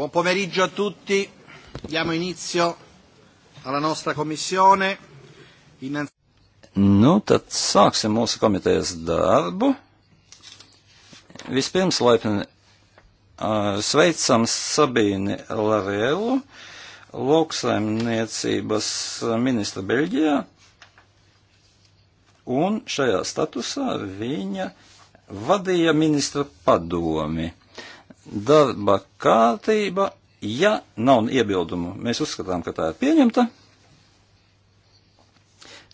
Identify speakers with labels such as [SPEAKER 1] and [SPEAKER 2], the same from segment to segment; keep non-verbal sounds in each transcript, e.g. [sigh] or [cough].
[SPEAKER 1] Buon pomeriggio a tutti, diamo inizio alla nostra commissione.
[SPEAKER 2] Innanz... Nu, tad sāksim mūsu komitejas darbu. Vispirms laipni uh, sveicam Sabīni Larēlu, lauksaimniecības ministra Beļģijā, un šajā statusā viņa vadīja ministra padomi darba kārtība, ja nav iebildumu, mēs uzskatām, ka tā ir pieņemta.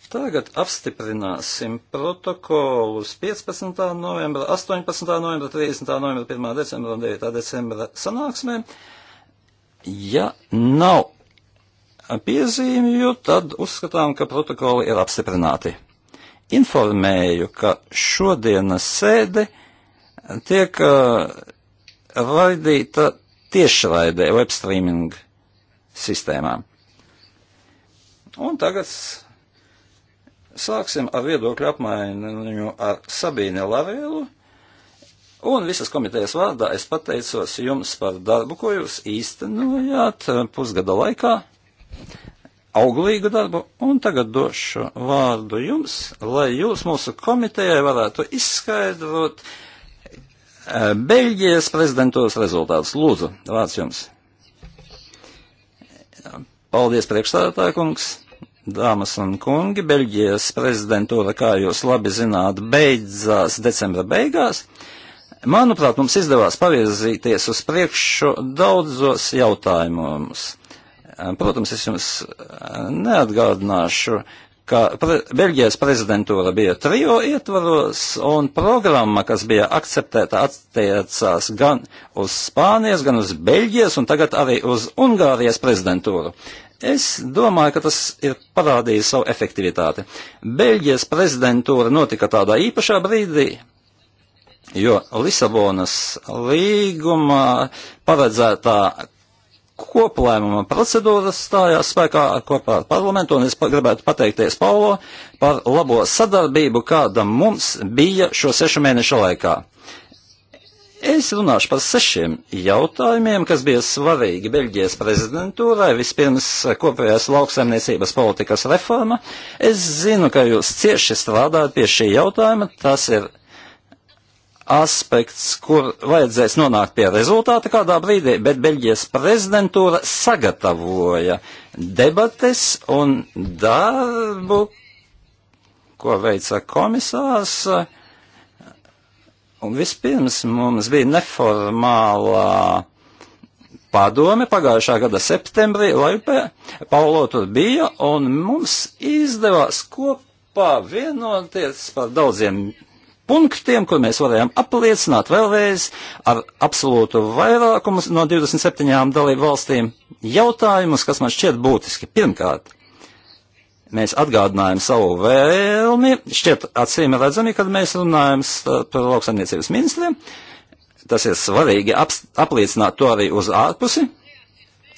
[SPEAKER 2] Tagad apstiprināsim protokolus 15. novembra, 18. novembra, 30. novembra, 1. decembra un 9. decembra sanāksmēm. Ja nav piezīmju, tad uzskatām, ka protokoli ir apstiprināti. Informēju, ka šodienas sēde tiek uh, raidīta tiešraidē web streaming sistēmām. Un tagad sāksim ar viedokļu apmaiņu ar Sabīne Lavēlu. Un visas komitejas vārdā es pateicos jums par darbu, ko jūs īstenojāt pusgada laikā, auglīgu darbu, un tagad došu vārdu jums, lai jūs mūsu komitejai varētu izskaidrot, uh, Beļģijas prezidentūras rezultātus. Lūdzu, vārds jums. Paldies, priekšstādātāja kungs. Dāmas un kungi, Beļģijas prezidentūra, kā jūs labi zināt, beidzās decembra beigās. Manuprāt, mums izdevās pavirzīties uz priekšu daudzos jautājumos. Protams, es jums neatgādināšu uh, ka pre, Beļģijas prezidentūra bija trijo ietvaros, un programma, kas bija akceptēta, attiecās gan uz Spānijas, gan uz Beļģijas, un tagad arī uz Ungārijas prezidentūru. Es domāju, ka tas ir parādījis savu efektivitāti. Beļģijas prezidentūra notika tādā īpašā brīdī, jo Lisabonas līguma paredzētā koplēmuma procedūras stājās spēkā kopā ar parlamentu, un es gribētu pateikties Paulo par labo sadarbību, kāda mums bija šo sešu mēnešu laikā. Es runāšu par sešiem jautājumiem, kas bija svarīgi Beļģijas prezidentūrai. Vispirms eh, kopējās lauksaimniecības politikas reforma. Es zinu, ka jūs cieši strādājat pie šī jautājuma. Tas ir aspekts, kur vajadzēs nonākt pie rezultāta kādā brīdī, bet Beļģijas prezidentūra sagatavoja debates un darbu, ko veica komisārs. Un vispirms mums bija neformālā padome pagājušā gada septembrī Laipē. Paulo tur bija un mums izdevās kopā vienoties par daudziem punktiem, kur mēs varējām apliecināt vēlreiz ar absolūtu vairākumu no 27 dalību valstīm jautājumus, kas man šķiet būtiski. Pirmkārt, mēs atgādinājām savu vēlmi, šķiet acīm redzami, kad mēs runājam uh, par lauksaimniecības ministriem. Tas ir svarīgi ap, apliecināt to arī uz ārpusi.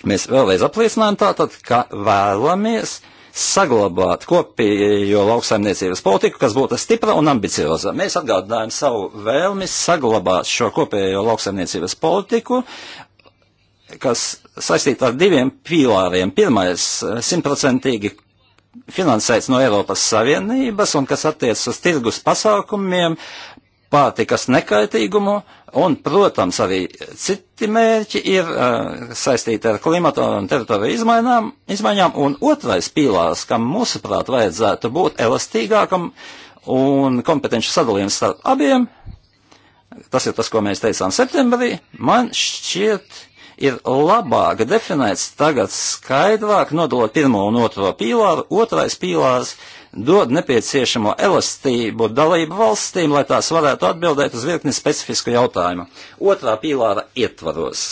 [SPEAKER 2] Mēs vēlreiz apliecinām tātad, ka vēlamies uh, saglabāt kopējo lauksaimniecības politiku, kas būtu stipra un ambicioza. Mēs atgādinājām savu vēlmi saglabāt šo kopējo lauksaimniecības politiku, kas saistīta ar diviem pīlāriem. Pirmais eh, - simtprocentīgi finansēts no Eiropas Savienības un kas attiecas uz tirgus pasākumiem, pārtikas nekaitīgumu, un, protams, arī citi mērķi ir uh, saistīti ar klimatu un teritoriju izmaiņām, izmaiņām, un otrais pīlārs, kam mūsuprāt vajadzētu būt elastīgākam un kompetenci sadalījums starp abiem, tas ir tas, ko mēs teicām septembrī, man šķiet ir labāk definēts tagad skaidrāk, nodalot pirmo un otro pīlāru, otrais pīlārs uh, dod nepieciešamo elastību dalību valstīm, lai tās varētu atbildēt uz virkni specifisku jautājumu. Otrā pīlāra ietvaros,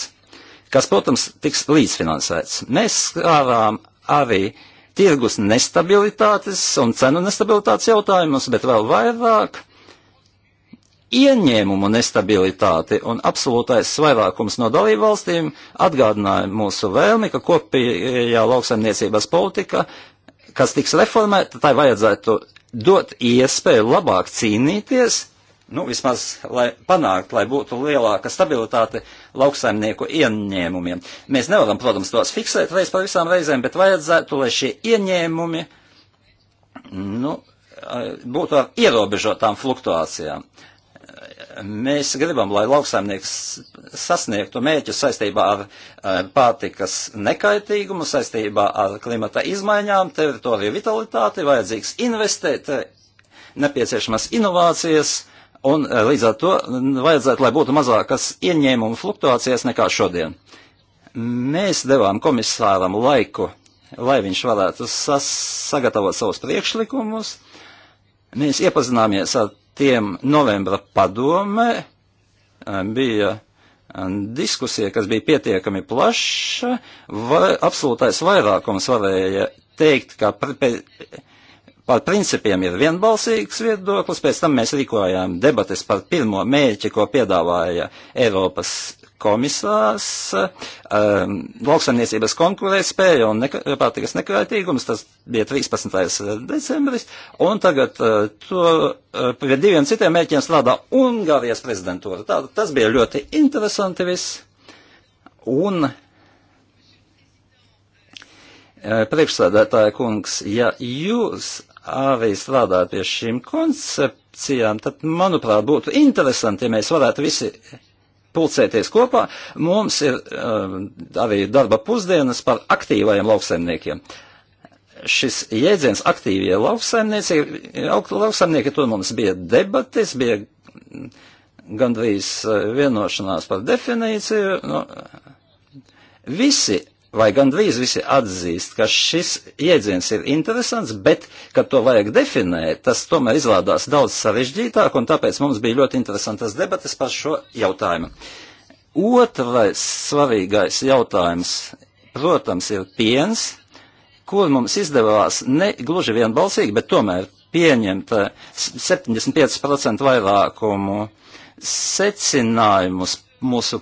[SPEAKER 2] kas, protams, tiks līdzfinansēts. Mēs skārām arī tirgus nestabilitātes un cenu nestabilitātes jautājumus, bet vēl vairāk ieņēmumu nestabilitāti un absolūtais vairākums no dalību valstīm atgādināja mūsu vēlmi, ka kopējā lauksaimniecības politika kas tiks reformēta, tai vajadzētu dot iespēju labāk cīnīties, nu, vismaz, lai panākt, lai būtu lielāka stabilitāte lauksaimnieku ieņēmumiem. Mēs nevaram, protams, tos fiksēt reiz par visām reizēm, bet vajadzētu, lai šie ieņēmumi, nu, būtu ar ierobežotām fluktuācijām. Uh, Mēs gribam, lai lauksaimnieks sasniegtu mērķu saistībā ar eh, pārtikas nekaitīgumu, saistībā ar klimata izmaiņām, teritoriju vitalitāti, vajadzīgs investēt, eh, nepieciešamas inovācijas, un eh, līdz ar to vajadzētu, lai būtu mazākas ieņēmumu fluktuācijas nekā šodien. Mēs devām komisāram laiku, lai viņš varētu sagatavot savus priekšlikumus. Mēs iepazināmies ar tiem novembra padome eh, bija eh, diskusija, kas bija pietiekami plaša, var, absolūtais vairākums varēja teikt, ka pr pr par principiem ir vienbalsīgs viedoklis, pēc tam mēs rīkojām debates par pirmo mērķi, ko piedāvāja Eiropas komisārs, um, lauksaimniecības konkurētspēja un neka, pārtikas nekaitīgums, tas bija 13. Uh, decembris, un tagad uh, to uh, pie diviem citiem mēķiem strādā Ungārijas prezidentūra. Tā, tas bija ļoti interesanti viss, un uh, priekšsēdētāja kungs, ja jūs arī strādāt pie šīm koncepcijām, tad, manuprāt, būtu interesanti, ja mēs varētu visi pulcēties kopā, mums ir eh, arī darba pusdienas par aktīvajiem lauksaimniekiem. Šis jēdziens aktīvie lauksaimnieki, lauksaimnieki, tur mums bija debatis, bija gandrīz eh, vienošanās par definīciju. Nu, visi vai gandrīz visi atzīst, ka šis jēdziens ir interesants, bet, kad to vajag definēt, tas tomēr izrādās daudz sarežģītāk, un tāpēc mums bija ļoti interesantas debatas par šo jautājumu. Otrais svarīgais jautājums, protams, ir piens, kur mums izdevās ne gluži vienbalsīgi, bet tomēr pieņemt 75% eh, vairākumu secinājumus mūsu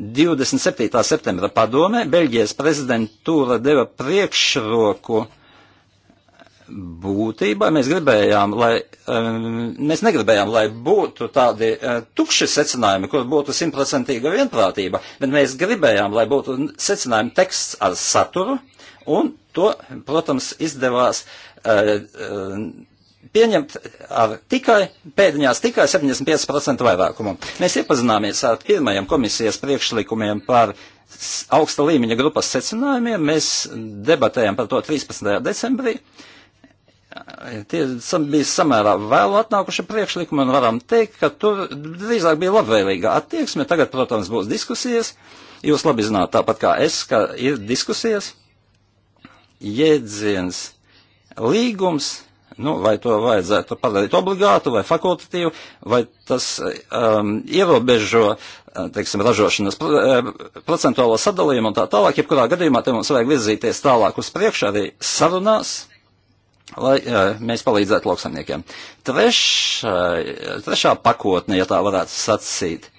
[SPEAKER 2] 27. septembra padomē Beļģijas prezidentūra deva priekšroku būtībā. Mēs gribējām, lai, um, mēs negribējām, lai būtu tādi uh, tukši secinājumi, kur būtu simtprocentīga vienprātība, bet mēs gribējām, lai būtu secinājumi teksts ar saturu, un to, protams, izdevās uh, uh, pieņemt ar tikai pēdiņās tikai 75% vairākumu. Mēs iepazināmies ar pirmajiem komisijas priekšlikumiem par augsta līmeņa grupas secinājumiem. Mēs debatējam par to 13. decembrī. Tie bija samērā vēl atnākuši priekšlikumi un varam teikt, ka tur drīzāk bija labvēlīga attieksme. Tagad, protams, būs diskusijas. Jūs labi zināt, tāpat kā es, ka ir diskusijas. Jēdziens līgums Nu, vai to vajadzētu padarīt obligātu vai fakultatīvu, vai tas um, ierobežo, uh, teiksim, ražošanas uh, procentuālo sadalījumu un tā tālāk. Jebkurā gadījumā te mums vajag virzīties tālāk uz priekšu arī sarunās, lai uh, mēs palīdzētu lauksamniekiem. Treš, uh, trešā pakotne, ja tā varētu sacīt. Uh,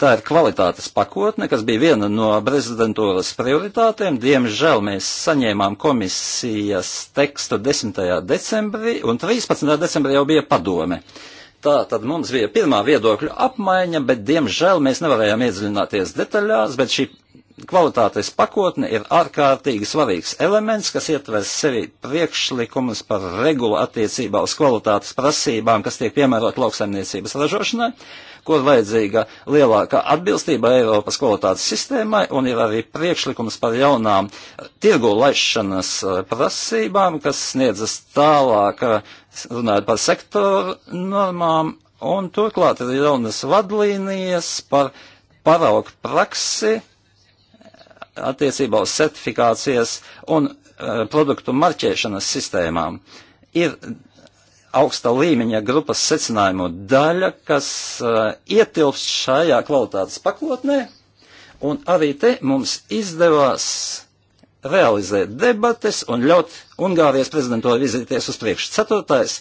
[SPEAKER 2] Tā ir kvalitātes pakotne, kas bija viena no prezidentūras prioritātēm. Diemžēl mēs saņēmām komisijas tekstu 10. decembrī, un 13. decembrī jau bija padome. Tā tad mums bija pirmā viedokļa apmaiņa, bet diemžēl mēs nevarējām iedziļināties detaļās, bet šī kvalitātes pakotne ir ārkārtīgi svarīgs elements, kas ietvers sevi priekšlikumus par regulu attiecībā uz kvalitātes prasībām, kas tiek piemērot lauksaimniecības ražošanai kur vajadzīga lielāka atbilstība Eiropas kvalitātes sistēmai un ir arī priekšlikums par jaunām tirgu laišanas eh, prasībām, kas sniedzas tālāk, eh, runājot par sektoru normām, un turklāt ir jaunas vadlīnijas par paraugu praksi eh, attiecībā uz certifikācijas un produktu marķēšanas sistēmām. Ir augsta līmeņa grupas secinājumu daļa, kas uh, ietilpst šajā kvalitātes pakotnē, un arī te mums izdevās realizēt debates un ļaut Ungārijas prezidento vizīties uz priekšu. Ceturtais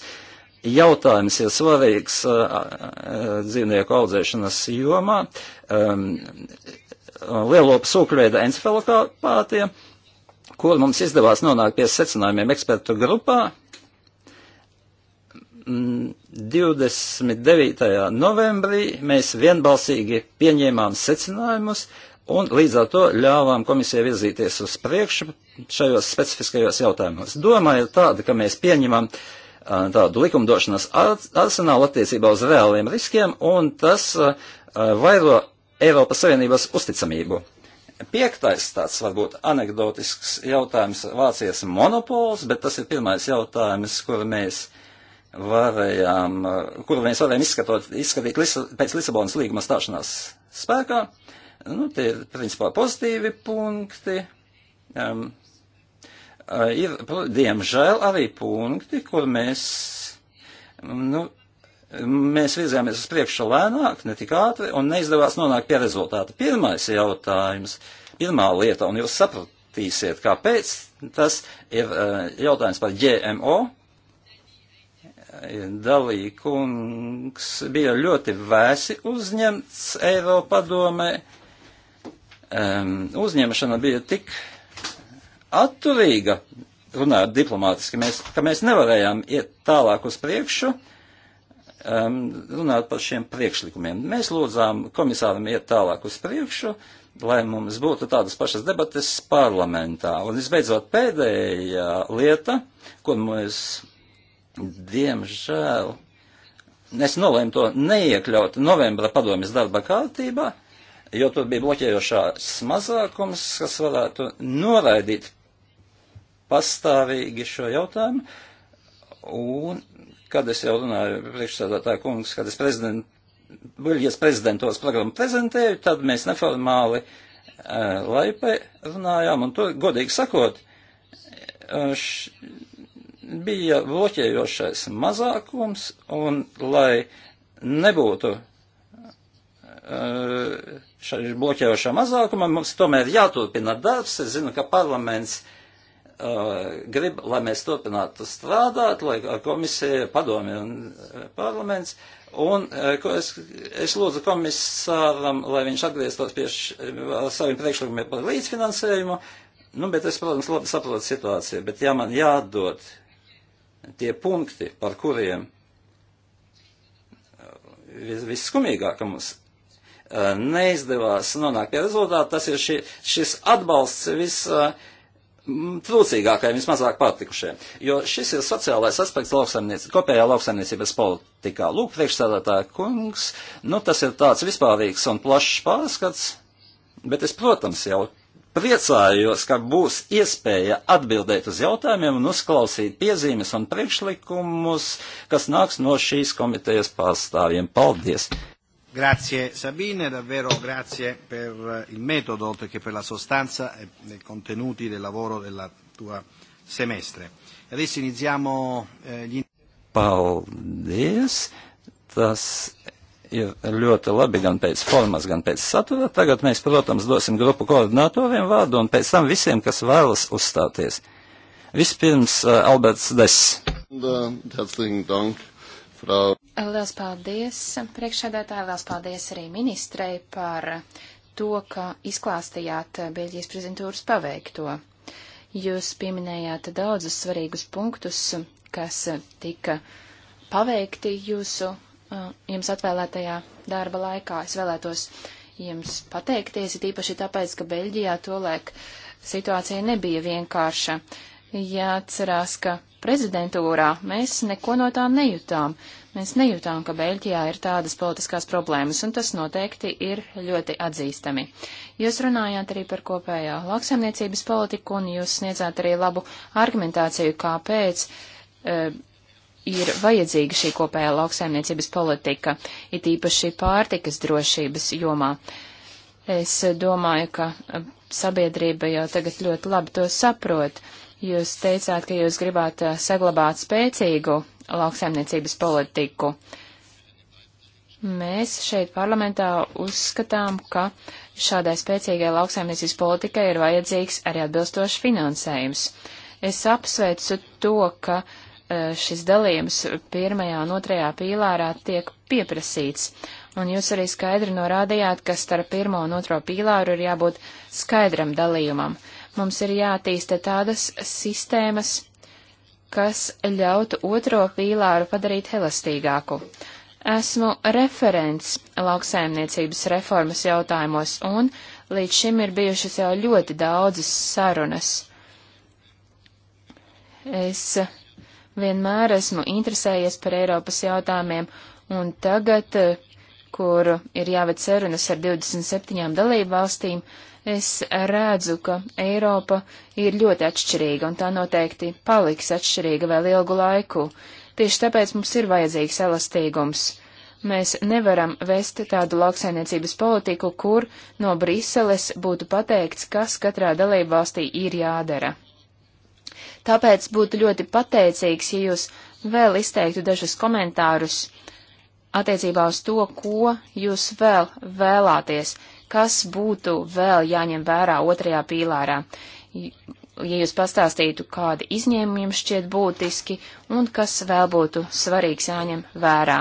[SPEAKER 2] jautājums ir svarīgs uh, uh, dzīvnieku audzēšanas jomā. Um, Lielopas sūkļveida encefalopātiem, kur mums izdevās nonākt pie secinājumiem ekspertu grupā, 29. novembrī mēs vienbalsīgi pieņēmām secinājumus un līdz ar to ļāvām komisijai virzīties uz priekšu šajos specifiskajos jautājumos. Domāju tāda, ka mēs pieņemam tādu likumdošanas arsenālu attiecībā uz reāliem riskiem un tas vairo Eiropas Savienības uzticamību. Piektais tāds varbūt anegdotisks jautājums - Vācijas monopols, bet tas ir pirmais jautājums, kur mēs varējām, uh, kuru mēs varējām izskatot, izskatīt Lisa, pēc Lisabonas līguma stāšanās spēkā. Nu, tie ir principā pozitīvi punkti. Um, uh, ir, diemžēl, arī punkti, kur mēs, nu, mēs virzījāmies uz priekšu lēnāk, ne tik ātri, un neizdevās nonākt pie rezultāta. Pirmais jautājums, pirmā lieta, un jūs sapratīsiet, kāpēc, tas ir uh, jautājums par GMO, Dalīkungs bija ļoti vēsi uzņemts Eiropadomē. Um, uzņemšana bija tik atturīga, runājot diplomātiski, mēs, ka mēs nevarējām iet tālāk uz priekšu, um, runāt par šiem priekšlikumiem. Mēs lūdzām komisāram iet tālāk uz priekšu, lai mums būtu tādas pašas debates parlamentā. Un visbeidzot pēdējā lieta, ko mēs Diemžēl es nolēmu to neiekļaut novembra padomjas darba kārtībā, jo tur bija bloķējošās mazākums, kas varētu noraidīt pastāvīgi šo jautājumu. Un, kad es jau runāju priekšsēdētāju kungs, kad es prezident, Buļģijas prezidentos programmu prezentēju, tad mēs neformāli uh, laipai runājām, un tur, godīgi sakot, eh, š, bija bloķējošais mazākums, un lai nebūtu eh, šai bloķējošā mazākuma, mums tomēr jāturpina darbs. Es zinu, ka parlaments uh, grib, lai mēs turpinātu strādāt, lai komisija, padomi un eh, parlaments. Un ko es, es lūdzu komisāram, lai viņš atgrieztos pie saviem priekšlikumiem par līdzfinansējumu, nu, bet es, protams, labi saprotu situāciju, bet ja man jādod tie punkti, par kuriem eh, vis, visskumīgāk mums eh, neizdevās nonākt pie rezultāta, tas ir šī, šis atbalsts vis eh, trūcīgākajiem, vismazāk pārtikušiem. Jo šis ir sociālais aspekts lauksaimniecības, kopējā lauksaimniecības politikā. Lūk, priekšstādātā kungs, nu tas ir tāds vispārīgs un plašs pārskats, bet es, protams, jau priecājos, ka būs iespēja atbildēt uz jautājumiem un uzklausīt piezīmes un priekšlikumus, kas nāks no šīs komitejas pārstāvjiem. Paldies!
[SPEAKER 1] Grazie Sabine, davvero grazie per il metodo, oltre che per la sostanza e i contenuti del lavoro della tua semestre. Adesso iniziamo
[SPEAKER 2] eh, gli Paldies. Tas ir ļoti labi gan pēc formas, gan pēc satura. Tagad mēs, protams, dosim grupu koordinatoriem vārdu un pēc tam visiem, kas vēlas uzstāties. Vispirms uh, Alberts Des.
[SPEAKER 3] Liels paldies priekšsēdētāji, liels paldies arī ministrei par to, ka izklāstījāt Bieļģijas prezidentūras paveikto. Jūs pieminējāt daudzus svarīgus punktus, kas tika paveikti jūsu Uh, jums atvēlētajā darba laikā. Es vēlētos jums pateikties, it īpaši tāpēc, ka Beļģijā tolaik situācija nebija vienkārša. Jāatcerās, ka prezidentūrā mēs neko no tā nejūtām. Mēs nejūtām, ka Beļģijā ir tādas politiskās problēmas, un tas noteikti ir ļoti atzīstami. Jūs runājāt arī par kopējo lauksaimniecības politiku, un jūs sniedzāt arī labu argumentāciju, kāpēc e, ir vajadzīga šī kopējā lauksaimniecības politika, it īpaši pārtikas drošības jomā. Es domāju, ka eh, sabiedrība jau tagad ļoti labi to saprot. Jūs teicāt, ka jūs gribāt eh, saglabāt spēcīgu lauksaimniecības politiku. Mēs šeit parlamentā uzskatām, ka šādai spēcīgai lauksaimniecības politikai ir vajadzīgs arī atbilstošs finansējums. Es apsveicu to, ka uh, E, šis dalījums pirmajā un otrajā pīlārā tiek pieprasīts. Un jūs arī skaidri norādījāt, ka starp pirmo un otro pīlāru ir jābūt skaidram dalījumam. Mums ir jātīsta tādas sistēmas, kas ļautu otro pīlāru padarīt elastīgāku. Esmu referents lauksaimniecības reformas jautājumos, un līdz šim ir bijušas jau ļoti daudzas sarunas. Es vienmēr esmu interesējies par Eiropas jautājumiem, un tagad, eh, kur ir jāved sarunas ar 27 dalību valstīm, es redzu, ka Eiropa ir ļoti atšķirīga, un tā noteikti paliks atšķirīga vēl ilgu laiku. Tieši tāpēc mums ir vajadzīgs elastīgums. Mēs nevaram vest tādu lauksainiecības politiku, kur no Briseles būtu pateikts, kas katrā dalībvalstī ir jādara. Tāpēc būtu ļoti pateicīgs, ja jūs vēl izteiktu dažus komentārus attiecībā uz to, ko jūs vēl vēlāties, kas būtu vēl jāņem vērā otrajā pīlārā ja jūs pastāstītu, kādi izņēmumi jums šķiet būtiski un kas vēl būtu svarīgs jāņem vērā.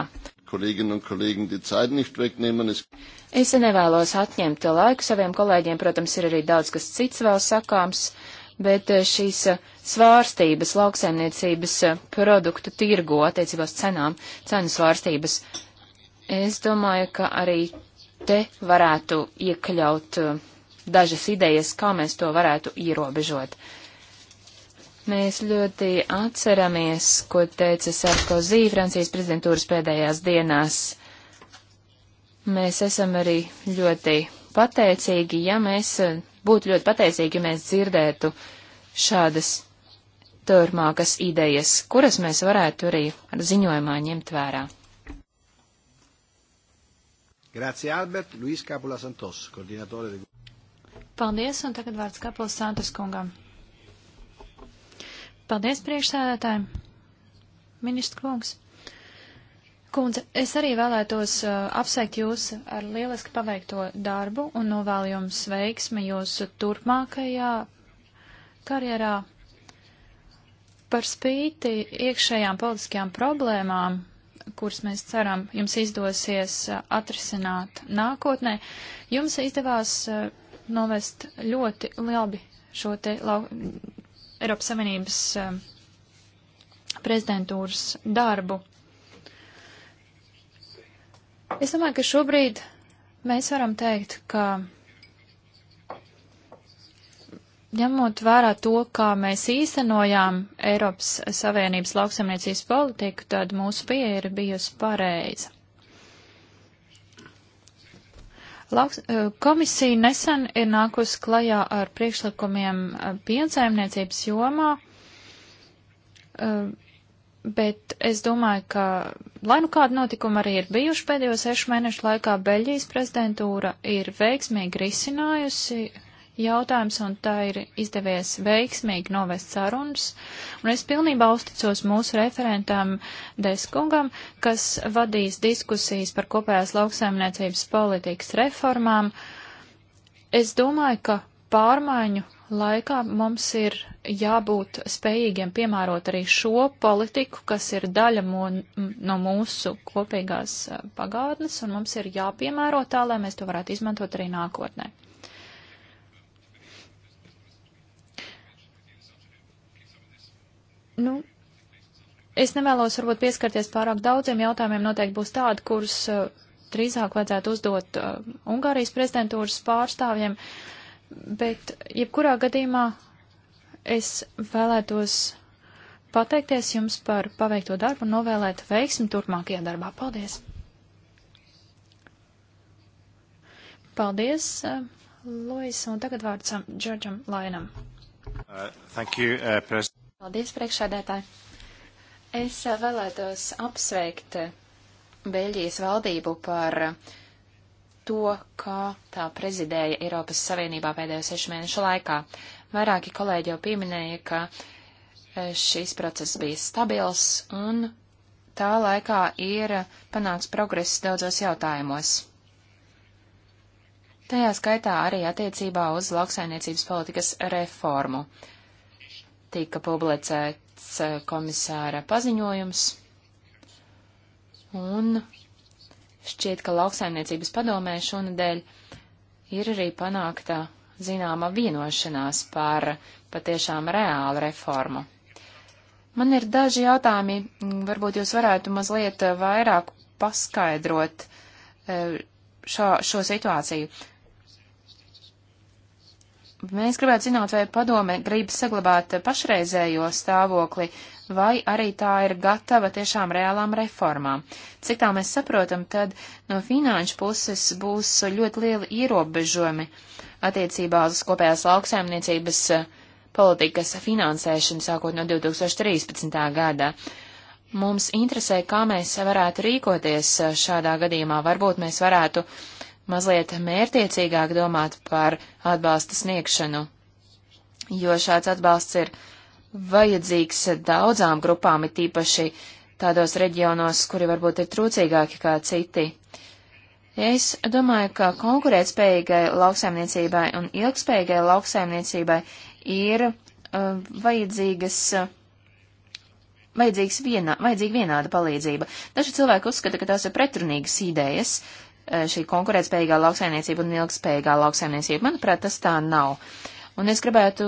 [SPEAKER 4] Kolēģin un kolēģin, es...
[SPEAKER 3] es nevēlos atņemt laiku saviem kolēģiem, protams, ir arī daudz kas cits vēl sakāms, bet eh, šīs eh, svārstības lauksaimniecības eh, produktu tirgo attiecībās cenām, cenu svārstības, es domāju, ka arī te varētu iekļaut dažas idejas, kā mēs to varētu ierobežot. Mēs ļoti atceramies, ko teica Sarkozī Francijas prezidentūras pēdējās dienās. Mēs esam arī ļoti pateicīgi, ja mēs Būtu ļoti pateicīgi, ja mēs dzirdētu šādas turmākas idejas, kuras mēs varētu arī ar ziņojumā ņemt vērā.
[SPEAKER 1] Grazie, Albert. Luis Capula Santos, koordinatore. De...
[SPEAKER 5] Paldies, un tagad vārds Kapula Santos kungam. Paldies, priekšsēdētāji. Ministra kungs. Kundze, es arī vēlētos uh, apsveikt jūs ar lieliski paveikto darbu un novēlu jums veiksmi jūsu turpmākajā karjerā. Par spīti iekšējām politiskajām problēmām, kuras mēs ceram jums izdosies uh, atrisināt nākotnē, jums izdevās uh, novest ļoti labi šo te lau, Eiropas Savienības uh, prezidentūras darbu. Es domāju, ka šobrīd mēs varam teikt, ka ņemot vērā to, kā mēs īstenojām Eiropas Savienības lauksamniecības politiku, tad mūsu pieeja ir bijusi pareiza. Lauks, eh, komisija nesen ir nākusi klajā ar priekšlikumiem eh, piensaimniecības jomā. Uh, bet es domāju, ka, lai nu kāda notikuma arī ir bijuši pēdējo sešu mēnešu laikā, Beļģijas prezidentūra ir veiksmīgi risinājusi jautājums, un tā ir izdevies veiksmīgi novest sarunas. Un es pilnībā uzticos mūsu referentam Deskungam, kas vadīs diskusijas par kopējās lauksaimniecības politikas reformām. Es domāju, ka pārmaiņu laikā mums ir jābūt spējīgiem piemērot arī šo politiku, kas ir daļa mo, no mūsu kopīgās pagātnes, un mums ir jāpiemēro tā, lai mēs to varētu izmantot arī nākotnē. Nu, es nevēlos varbūt pieskarties pārāk daudziem jautājumiem, noteikti būs tādi, kurus drīzāk vajadzētu uzdot Ungārijas prezidentūras pārstāvjiem. Uh, Bet, jebkurā gadījumā, es vēlētos pateikties jums par paveikto darbu un novēlēt veiksmi turpmākajā darbā. Paldies! Paldies, eh, Lois, un tagad vārds um, Džordžam Lainam.
[SPEAKER 6] Uh, thank you, uh, President.
[SPEAKER 5] Paldies, priekšsēdētāji. Es
[SPEAKER 3] eh, vēlētos apsveikt Beļģijas valdību par uh, to, kā tā prezidēja Eiropas Savienībā pēdējo sešu mēnešu laikā. Vairāki kolēģi jau pieminēja, ka e, šīs process bija stabils un tā laikā ir panāks progress daudzos jautājumos. Tajā skaitā arī attiecībā uz lauksainiecības politikas reformu. Tika publicēts e, komisāra paziņojums, un Šķiet, ka lauksaimniecības padomē šonadēļ ir arī panākta zināma vienošanās par patiešām reālu reformu. Man ir daži jautājumi, varbūt jūs varētu mazliet vairāk paskaidrot eh, šo, šo situāciju. Mēs gribētu zināt, vai padome grib saglabāt pašreizējo stāvokli, vai arī tā ir gatava tiešām reālām reformām. Cik tā mēs saprotam, tad no finanšu puses būs ļoti lieli ierobežojumi attiecībā uz kopējās lauksaimniecības eh, politikas finansēšanu sākot no 2013. gada. Mums interesē, kā mēs varētu rīkoties eh, šādā gadījumā. Varbūt mēs varētu uh, mazliet mērtiecīgāk domāt par atbalsta sniegšanu, jo šāds atbalsts ir vajadzīgs daudzām grupām, it īpaši tādos reģionos, kuri varbūt ir trūcīgāki kā citi. Es domāju, ka konkurētspējīgai lauksaimniecībai un ilgspējīgai lauksaimniecībai ir uh, vajadzīgas uh, vajadzīgs vienā, vajadzīga vienāda palīdzība. Daži cilvēki uzskata, ka tās ir pretrunīgas idejas, Eh, šī konkurētspējīgā lauksaimniecība un ilgspējīgā lauksaimniecība. Manuprāt, tas tā nav. Un es gribētu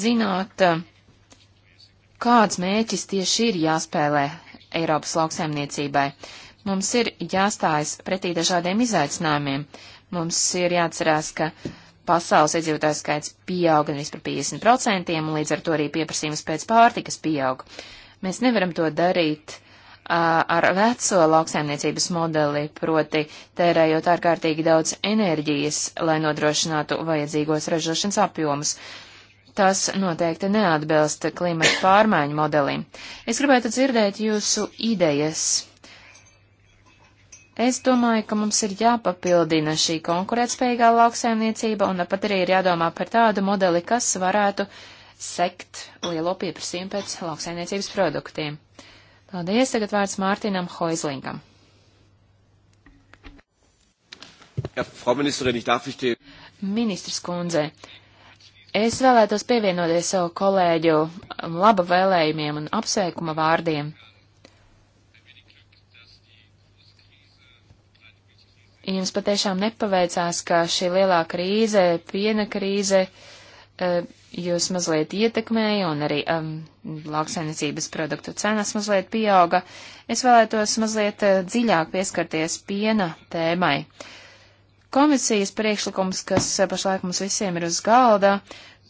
[SPEAKER 3] zināt, eh, kāds mēķis tieši ir jāspēlē Eiropas lauksaimniecībai. Mums ir jāstājas pretī dažādiem izaicinājumiem. Mums ir jāatcerās, ka pasaules iedzīvotāju skaits pieauga nevis par 50%, un līdz ar to arī pieprasījums pēc pārtikas pieauga. Mēs nevaram to darīt ar veco lauksaimniecības modeli, proti tērējot ārkārtīgi daudz enerģijas, lai nodrošinātu vajadzīgos ražošanas apjomus. Tas noteikti neatbilst klimata pārmaiņu modelim. Es gribētu dzirdēt jūsu idejas. Es domāju, ka mums ir jāpapildina šī konkurētspējīgā lauksaimniecība un pat arī ir jādomā par tādu modeli, kas varētu sekt lielo pieprasījumu pēc lauksaimniecības produktiem. Paldies, tagad vārds Mārtiņam Hoizlingam.
[SPEAKER 4] Ja, Frau Ministerin, ich darf ich te...
[SPEAKER 3] Ministrs kundze, es vēlētos pievienoties savu kolēģu laba vēlējumiem un apsveikuma vārdiem. Jums patiešām nepaveicās, ka šī lielā krīze, piena krīze, uh, jūs mazliet ietekmēja un arī um, lauksainicības produktu cenas mazliet pieauga, es vēlētos mazliet uh, dziļāk pieskarties piena tēmai. Komisijas priekšlikums, kas uh, pašlaik mums visiem ir uz galda,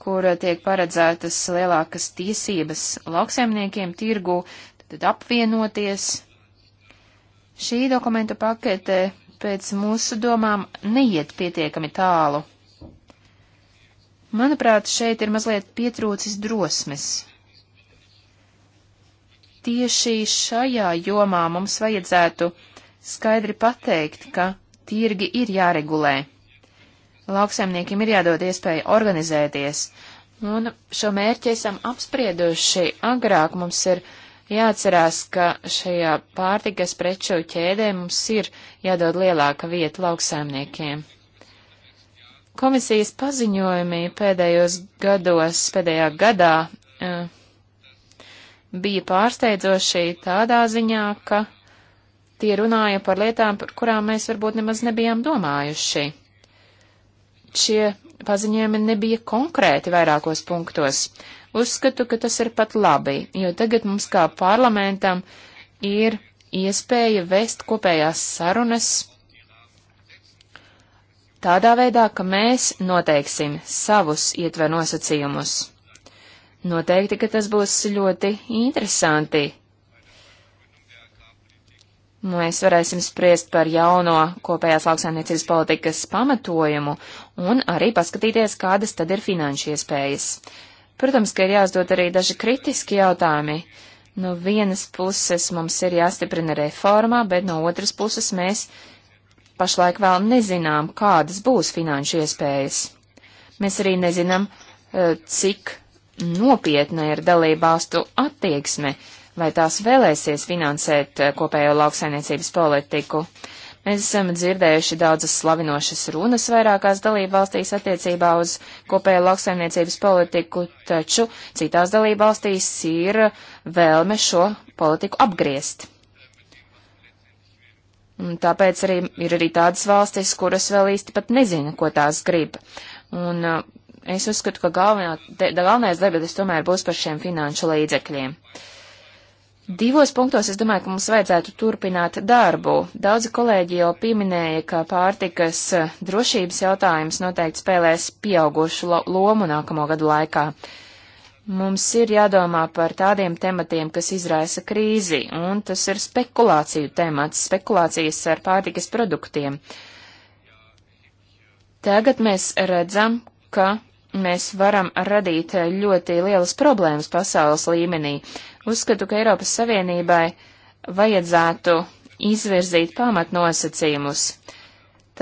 [SPEAKER 3] kur uh, tiek paredzētas lielākas tiesības lauksaimniekiem tirgu, tad apvienoties. Šī dokumentu pakete pēc mūsu domām neiet pietiekami tālu. Manuprāt, šeit ir mazliet pietrūcis drosmes. Tieši šajā jomā mums vajadzētu skaidri pateikt, ka tirgi ir jāregulē. Lauksaimniekiem ir jādod iespēja organizēties, un šo mērķi esam apsprieduši agrāk. Mums ir jāatcerās, ka šajā pārtikas preču ķēdē mums ir jādod lielāka vieta lauksaimniekiem. Komisijas paziņojumi pēdējos gados, pēdējā gadā e, bija pārsteidzoši tādā ziņā, ka tie runāja par lietām, par kurām mēs varbūt nemaz nebijām domājuši. Šie paziņojumi nebija konkrēti vairākos punktos. Uzskatu, ka tas ir pat labi, jo tagad mums kā parlamentam ir iespēja vest kopējās sarunas Tādā veidā, ka mēs noteiksim savus ietver nosacījumus. Noteikti, ka tas būs ļoti interesanti. Mēs varēsim spriest par jauno kopējās lauksaimniecības politikas pamatojumu un arī paskatīties, kādas tad ir finanšu iespējas. Protams, ka ir jāuzdod arī daži kritiski jautājumi. No vienas puses mums ir jāstiprina reformā, bet no otras puses mēs pašlaik vēl nezinām, kādas būs finanšu iespējas. Mēs arī nezinām, e, cik nopietna ir dalībvalstu attieksme, vai tās vēlēsies finansēt e, kopējo lauksainiecības politiku. Mēs esam dzirdējuši daudzas slavinošas runas vairākās dalībvalstīs attiecībā uz kopējo lauksaimniecības politiku, taču citās dalībvalstīs ir vēlme šo politiku apgriezt. Un tāpēc arī ir arī tādas valstis, kuras vēl īsti pat nezina, ko tās grib. Un uh, es uzskatu, ka galvenā, de, galvenais debatis tomēr būs par šiem finanšu līdzekļiem. Divos punktos es domāju, ka mums vajadzētu turpināt darbu. Daudzi kolēģi jau pieminēja, ka pārtikas uh, drošības jautājums noteikti spēlēs pieaugušu lomu nākamo gadu laikā. Uh, Mums ir jādomā par tādiem tematiem, kas izraisa krīzi, un tas ir spekulāciju temats, spekulācijas ar pārtikas produktiem. Tagad mēs redzam, ka mēs varam radīt ļoti lielas problēmas pasaules līmenī. Uzskatu, ka Eiropas Savienībai vajadzētu izvirzīt pamatnosacījumus.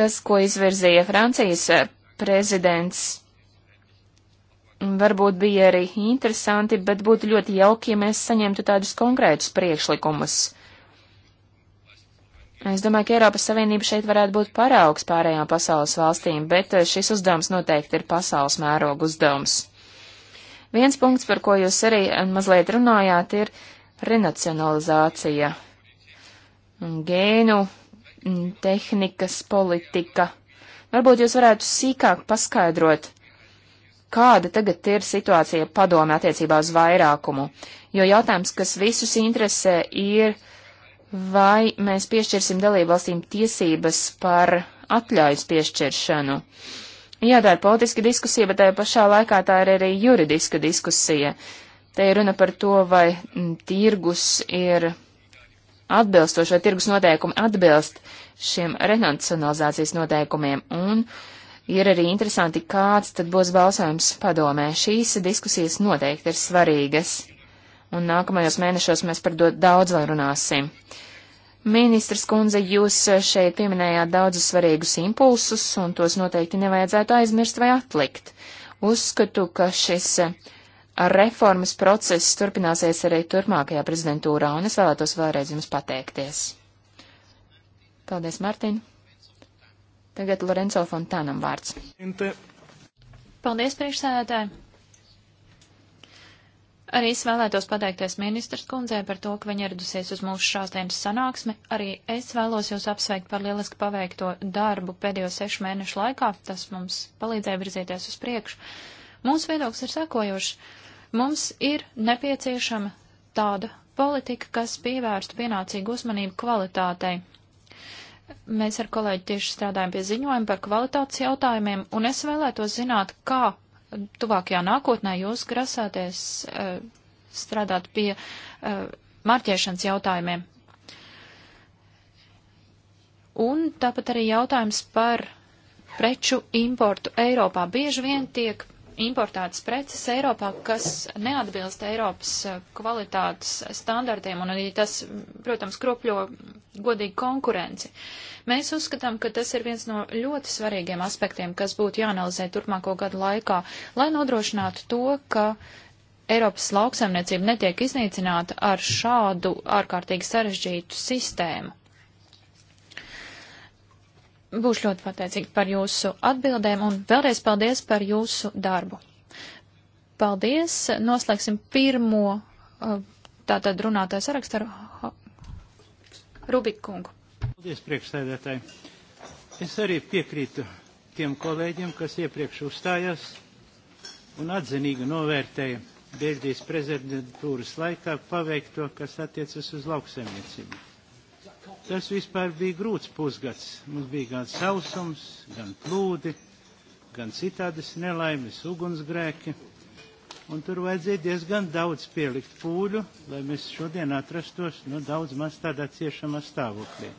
[SPEAKER 3] Tas, ko izvirzīja Francijas prezidents varbūt bija arī interesanti, bet būtu ļoti jauki, ja mēs saņemtu tādus konkrētus priekšlikumus. Es domāju, ka Eiropas Savienība šeit varētu būt paraugs pārējām pasaules valstīm, bet eh, šis uzdevums noteikti ir pasaules mēroga uzdevums. Viens punkts, par ko jūs arī eh, mazliet runājāt, ir renacionalizācija. Gēnu, mm, tehnikas, politika. Varbūt jūs varētu sīkāk paskaidrot, kāda tagad ir situācija padome attiecībā uz vairākumu, jo jautājums, kas visus interesē, ir, vai mēs piešķirsim dalībvalstīm tiesības par atļaujas piešķiršanu. Jā, tā ir politiska diskusija, bet tajā pašā laikā tā ir arī juridiska diskusija. Te ir runa par to, vai mm, tirgus ir atbilstoši, vai tirgus noteikumi atbilst šiem renacionalizācijas noteikumiem. Un uh, ir arī interesanti, kāds tad būs balsojums padomē. Šīs diskusijas noteikti ir svarīgas, un nākamajos mēnešos mēs par to daudz vēl runāsim. Ministrs kundze, jūs šeit pieminējāt daudzus svarīgus impulsus, un tos noteikti nevajadzētu aizmirst vai atlikt. Uzskatu, ka šis eh, reformas process turpināsies arī turpmākajā prezidentūrā, un es vēlētos vēlreiz jums pateikties. Paldies, Mārtiņ! Tagad Lorenzo Fontānam vārds.
[SPEAKER 5] Paldies, priekšsēdētāji! Arī es vēlētos pateikties ministrs kundzei par to, ka viņa ieradusies uz mūsu šāsdienas sanāksmi. Arī es vēlos jūs apsveikt par lieliski paveikto darbu pēdējo sešu mēnešu laikā. Tas mums palīdzēja virzīties uz priekšu. Mūsu viedoklis ir sekojošs. Mums ir nepieciešama tāda politika, kas pievērstu pienācīgu uzmanību kvalitātei Mēs ar kolēģi tieši strādājam pie ziņojuma par kvalitātes jautājumiem, un es vēlētos zināt, kā tuvākajā nākotnē jūs grasāties uh, strādāt pie uh, marķēšanas jautājumiem. Un tāpat arī jautājums par preču importu Eiropā. Bieži vien tiek importētas preces Eiropā, kas neatbilst Eiropas eh, kvalitātes standartiem, un arī tas, mm, protams, kropļo godīgi konkurenci. Mēs uzskatām, ka tas ir viens no ļoti svarīgiem aspektiem, kas būtu jāanalizē turpmāko gadu laikā, lai nodrošinātu to, ka Eiropas lauksaimniecība netiek iznīcināta ar šādu ārkārtīgi sarežģītu sistēmu. Būšu ļoti pateicīgi par jūsu atbildēm un vēlreiz paldies par jūsu darbu. Paldies. Noslēgsim pirmo uh, tātad runātāju sarakstu ar Rubikungu.
[SPEAKER 6] Paldies, priekšsēdētāji. Es arī piekrītu tiem kolēģiem, kas iepriekš uzstājās un atzinīgi novērtēja Bēļģijas prezidentūras laikā paveikto, kas attiecas uz lauksaimniecību. Tas vispār bija grūts pusgads. Mums bija gan sausums, gan plūdi, gan citādas nelaimes, ugunsgrēki. Un tur vajadzēja diezgan daudz pielikt pūļu, lai mēs šodien atrastos nu, daudz maz tādā ciešamā stāvoklī.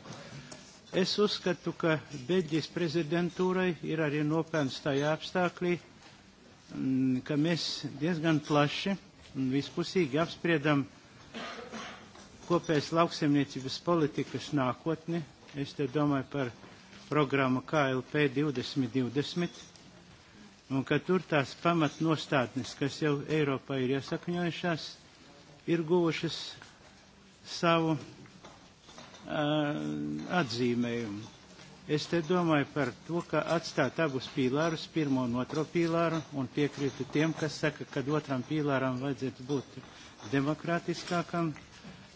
[SPEAKER 6] Es uzskatu, ka Beļģijas prezidentūrai ir arī nopelns tajā apstāklī, mm, ka mēs diezgan plaši un vispusīgi apspriedam kopējas lauksemniecības politikas nākotni. Es te domāju par programmu KLP 2020, un ka tur tās pamatnostādnes, kas jau Eiropā ir iesakņojušās, ir guvušas savu uh, atzīmējumu. Es te domāju par to, ka atstāt abus pīlārus, pirmo un otro pīlāru, un piekrītu tiem, kas saka, ka otram pīlāram vajadzētu būt demokrātiskākam,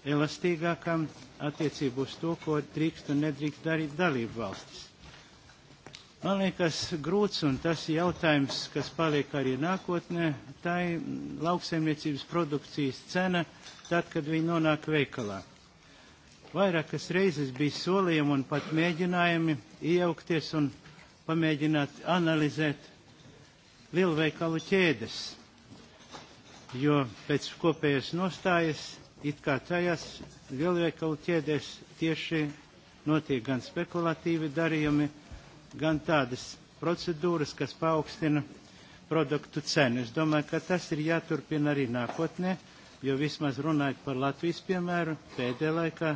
[SPEAKER 6] elastīgākām attiecību uz to, ko drīkst un nedrīkst darīt dalību valstis. Man liekas, grūts un tas jautājums, kas paliek arī nākotnē, tā ir lauksaimniecības produkcijas cena, tad, kad viņi nonāk veikalā. Vairākas reizes bija solījumi un pat mēģinājumi iejaukties un pamēģināt analizēt lielveikalu ķēdes, jo pēc kopējas nostājas it kā tajās lielveikalu ķēdēs tieši notiek gan spekulatīvi darījumi, gan tādas procedūras, kas paaugstina produktu cenu. Es domāju, ka tas ir jāturpina arī nākotnē, jo vismaz runājot par Latvijas piemēru, pēdējā laikā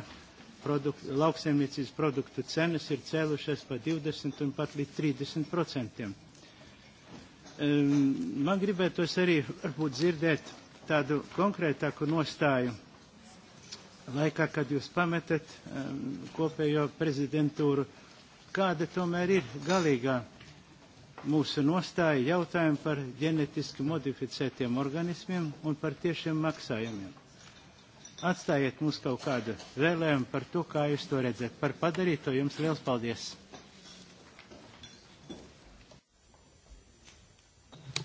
[SPEAKER 6] produktu, lauksaimniecības produktu cenas ir cēlušas pa 20 un pat līdz 30 procentiem. Um, man gribētos arī varbūt dzirdēt tādu konkrētāku nostāju laikā, kad jūs pametat um, kopējo prezidentūru, kāda tomēr ir galīgā mūsu nostāja jautājumu par ģenetiski modificētiem organismiem un par tiešiem maksājumiem. Atstājiet mums kaut kādu vēlējumu par to, kā jūs to redzat. Par padarīto jums liels paldies!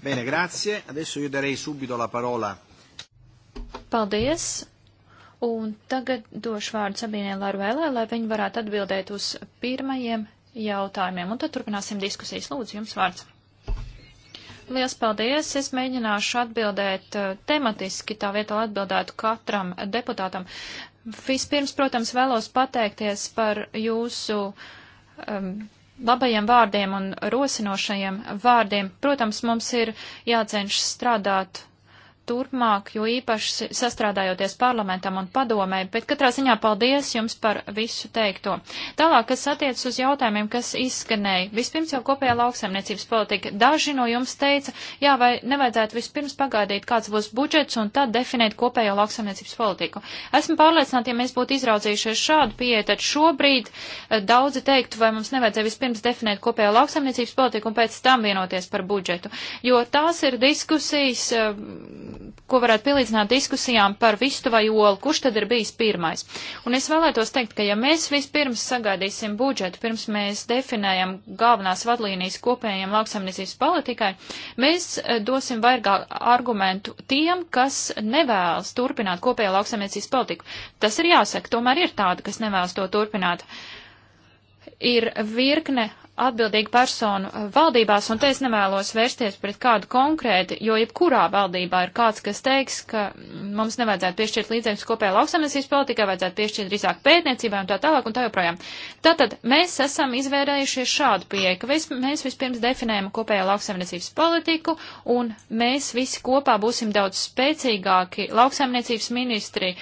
[SPEAKER 1] Bene, grazie. Adesso io darei subito la parola.
[SPEAKER 5] Paldies. Un tagad došu vārdu Sabīnē Larvēlē, lai viņi varētu atbildēt uz pirmajiem jautājumiem. Un tad turpināsim diskusijas. Lūdzu, jums vārds. Lielas paldies! Es mēģināšu atbildēt uh, tematiski, tā vietā atbildētu katram deputātam. Vispirms, protams, vēlos pateikties par jūsu um, labajiem vārdiem un rosinošajiem vārdiem. Protams, mums ir jācenšas strādāt turpmāk, jo īpaši sastrādājoties parlamentam un padomē, bet katrā ziņā paldies jums par visu teikto. Tālāk, kas attiec uz jautājumiem, kas izskanēja. Vispirms jau kopējā lauksaimniecības politika. Daži no jums teica, jā, vai nevajadzētu vispirms pagaidīt, kāds būs budžets un tad definēt kopējo lauksaimniecības politiku. Esmu pārliecināta, ja mēs būtu izraudzījušies šādu pieeju, tad šobrīd eh, daudzi teiktu, vai mums nevajadzēja vispirms definēt kopējo lauksaimniecības politiku un pēc tam vienoties par budžetu. Jo tās ir diskusijas, eh, ko varētu pielīdzināt diskusijām par vistu vai olu, kurš tad ir bijis pirmais. Un es vēlētos teikt, ka ja mēs vispirms sagaidīsim budžetu, pirms mēs definējam galvenās vadlīnijas kopējiem lauksaimniecības politikai, mēs eh, dosim vairāk argumentu tiem, kas nevēlas turpināt kopējo lauksaimniecības politiku. Tas ir jāsaka, tomēr ir tādi, kas nevēlas to turpināt. Uh, ir virkne atbildīgu personu valdībās, un te es nevēlos vērsties pret kādu konkrēti, jo jebkurā valdībā ir kāds, kas teiks, ka mums nevajadzētu piešķirt līdzekļus kopējā lauksamniecības politikai, vajadzētu piešķirt drīzāk pētniecībai un tā tālāk un tā joprojām. Tātad mēs esam izvērējušies šādu pieeju, ka vis, mēs vispirms definējam kopējā lauksamniecības politiku, un mēs visi kopā būsim daudz spēcīgāki lauksamniecības ministri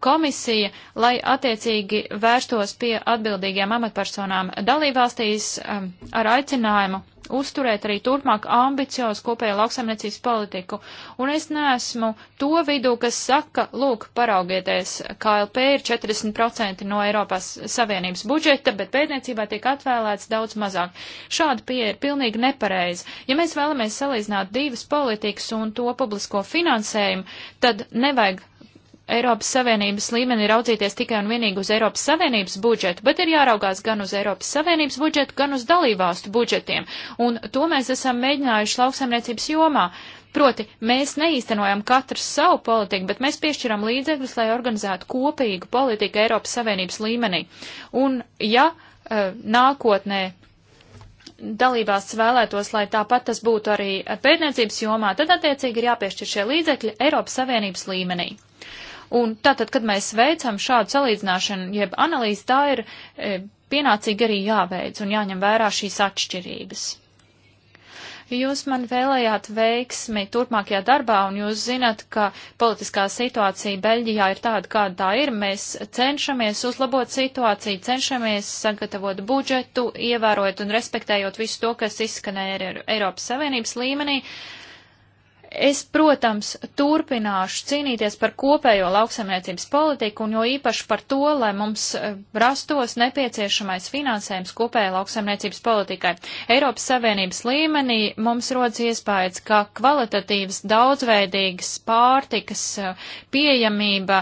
[SPEAKER 5] komisija, lai attiecīgi vērstos pie atbildīgiem amatpersonām dalībvalstīs um, ar aicinājumu uzturēt arī turpmāk ambiciozu kopējo lauksaimniecības politiku. Un es neesmu to vidū, kas saka, lūk, paraugieties, KLP ir 40% no Eiropas Savienības budžeta, bet pētniecībā tiek atvēlēts daudz mazāk. Šāda pieeja ir pilnīgi nepareiza. Ja mēs vēlamies salīdzināt divas politikas un to publisko finansējumu, tad nevajag Eiropas Savienības līmenī raudzīties tikai un vienīgi uz Eiropas Savienības budžetu, bet ir jāraugās gan uz Eiropas Savienības budžetu, gan uz dalībvalstu budžetiem. Un to mēs esam mēģinājuši lauksaimniecības jomā. Proti, mēs neīstenojam katrs savu politiku, bet mēs piešķiram līdzekļus, lai organizētu kopīgu politiku Eiropas Savienības līmenī. Un ja eh, nākotnē dalībās vēlētos, lai tāpat tas būtu arī pētniecības jomā, tad attiecīgi ir jāpiešķir šie līdzekļi Eiropas Savienības līmenī. Un tātad, kad mēs veicam šādu salīdzināšanu, jeb analīzi, tā ir e, pienācīgi arī jāveic un jāņem vērā šīs atšķirības. Jūs man vēlējāt veiksmi turpmākajā darbā, un jūs zinat, ka politiskā situācija Beļģijā ir tāda, kāda tā ir. Mēs cenšamies uzlabot situāciju, cenšamies sagatavot budžetu, ievērojot un respektējot visu to, kas izskanēja Eiropas Savienības līmenī. Uh, Es, protams, turpināšu cīnīties par kopējo lauksaimniecības politiku un jo īpaši par to, lai mums eh, rastos nepieciešamais finansējums kopējai lauksaimniecības politikai. Eiropas Savienības līmenī mums rodas iespējas, ka kvalitatīvas, daudzveidīgas pārtikas eh, pieejamība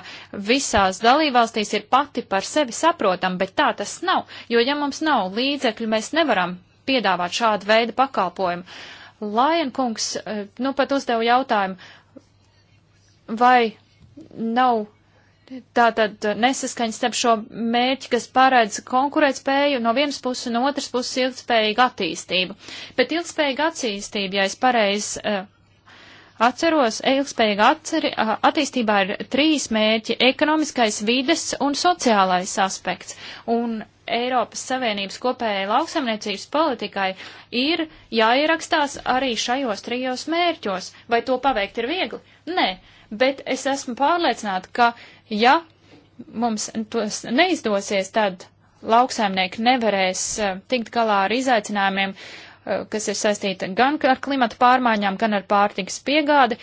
[SPEAKER 5] visās dalībvalstīs ir pati par sevi saprotam, bet tā tas nav, jo ja mums nav līdzekļu, mēs nevaram piedāvāt šādu veidu pakalpojumu. Lajenkungs, eh, nu pat uzdeva jautājumu, vai nav tātad nesaskaņas starp šo mērķi, kas paredz konkurētspēju no vienas puses un otras puses ilgspējīgu attīstību. Bet ilgspējīga attīstība, ja es pareizi uh, Atceros, ilgspējīga atceri, attīstībā ir trīs mērķi - ekonomiskais, vides un sociālais aspekts. Un Eiropas Savienības kopējai lauksamniecības politikai ir jāierakstās arī šajos trijos mērķos. Vai to paveikt ir viegli? Nē, bet es esmu pārliecināta, ka ja mums tos neizdosies, tad lauksaimnieki nevarēs tikt galā ar izaicinājumiem, uh, Eh, kas ir saistīta gan ar klimatu pārmaiņām, gan ar pārtikas piegādi.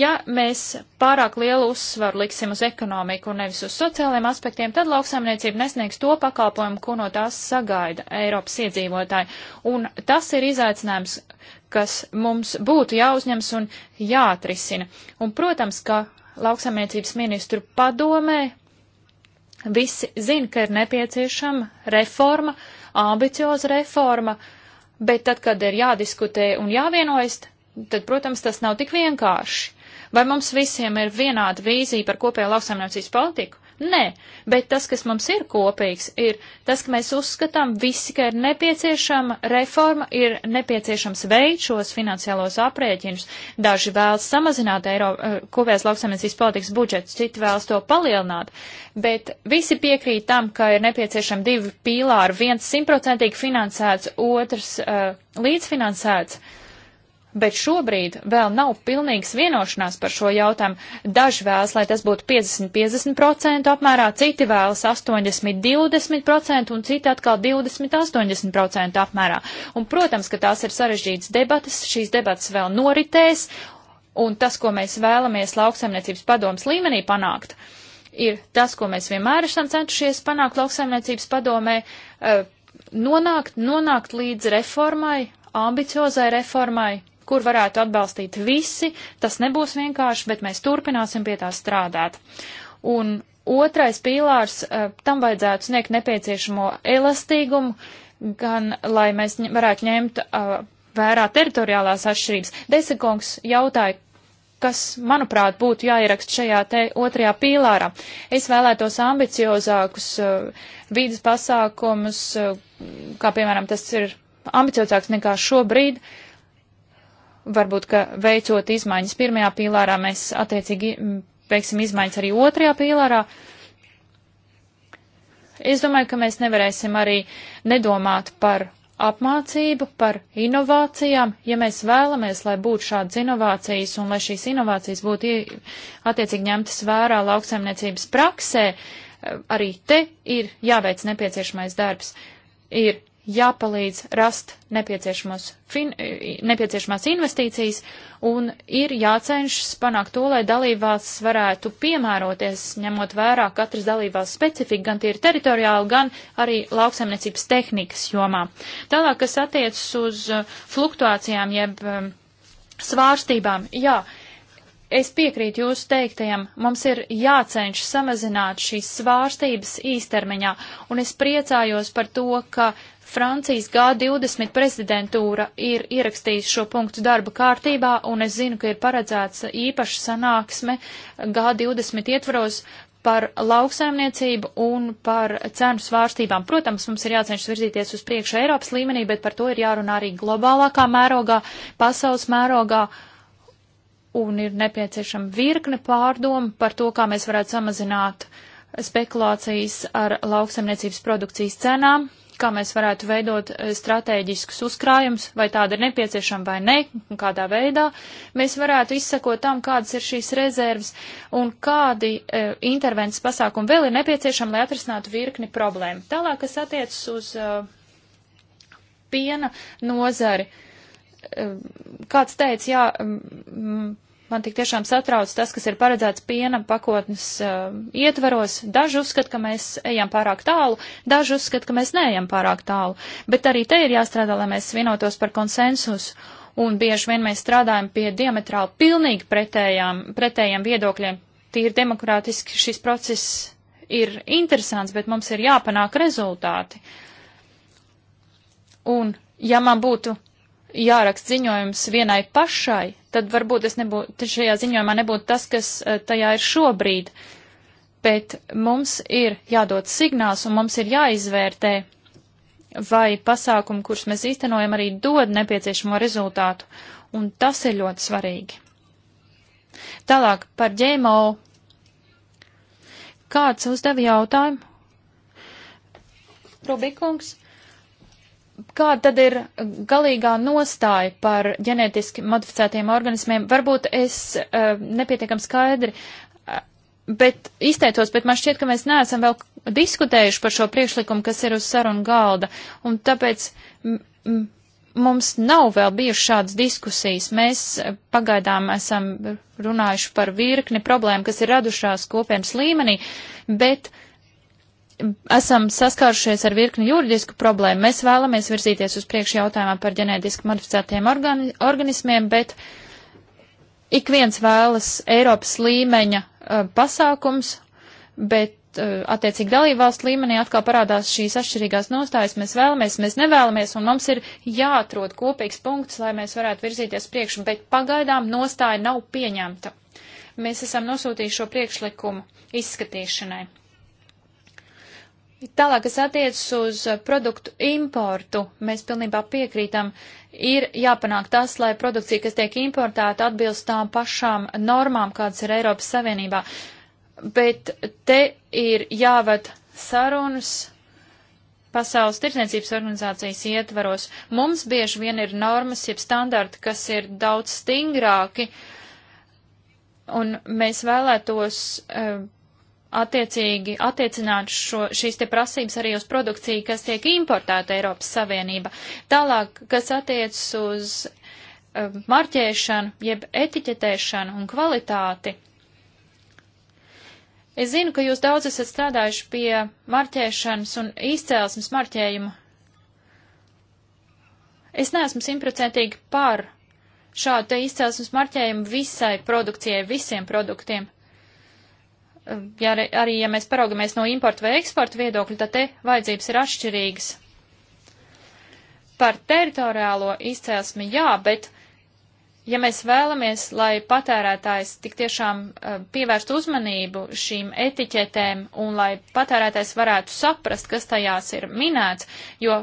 [SPEAKER 5] Ja mēs pārāk lielu uzsvaru liksim uz ekonomiku un nevis uz sociālajiem aspektiem, tad lauksaimniecība nesniegs to pakalpojumu, ko no tās sagaida Eiropas iedzīvotāji. Un tas ir izaicinājums, kas mums būtu jāuzņems un jāatrisina. Un, protams, ka lauksaimniecības ministru padomē visi zina, ka ir nepieciešama reforma, ambicioza reforma, uh, bet tad, kad ir jādiskutē un jāvienojas, tad, protams, tas nav tik vienkārši. Vai mums visiem ir vienāda vīzija par kopējo lauksaimniecības politiku? Nē, bet tas, kas mums ir kopīgs, ir tas, ka mēs uzskatām visi, ka ir nepieciešama reforma, ir nepieciešams veikt šos finansiālos aprēķinus. Daži vēlas samazināt Eiro, eh, kopējās lauksamniecības politikas budžetu, citi vēlas to palielināt, bet visi piekrīt tam, ka ir nepieciešami divi pīlāri, viens simtprocentīgi finansēts, otrs uh, līdzfinansēts. Uh, bet šobrīd vēl nav pilnīgas vienošanās par šo jautājumu. Daži vēlas, lai tas būtu 50-50% apmērā, citi vēlas 80-20% un citi atkal 20-80% apmērā. Un, protams, ka tās ir sarežģītas debatas, šīs debatas vēl noritēs, un tas, ko mēs vēlamies lauksaimniecības padomas līmenī panākt, ir tas, ko mēs vienmēr esam centušies panākt lauksaimniecības padomē, eh, nonākt, nonākt līdz reformai, ambiciozai reformai, kur varētu atbalstīt visi. Tas nebūs vienkārši, bet mēs turpināsim pie tā strādāt. Un otrais pīlārs, e, tam vajadzētu sniegt nepieciešamo elastīgumu, gan lai mēs varētu ņemt e, vērā teritoriālās atšķirības. Desekungs jautāja, kas, manuprāt, būtu jāierakst šajā te otrajā pīlārā. Es vēlētos ambiciozākus uh, vīdes pasākumus, uh, kā piemēram tas ir ambiciozāks nekā šobrīd. Uh, Varbūt, ka veicot izmaiņas pirmajā pīlārā, mēs attiecīgi veiksim izmaiņas arī otrajā pīlārā. Es domāju, ka mēs nevarēsim arī nedomāt par apmācību, par inovācijām. Ja mēs vēlamies, lai būtu šādas inovācijas un lai šīs inovācijas būtu attiecīgi ņemtas vērā lauksaimniecības praksē, arī te ir jāveic nepieciešamais darbs. Ir jāpalīdz rast fin, nepieciešamās investīcijas un ir jācenšas panākt to, lai dalībās varētu piemēroties, ņemot vērā katras dalībās specifiku, gan tīri teritoriāli, gan arī lauksaimniecības tehnikas jomā. Tālāk, kas attiecas uz uh, fluktuācijām jeb um, svārstībām, jā, es piekrītu jūsu teiktajam, mums ir jācenšas samazināt šīs svārstības īstermiņā, un es priecājos par to, ka Francijas G20 prezidentūra ir ierakstījusi šo punktu darba kārtībā, un es zinu, ka ir paredzēts īpaša sanāksme G20 ietvaros par lauksaimniecību un par cenu svārstībām. Protams, mums ir jācenšas virzīties uz priekšu Eiropas līmenī, bet par to ir jārunā arī globālākā mērogā, pasaules mērogā un ir nepieciešama virkne pārdomu par to, kā mēs varētu samazināt spekulācijas ar lauksaimniecības produkcijas cenām kā mēs varētu veidot e, strateģiskus uzkrājumus, vai tāda ir nepieciešama vai ne, un kādā veidā mēs varētu izsekot tam, kādas ir šīs rezerves un kādi e, intervences pasākumi vēl ir nepieciešami, lai atrisinātu virkni problēmu. Tālāk, kas attiecas uz e, piena nozari, e, kāds teica, jā, m, Man tik tiešām satrauc tas, kas ir paredzēts piena pakotnes uh, ietvaros. Daži uzskata, ka mēs ejam pārāk tālu, daži uzskata, ka mēs neejam pārāk tālu. Bet arī te ir jāstrādā, lai mēs vienotos par konsensusu un bieži vien mēs strādājam pie diametrāli pilnīgi pretējām, pretējiem viedokļiem. Tīri demokrātiski šis process ir interesants, bet mums ir jāpanāk rezultāti. Un ja man būtu jāraksta ziņojums vienai pašai, tad varbūt es nebūtu, šajā ziņojumā nebūtu tas, kas eh, tajā ir šobrīd. Bet mums ir jādod signāls un mums ir jāizvērtē, vai pasākumi, kurus mēs īstenojam, arī dod nepieciešamo rezultātu. Un tas ir ļoti svarīgi. Tālāk par ģēmo. Kāds uzdeva jautājumu? Rubikungs. Kāda tad ir galīgā nostāja par ģenētiski modificētiem organismiem? Varbūt es uh, nepietiekam skaidri, uh, bet izteicos, bet man šķiet, ka mēs neesam vēl diskutējuši par šo priekšlikumu, kas ir uz sarunu galda, un tāpēc mums nav vēl bijušas šādas diskusijas. Mēs eh, pagaidām esam runājuši par virkni problēmu, kas ir radušās kopienas līmenī, bet uh, esam saskārušies ar virkni juridisku problēmu. Mēs vēlamies virzīties uz priekšu jautājumā par ģenētiski modificētiem organi organismiem, bet ik viens vēlas Eiropas līmeņa uh, pasākums, bet uh, attiecīgi dalībvalstu līmenī atkal parādās šīs atšķirīgās nostājas. Mēs vēlamies, mēs nevēlamies, un mums ir jāatrod kopīgs punkts, lai mēs varētu virzīties priekšu, bet pagaidām nostāja nav pieņemta. Mēs esam nosūtījuši šo priekšlikumu izskatīšanai. Tālāk, kas attiecas uz eh, produktu importu, mēs pilnībā piekrītam, ir jāpanāk tas, lai produkcija, kas tiek importēta, atbilst tām pašām normām, kādas ir Eiropas Savienībā. Bet te ir jāved sarunas Pasaules tirdzniecības organizācijas ietvaros. Mums bieži vien ir normas, jeb standarti, kas ir daudz stingrāki, un mēs vēlētos. Uh, attiecīgi attiecināt šo, šīs te prasības arī uz produkciju, kas tiek importēta Eiropas Savienība. Tālāk, kas attiecas uz uh, marķēšanu, jeb etiķetēšanu un kvalitāti. Es zinu, ka jūs daudz esat strādājuši pie marķēšanas un izcēlesmes marķējuma. Es neesmu simtprocentīgi par šādu izcēlesmes marķējumu visai produkcijai, visiem produktiem ja arī, ja mēs paraugamies no importu vai eksportu viedokļa, tad te vajadzības ir atšķirīgas. Par teritoriālo izcelsmi jā, bet ja mēs vēlamies, lai patērētājs tik tiešām eh, pievērst uzmanību šīm etiķetēm un lai patērētājs varētu saprast, kas tajās ir minēts, jo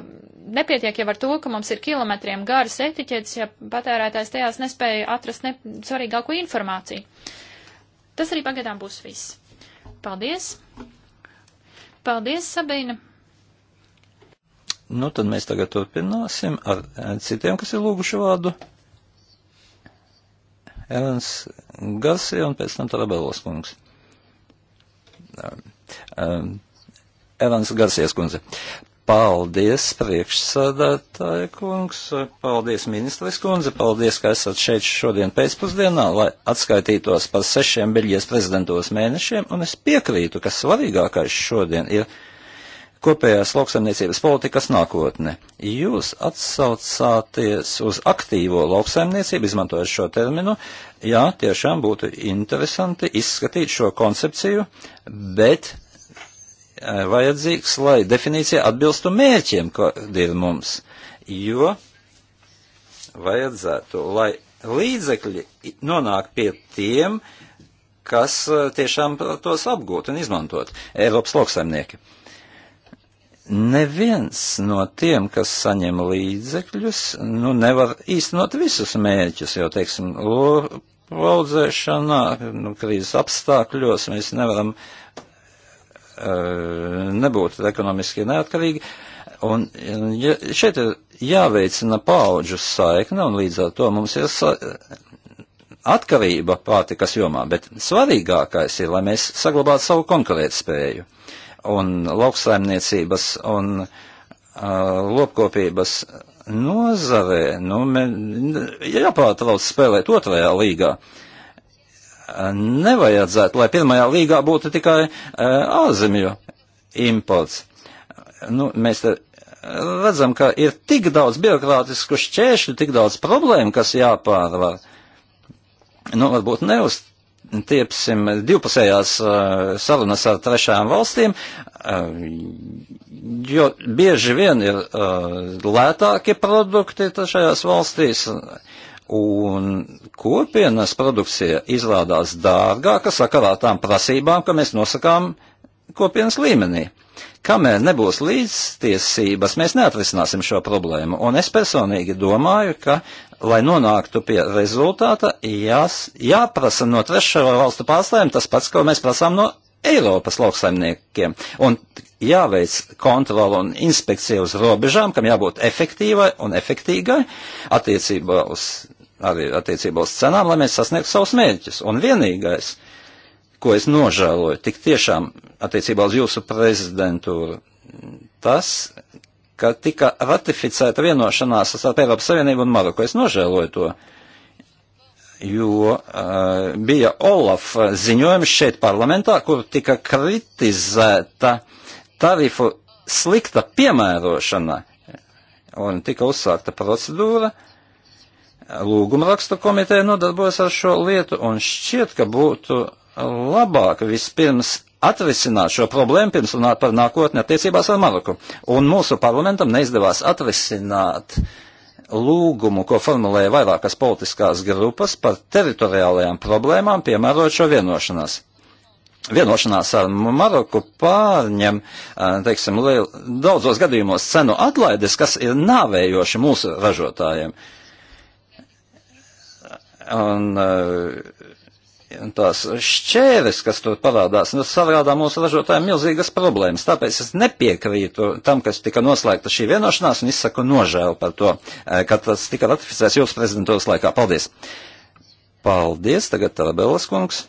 [SPEAKER 5] nepietiek jau ar to, ka mums ir kilometriem garas etiķetes, ja patērētājs tajās nespēja atrast ne svarīgāko informāciju. Tas arī pagaidām būs viss. Paldies! Paldies, Sabīna!
[SPEAKER 2] Nu, tad mēs tagad turpināsim ar eh, citiem, kas ir lūguši vārdu. Evans Garcia un pēc tam Tarabelos kungs. Um, eh, Evans eh, Garsies kundze. Paldies, priekšsādātāja kungs, paldies, ministres kundze, paldies, ka esat šeit šodien pēcpusdienā, lai atskaitītos par sešiem Beļģijas prezidentos mēnešiem, un es piekrītu, ka svarīgākais šodien ir kopējās lauksaimniecības politikas nākotne. Jūs atsaucāties uz aktīvo lauksaimniecību, izmantojot šo terminu. Jā, tiešām būtu interesanti izskatīt šo koncepciju, bet Eh, vajadzīgs, lai definīcija atbilstu mērķiem, kādi ir mums, jo vajadzētu, lai līdzekļi nonāk pie tiem, kas eh, tiešām tos apgūt un izmantot Eiropas lauksaimnieki. Neviens no tiem, kas saņem līdzekļus, nu nevar īstenot visus mērķus, jo, teiksim, audzēšanā, nu, krīzes apstākļos mēs nevaram Eh, nebūtu ekonomiski neatkarīgi. Un ja, šeit ir jāveicina paudžu saikne, un līdz ar to mums ir atkarība pārtikas jomā, bet svarīgākais ir, lai mēs saglabātu savu konkurētspēju. Un lauksaimniecības un uh, lopkopības nozarē, nu, jāpārtrauc spēlēt otrajā līgā. Uh, nevajadzētu, lai pirmajā līgā būtu tikai e, ārzemju imports. Nu, mēs te redzam, ka ir tik daudz birokrātisku šķēršļu, tik daudz problēmu, kas jāpārvar. Nu, varbūt neuz, tiepsim divpusējās uh, sarunas ar trešām valstīm, uh, jo bieži vien ir uh, lētākie produkti trešajās valstīs, uh, un kopienas produkcija izrādās dārgāka sakarā tām prasībām, ka mēs nosakām kopienas līmenī. Kamēr nebūs līdztiesības, mēs neatrisināsim šo problēmu, un es personīgi domāju, ka, lai nonāktu pie rezultāta, jās, jāprasa no trešo valstu pārstāvjiem tas pats, ko mēs prasām no Eiropas lauksaimniekiem, un jāveic kontrola un inspekcija uz robežām, kam jābūt efektīvai un efektīgai attiecībā uz arī attiecībā uz cenām, lai mēs sasniegtu savus mērķus. Un vienīgais, ko es nožēloju, tik tiešām attiecībā uz jūsu prezidentūru, tas, ka tika ratificēta vienošanās starp Eiropas Savienību un Maroku. Es nožēloju to, jo uh, bija Olaf ziņojums šeit parlamentā, kur tika kritizēta tarifu slikta piemērošana un tika uzsākta procedūra. Uh, lūguma raksta komiteja nodarbojas ar šo lietu, un šķiet, ka būtu labāk vispirms atrisināt šo problēmu, pirms runāt par nākotni attiecībās ar Maroku. Un mūsu parlamentam neizdevās atrisināt lūgumu, ko formulēja vairākas politiskās grupas par teritoriālajām problēmām, piemērot šo vienošanās vienošanās ar Maroku pārņem, eh, teiksim, liel, daudzos gadījumos cenu atlaides, kas ir nāvējoši mūsu ražotājiem. Uh, Un, eh, un tās šķēres, kas tur parādās, nu, sagādā mūsu ražotājiem milzīgas problēmas. Tāpēc es nepiekrītu tam, kas tika noslēgta šī vienošanās, un izsaku nožēlu par to, eh, ka tas tika ratificēts jūsu prezidentūras laikā. Paldies! Paldies, tagad Tarabellas kungs.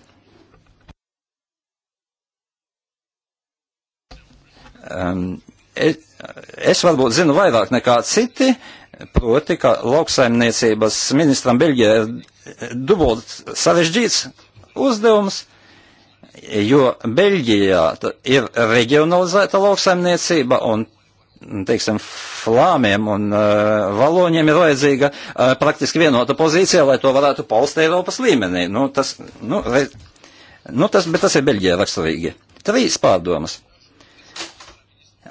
[SPEAKER 2] Um, es, es varbūt zinu vairāk nekā citi, uh, Proti, ka lauksaimniecības ministram Beļģijā ir dubult sarežģīts uzdevums, jo Beļģijā ir reģionalizēta lauksaimniecība un, teiksim, flāmiem un uh, valoņiem ir vajadzīga uh, praktiski vienota pozīcija, lai to varētu paust Eiropas līmenī. Nu, tas, nu, re, nu, tas, bet tas ir Beļģijā raksturīgi. Trīs pārdomas.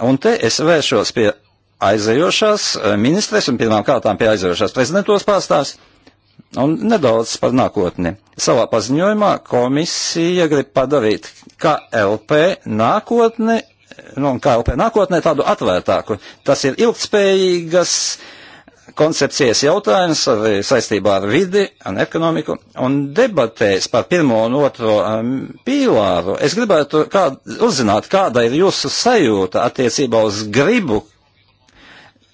[SPEAKER 2] Un te es vēršos pie aizējošās eh, ministres un pirmām kārtām pie aizējošās prezidentūras pārstāvs un nedaudz par nākotni. Savā paziņojumā komisija grib padarīt KLP nākotni, nu, KLP nākotnē tādu atvērtāku. Tas ir ilgtspējīgas koncepcijas jautājums arī saistībā ar vidi un ekonomiku, un debatēs par pirmo un otro um, pīlāru es gribētu kā, uzzināt, kāda ir jūsu sajūta attiecībā uz gribu,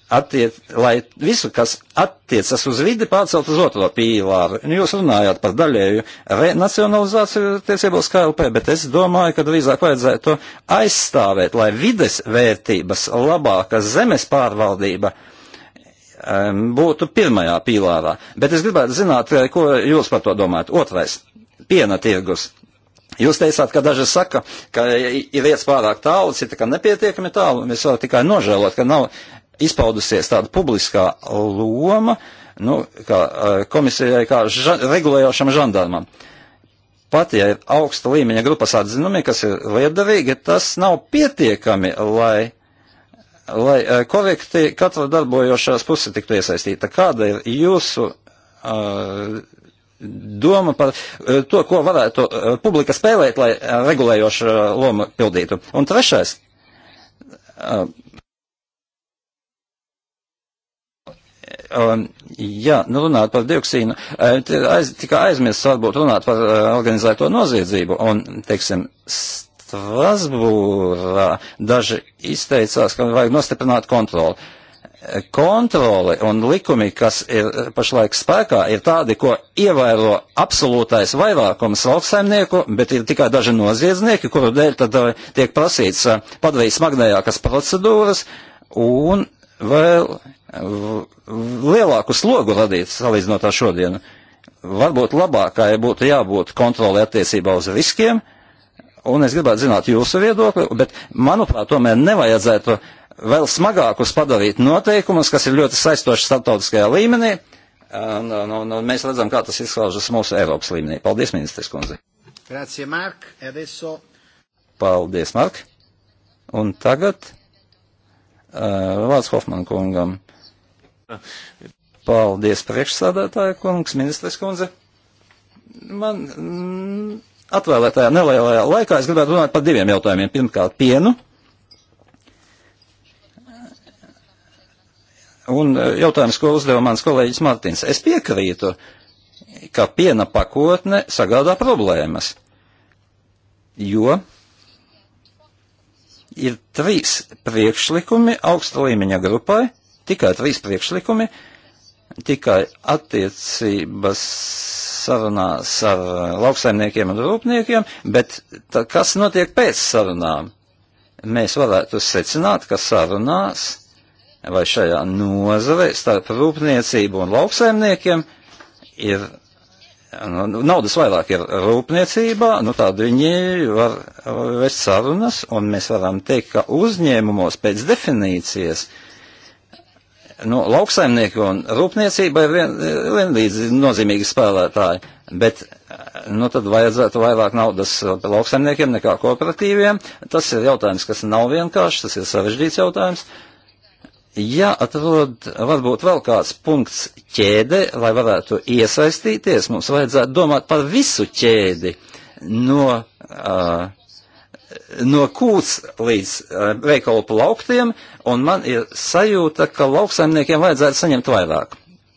[SPEAKER 2] attiec, lai visu, kas attiecas uz vidi, pārcelt uz otro pīlāru. Nu, jūs runājāt par daļēju renacionalizāciju tiesībos KLP, bet es domāju, ka drīzāk vajadzētu to aizstāvēt, lai vides vērtības labāka zemes pārvaldība um, būtu pirmajā pīlārā. Bet es gribētu zināt, eh, ko jūs par to domājat. Otrais - piena tirgus. Jūs teicāt, ka daži saka, ka ir vietas pārāk tālu, cita, ka nepietiekami tālu. Mēs varam tikai nožēlot, ka nav izpaudusies tāda publiskā loma, nu, kā e, komisijai, kā ža, regulējošam žandarmam. Pat ja ir augsta līmeņa grupas atzinumi, kas ir liederīgi, tas nav pietiekami, lai, lai e, korekti katra darbojošās puse tiktu iesaistīta. Kāda ir jūsu uh, doma par to, ko varētu publika spēlēt, lai regulējoša loma pildītu. Un trešais, Um, jā, nu runāt par dioksīnu, eh, aiz, tikai aizmirst varbūt runāt par uh, organizēto noziedzību un, teiksim, Strasbūrā daži izteicās, ka vajag nostiprināt kontroli. Kontrole un likumi, kas ir eh, pašlaik spēkā, ir tādi, ko ievēro absolūtais vairākums lauksaimnieku, bet ir tikai daži noziedznieki, kuru dēļ tad tiek prasīts padarīt smagnējākas procedūras un vēl lielāku slogu radīt salīdzinot ar šodienu. Varbūt labākai būtu jābūt kontroli attiecībā uz riskiem, un es gribētu zināt jūsu viedokli, bet manuprāt, tomēr nevajadzētu vēl smagākus padarīt noteikumus, kas ir ļoti saistoši starptautiskajā līmenī, un, un, un, un mēs redzam, kā tas izklāžas mūsu Eiropas līmenī. Paldies, ministrs kundze.
[SPEAKER 1] Grazie, Mark. E adesso...
[SPEAKER 2] Paldies, Mark. Un tagad uh, Vārds Hofman kungam. Paldies, priekšsādātāja kungs, ministres kundze. Man mm, atvēlētajā nelielajā laikā es gribētu runāt par diviem jautājumiem. Pirmkārt, pienu. Un e, jautājums, ko uzdeva mans kolēģis Martins. Es piekrītu, ka piena pakotne sagādā problēmas, jo ir trīs priekšlikumi augsta līmeņa grupai tikai trīs priekšlikumi, tikai attiecības sarunās ar eh, lauksaimniekiem un rūpniekiem, bet tā, kas notiek pēc sarunām? Mēs varētu secināt, ka sarunās vai šajā nozarē starp rūpniecību un lauksaimniekiem ir nu, nu naudas vairāk ir rūpniecībā, nu tad viņi var vest sarunas, un mēs varam teikt, ka uzņēmumos pēc definīcijas uh, Nu, lauksaimnieki un rūpniecība ir vien, vienlīdz nozīmīgi spēlētāji, bet nu, tad vajadzētu vairāk naudas lauksaimniekiem nekā kooperatīviem. Tas ir jautājums, kas nav vienkāršs, tas ir sarežģīts jautājums. Ja atrod varbūt vēl kāds punkts ķēde, lai varētu iesaistīties, mums vajadzētu domāt par visu ķēdi no, uh, no kūts līdz uh, veikalu plauktiem, uh, un man ir sajūta, ka lauksaimniekiem vajadzētu saņemt vairāk.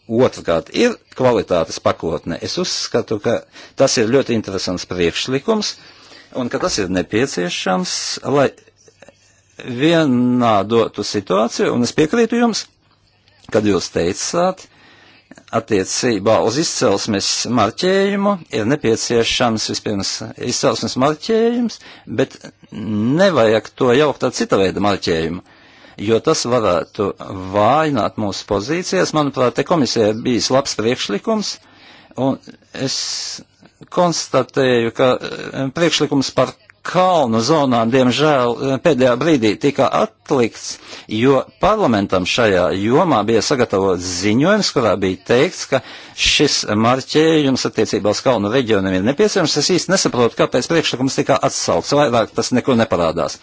[SPEAKER 2] Otrkārt, ir kvalitātes pakotne. Es uzskatu, ka tas ir ļoti interesants priekšlikums un ka tas ir nepieciešams, lai vienādotu situāciju, un es piekrītu jums, kad jūs teicāt, attiecībā uz izcelsmes marķējumu ir nepieciešams vispirms izcelsmes marķējums, bet nevajag to jaukt ar cita veida marķējumu jo tas varētu vājināt mūsu pozīcijas. Manuprāt, te komisija bijis labs priekšlikums, un es konstatēju, ka eh, priekšlikums par kalnu zonā, diemžēl, eh, pēdējā brīdī tika atlikts, jo parlamentam šajā jomā bija sagatavots ziņojums, kurā bija teikts, ka šis marķējums attiecībā uz kalnu reģioniem ir nepieciešams. Es īsti nesaprotu, kāpēc priekšlikums tika atsaukts, vairāk tas nekur neparādās.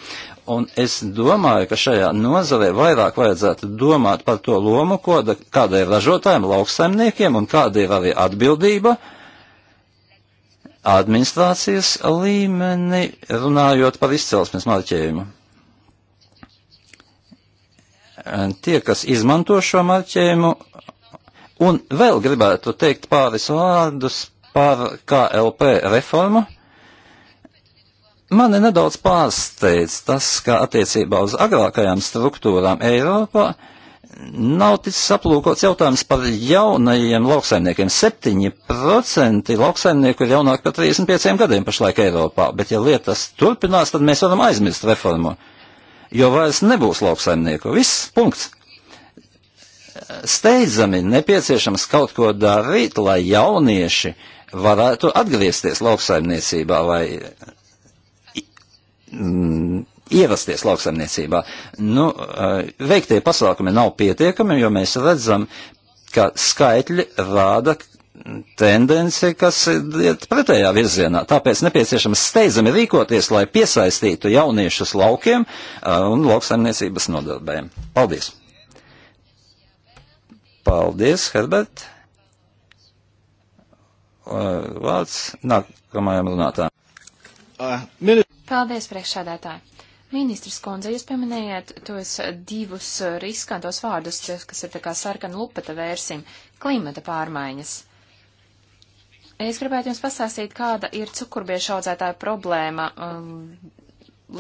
[SPEAKER 2] Un es domāju, ka šajā nozarē vairāk vajadzētu domāt par to lomu, ko, kāda ir ražotājiem, lauksaimniekiem un kāda ir arī atbildība administrācijas līmeni, runājot par izcelsmes marķējumu. Tie, kas izmanto šo marķējumu, un vēl gribētu teikt pāris vārdus par KLP reformu, mani nedaudz pārsteidz tas, ka attiecībā uz agrākajām struktūrām Eiropā, uh, nav ticis aplūkots jautājums par jaunajiem lauksaimniekiem. 7% lauksaimnieku ir jaunāk par 35 gadiem pašlaik Eiropā, bet ja lietas turpinās, tad mēs varam aizmirst reformu, jo vairs nebūs lauksaimnieku. Viss, punkts. Steidzami nepieciešams kaut ko darīt, lai jaunieši varētu atgriezties lauksaimniecībā vai ievasties lauksaimniecībā. Nu, eh, veiktie pasākumi nav pietiekami, jo mēs redzam, ka skaitļi rāda tendenci, kas iet pretējā virzienā. Tāpēc nepieciešams steidzami rīkoties, lai piesaistītu jauniešus laukiem eh, un lauksaimniecības nodarbēm. Paldies! Paldies, Herbert! Eh, vārds nākamajam runātājam. Uh,
[SPEAKER 3] Paldies, priekšsādātāji! Ministrs Konze, jūs pieminējāt tos divus riskantos vārdus, kas ir tā kā sarkana lupata vērsim - klimata pārmaiņas. Es gribētu jums pastāstīt, kāda ir cukurbiešu audzētāja problēma um,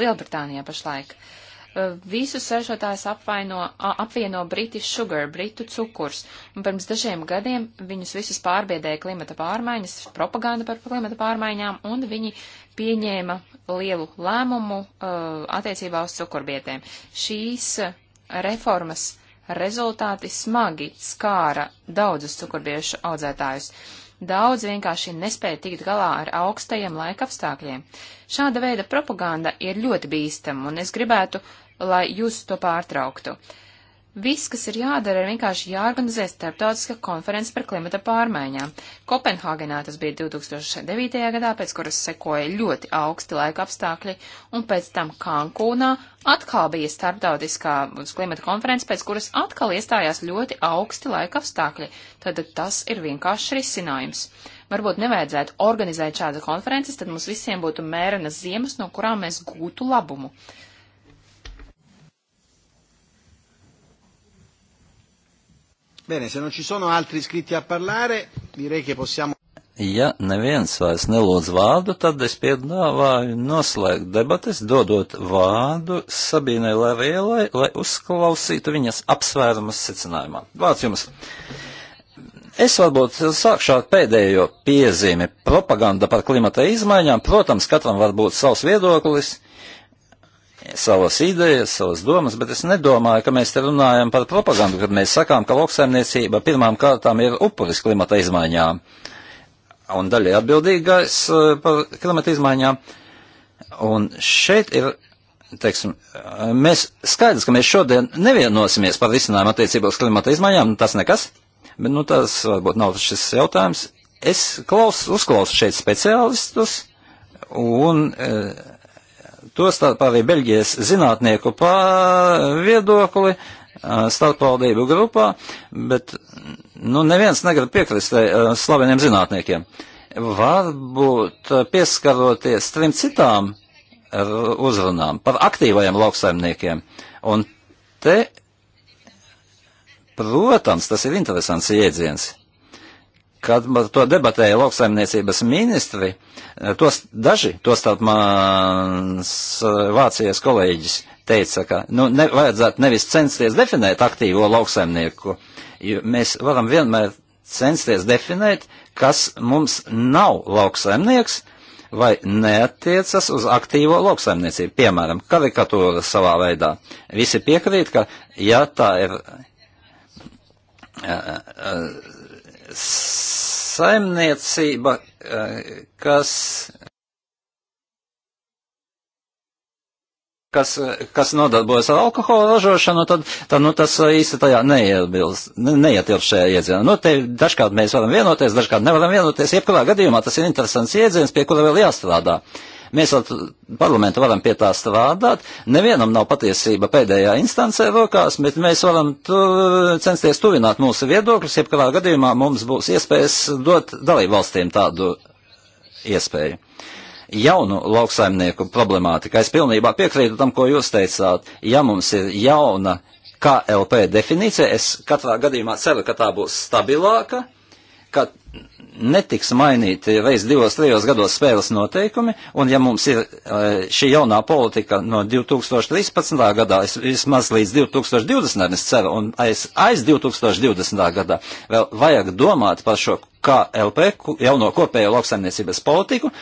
[SPEAKER 3] Lielbritānijā pašlaik. Uh, Eh, visus ražotājus apvaino, apvieno British Sugar, Britu cukurs. Un pirms dažiem gadiem viņus visus pārbiedēja klimata pārmaiņas, propaganda par klimata pārmaiņām, un viņi pieņēma lielu lēmumu uh, attiecībā uz cukurbietēm. Šīs eh, reformas rezultāti smagi skāra daudzus cukurbiešu audzētājus. Daudz vienkārši nespēja tikt galā ar augstajiem laika apstākļiem. Šāda veida propaganda ir ļoti bīstama, un es gribētu uh, lai jūs to pārtrauktu. Viss, kas ir jādara, ir vienkārši jāorganizē starptautiska konference par klimata pārmaiņām. Kopenhāgenā tas bija 2009. gadā, pēc kuras sekoja ļoti augsti laika apstākļi, un pēc tam Kankūnā atkal bija starptautiskā klimata konference, pēc kuras atkal iestājās ļoti augsti laika apstākļi. Tad tas ir vienkārši risinājums. Varbūt nevajadzētu organizēt šādu konferences, tad mums visiem būtu mērenas ziemas, no kurām mēs gūtu labumu.
[SPEAKER 1] Bene, se non ci sono altri iscritti a parlare, direi che possiamo.
[SPEAKER 2] Ja neviens vairs nelūdz vārdu, tad es piedāvāju noslēgt debates, dodot vārdu Sabīnai Larielai, lai uzklausītu viņas apsvērumus secinājumā. Vārds jums! Es varbūt sākšu ar pēdējo piezīmi. Propaganda par klimata izmaiņām, protams, katram var būt savs viedoklis savas idejas, savas domas, bet es nedomāju, ka mēs te runājam par propagandu, kad mēs sakām, ka lauksaimniecība pirmām kārtām ir upuris klimata izmaiņām un daļai atbildīgais eh, par klimata izmaiņām. Un šeit ir, teiksim, eh, mēs skaidrs, ka mēs šodien nevienosimies par risinājumu attiecībā uz klimata izmaiņām, nu tas nekas, bet nu tas varbūt nav šis jautājums. Es klaus, uzklausu šeit speciālistus un. E, Tostarp arī Beļģijas zinātnieku viedokli starpvaldību grupā, bet nu, neviens negrib piekrist slaveniem zinātniekiem. Varbūt pieskaroties trim citām uzrunām par aktīvajiem lauksaimniekiem. Un te, protams, tas ir interesants jēdziens kad par to debatēja lauksaimniecības ministri, tos daži, tostarp mans eh, Vācijas kolēģis, teica, ka nu, ne, vajadzētu nevis censties definēt aktīvo lauksaimnieku, jo mēs varam vienmēr censties definēt, kas mums nav lauksaimnieks vai neatiecas uz aktīvo lauksaimniecību, piemēram, karikatūra savā veidā. Visi piekrīt, ka ja tā ir. Uh, uh, saimniecība, eh, kas, kas, kas nodarbojas ar alkohola ražošanu, tad, tad nu, tas eh, īsti tajā neiebilst, neietilp šajā iedzienā. Nu, te dažkārt mēs varam vienoties, dažkārt nevaram vienoties. Jebkurā gadījumā tas ir interesants iedziens, pie kura vēl jāstrādā. Uh, Mēs parlamentu varam pie tā strādāt. Nevienam nav patiesība pēdējā instancē rokās, bet mēs varam tu, censties tuvināt mūsu viedokļus. Jebkurā gadījumā mums būs iespējas dot dalību valstīm tādu iespēju jaunu lauksaimnieku problemātika. Es pilnībā piekrītu tam, ko jūs teicāt. Ja mums ir jauna KLP definīcija, es katrā gadījumā ceru, ka tā būs stabilāka, ka netiks mainīti reiz divos, trijos gados spēles noteikumi, un ja mums ir e, šī jaunā politika no 2013. gadā, es vismaz līdz 2020. es ceru, un aiz, aiz 2020. gadā vēl vajag domāt par šo KLP, jauno kopējo lauksaimniecības politiku,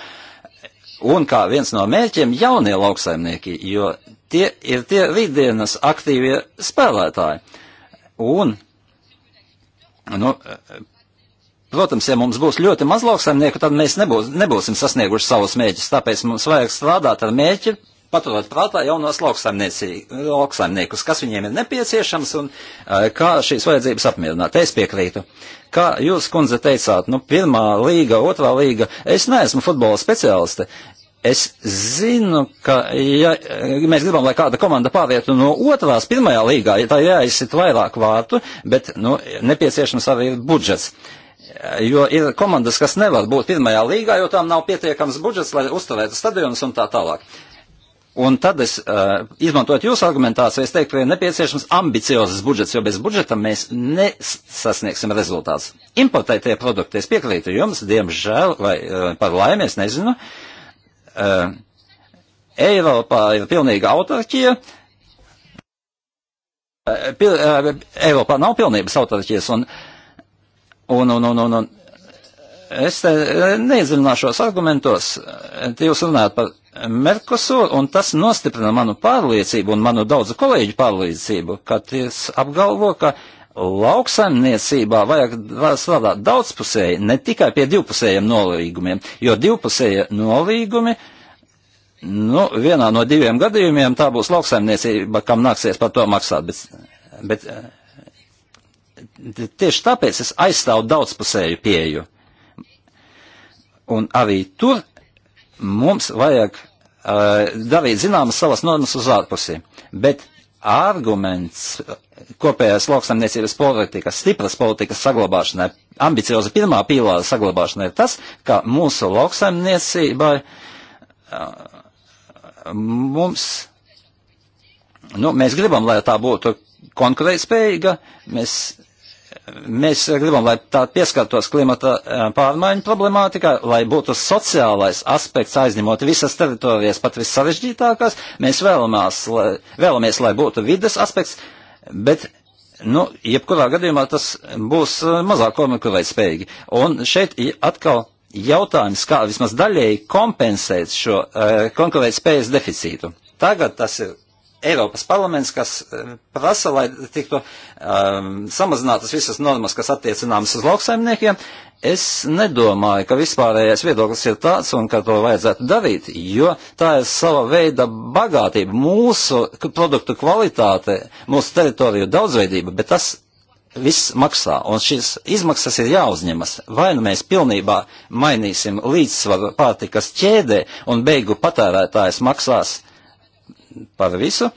[SPEAKER 2] un kā viens no mērķiem jaunie lauksaimnieki, jo tie ir tie rītdienas aktīvie spēlētāji. Un, nu, Protams, ja mums būs ļoti maz lauksaimnieku, tad mēs nebūs, nebūsim sasnieguši savus mēģus, tāpēc mums vajag strādāt ar mēģi, paturot prātā jaunos lauksaimniekus, kas viņiem ir nepieciešams un kā šīs vajadzības apmierināt. Es piekrītu. Kā jūs, kundze, teicāt, nu, pirmā līga, otrā līga, es neesmu futbola speciāliste, Es zinu, ka ja, mēs gribam, lai kāda komanda pārietu no otrās pirmajā līgā, ja tā jāizsit vairāk vārtu, bet nu, nepieciešams arī ir budžets. Jo ir komandas, kas nevar būt pirmajā līgā, jo tām nav pietiekams budžets, lai uzturētu stadionus un tā tālāk. Un tad es, uh, izmantojot jūsu argumentāciju, es teiktu, ka ir nepieciešams ambiciozas budžets, jo bez budžeta mēs nesasniegsim rezultātus. Importētie produkti, es piekrītu jums, diemžēl, vai uh, par laimi, es nezinu, uh, Uh, eh, Eiropā ir pilnīga autarkija. Uh, eh, pil, uh, eh, Eiropā nav pilnības autarkijas, un, un, un, un, un, un es te neizrunāšos argumentos. Te jūs runājat par Merkosur, un tas nostiprina manu pārliecību un manu daudzu kolēģu pārliecību, kad es apgalvo, ka lauksaimniecībā vajag strādāt daudzpusēji, ne tikai pie divpusējiem nolīgumiem, jo divpusējie nolīgumi, nu, vienā no diviem gadījumiem tā būs lauksaimniecība, kam nāksies par to maksāt, bet, bet eh, tieši tāpēc es aizstāvu daudzpusēju pieju. Un arī tur mums vajag uh, darīt zināmas savas normas uz ārpusi, bet arguments kopējās lauksaimniecības politikas, stipras politikas saglabāšanai, ambicioza pirmā pīlāra saglabāšanai ir tas, ka mūsu lauksaimniecībai mums, nu, mēs gribam, lai tā būtu konkurētspējīga, mēs mēs gribam, lai tā pieskartos klimata pārmaiņu problemātikā, lai būtu sociālais aspekts aizņemot visas teritorijas, pat vissarežģītākās. Mēs vēlamās, lai, vēlamies, lai būtu vides aspekts, bet, nu, jebkurā gadījumā tas būs mazāk konkurētspējīgi. Un šeit atkal jautājums, kā vismaz daļēji kompensēt šo uh, konkurētspējas deficītu. Tagad tas ir Eiropas parlaments, kas eh, prasa, lai tiktu um, samazinātas visas normas, kas attiecināmas uz lauksaimniekiem, es nedomāju, ka vispārējais viedoklis ir tāds un ka to vajadzētu darīt, jo tā ir sava veida bagātība, mūsu produktu kvalitāte, mūsu teritoriju daudzveidība, bet tas viss maksā, un šīs izmaksas ir jāuzņemas. Vai nu mēs pilnībā mainīsim līdzsvaru pārtikas ķēdē, un beigu patērētājs maksās par visu,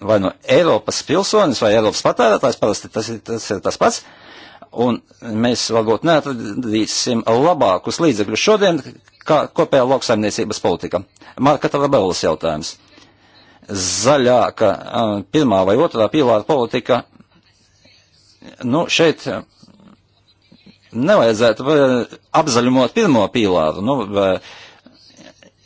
[SPEAKER 2] vai no Eiropas pilsonis vai Eiropas patērētājs, parasti tas ir tas, ir tas pats. Un mēs varbūt neatradīsim labākus līdzekļus šodien, kā kopējā lauksaimniecības politika. Marka Tarabelas jautājums. Zaļāka um, pirmā vai otrā pīlāra politika. Nu, šeit um, nevajadzētu uh, apzaļumot pirmo pīlāru. Nu,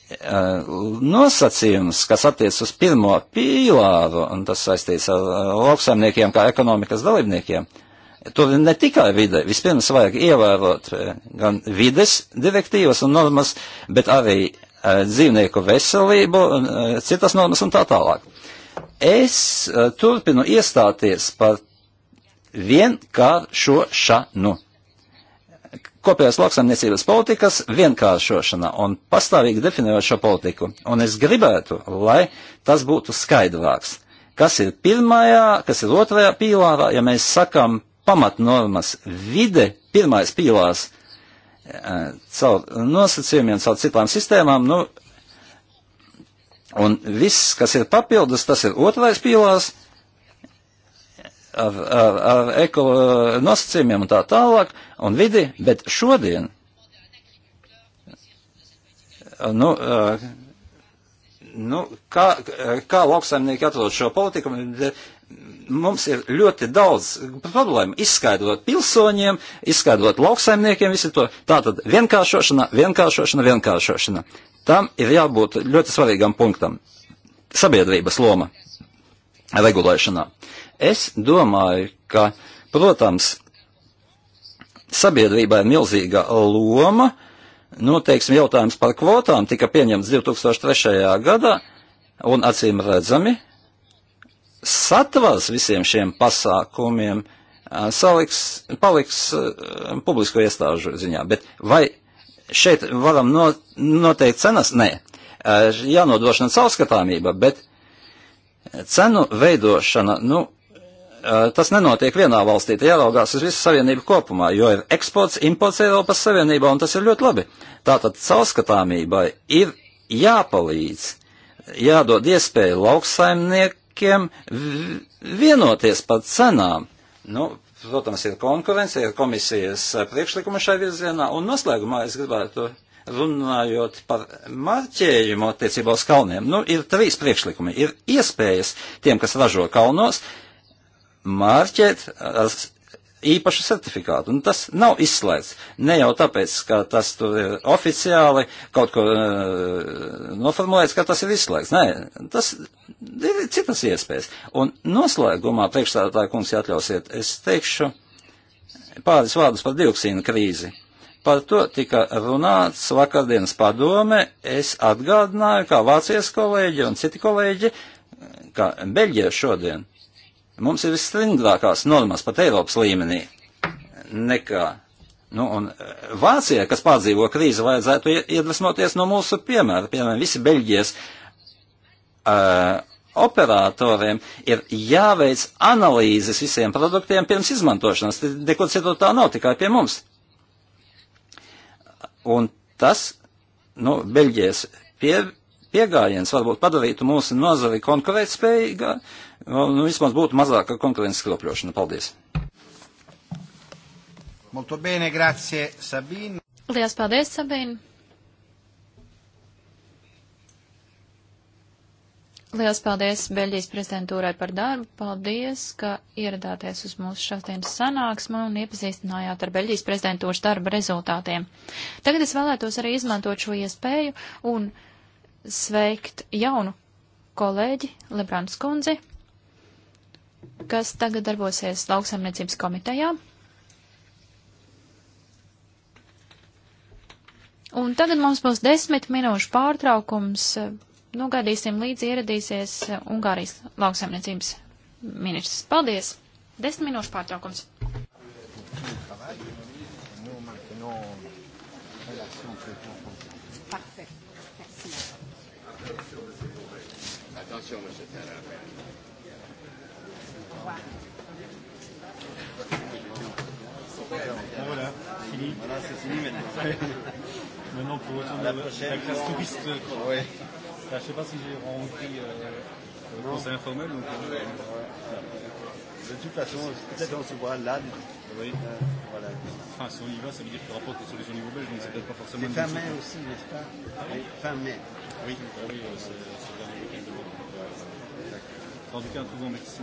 [SPEAKER 2] Uh, nosacījums, kas attiec uz pirmo pīlāru, un tas saistīts ar lauksaimniekiem kā ekonomikas dalībniekiem, tur ne tikai vide, vispirms vajag ievērot eh, gan vides direktīvas un normas, bet arī eh, dzīvnieku veselību, eh, citas normas un tā tālāk. Es turpinu iestāties par vienkāršošanu kopējās lauksaimniecības politikas vienkāršošana un pastāvīgi definējot šo politiku. Un es gribētu, lai tas būtu skaidrāks. Kas ir pirmajā, kas ir otrajā pīlārā, ja mēs sakam pamatnormas vide, pirmais pīlārs eh, caur nosacījumiem, caur citām sistēmām, nu, un viss, kas ir papildus, tas ir otrais pīlārs, ar, ar, ar eko eh, nosacījumiem un tā tālāk, un vidi, bet šodien, eh, nu, eh, nu kā, kā lauksaimnieki atrod šo politiku, mums ir ļoti daudz problēmu izskaidrot pilsoņiem, izskaidrot lauksaimniekiem visu to. Tātad vienkāršošana, vienkāršošana, vienkāršošana. Tam ir jābūt ļoti svarīgam punktam. Sabiedrības loma regulēšanā. Es domāju, ka, protams, sabiedrībā ir milzīga loma, noteiksim nu, jautājums par kvotām tika pieņemts 2003. gadā, un acīm redzami, satvars visiem šiem pasākumiem saliks, paliks uh, publisko iestāžu ziņā, bet vai šeit varam no, noteikt cenas? Nē, uh, jānodrošina caurskatāmība, bet cenu veidošana, nu, Eh, tas nenotiek vienā valstī, te jāraugās uz visu savienību kopumā, jo ir eksports, imports Eiropas Savienībā, un tas ir ļoti labi. Tātad caurskatāmībai ir jāpalīdz, jādod iespēju lauksaimniekiem vienoties par cenām. Nu, protams, ir konkurence, ir komisijas priekšlikuma šai virzienā, un noslēgumā es gribētu runājot par marķējumu attiecībā uz kalniem, nu, ir trīs priekšlikumi. Ir iespējas tiem, kas ražo kalnos, mārķēt ar īpašu certifikātu. Un tas nav izslēgts. Ne jau tāpēc, ka tas tur ir oficiāli kaut ko uh, noformulēts, ka tas ir izslēgts. Nē, tas ir citas iespējas. Un noslēgumā, priekšstādātāja kungs, ja atļausiet, es teikšu pāris vārdus par dioksīnu krīzi. Par to tika runāts vakardienas padome. Es atgādināju, kā Vācijas kolēģi un citi kolēģi, kā Beļģija šodien Mums ir visslingrākās normas pat Eiropas līmenī nekā. Nu, un e, Vācija, kas pārdzīvo krīzi, vajadzētu iedvesmoties no mūsu piemēra. Piemēram, visi Beļģijas uh, operatoriem ir jāveic analīzes visiem produktiem pirms izmantošanas. Nekur citur tā nav, tikai pie mums. Un tas, nu, Beļģijas pie, piegājiens varbūt padarītu mūsu nozari konkurētspējīgāku Nu, nu, vismaz būtu mazāka konkurences kropļošana. Paldies!
[SPEAKER 1] Molto bene, grazie, Sabīna.
[SPEAKER 5] Lielas paldies, Sabīna! Lielas paldies Beļģijas prezidentūrai par darbu. Paldies, ka ieradāties uz mūsu šodienas sanāksmu un iepazīstinājāt ar Beļģijas prezidentūras darba rezultātiem. Tagad es vēlētos arī izmantot šo iespēju un sveikt jaunu kolēģi Lebrāns Kunzi kas tagad darbosies lauksaimniecības komitejā. Un tagad mums būs desmit minūšu pārtraukums. Nogādīsim nu, līdz ieradīsies Ungārijas lauksaimniecības ministrs. Paldies! Desmit minūšu pārtraukums.
[SPEAKER 4] Attention, monsieur Terra qua.
[SPEAKER 2] Voilà, fini. Voilà, c'est fini maintenant. maintenant, on peut retourner à la, la classe touriste. Quoi. Ouais. Là, je ne sais pas si j'ai rencontré euh, le conseil informel. Donc, euh, ouais.
[SPEAKER 6] Ouais. De toute façon, peut-être on se voit là. Oui. Euh, voilà. Enfin, si on y va, ça veut dire qu'il n'y aura pas de solution au niveau belge, donc c'est peut-être pas forcément. C'est fin mai aussi, n'est-ce pas ah, oui. Fin mai. Oui, ah, oui euh, c'est le dernier week-end de mai. En tout cas, un tout bon merci.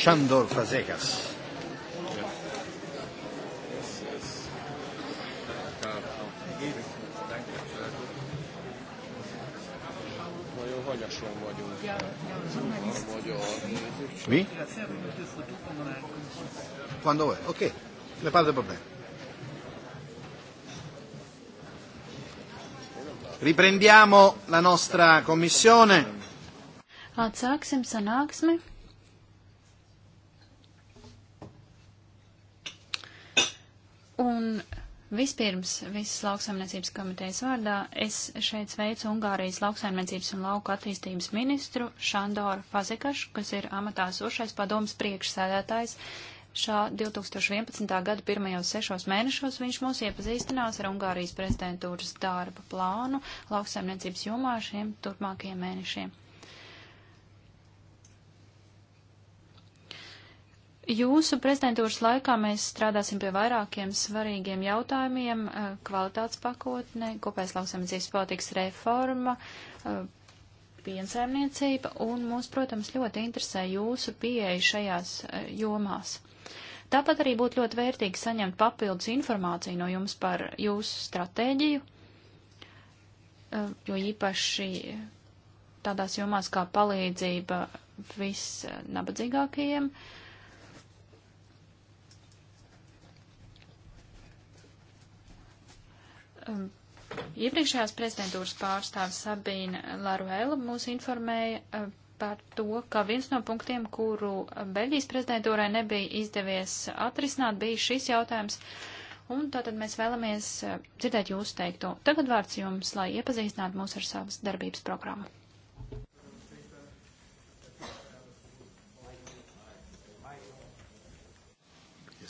[SPEAKER 1] Shandor Fazekas. Nagyon hanyasan vagyunk. Magyar. Mi? Quando è? Ok. Ne parlo per me. Riprendiamo la nostra commissione.
[SPEAKER 5] Atsāksim sanāksmi. Un vispirms visas lauksaimniecības komitejas vārdā es šeit sveicu Ungārijas lauksaimniecības un lauku attīstības ministru Šandoru Fazekašu, kas ir amatā sošais padomas priekšsēdētājs. Šā 2011. gada pirmajos sešos mēnešos viņš mūs iepazīstinās ar Ungārijas prezidentūras darba plānu lauksaimniecības jomā šiem turpmākajiem mēnešiem. Jūsu prezidentūras laikā mēs strādāsim pie vairākiem svarīgiem jautājumiem eh, - kvalitātes pakotne, kopējas lauksaimniecības politikas reforma, eh, piensaimniecība, un mūs, protams, ļoti interesē jūsu pieeja šajās eh, jomās. Tāpat arī būtu ļoti vērtīgi saņemt papildus informāciju no jums par jūsu stratēģiju, jo īpaši tādās jomās kā palīdzība visnabadzīgākajiem, uh, Um, iepriekšējās prezidentūras pārstāvis Sabīna Laruela mūs informēja uh, par to, ka viens no punktiem, kuru uh, Beļģijas prezidentūrai nebija izdevies atrisināt, bija šis jautājums. Un tātad mēs vēlamies uh, dzirdēt jūsu teikto. Tagad vārds jums, lai iepazīstinātu mūs ar savas darbības programmu.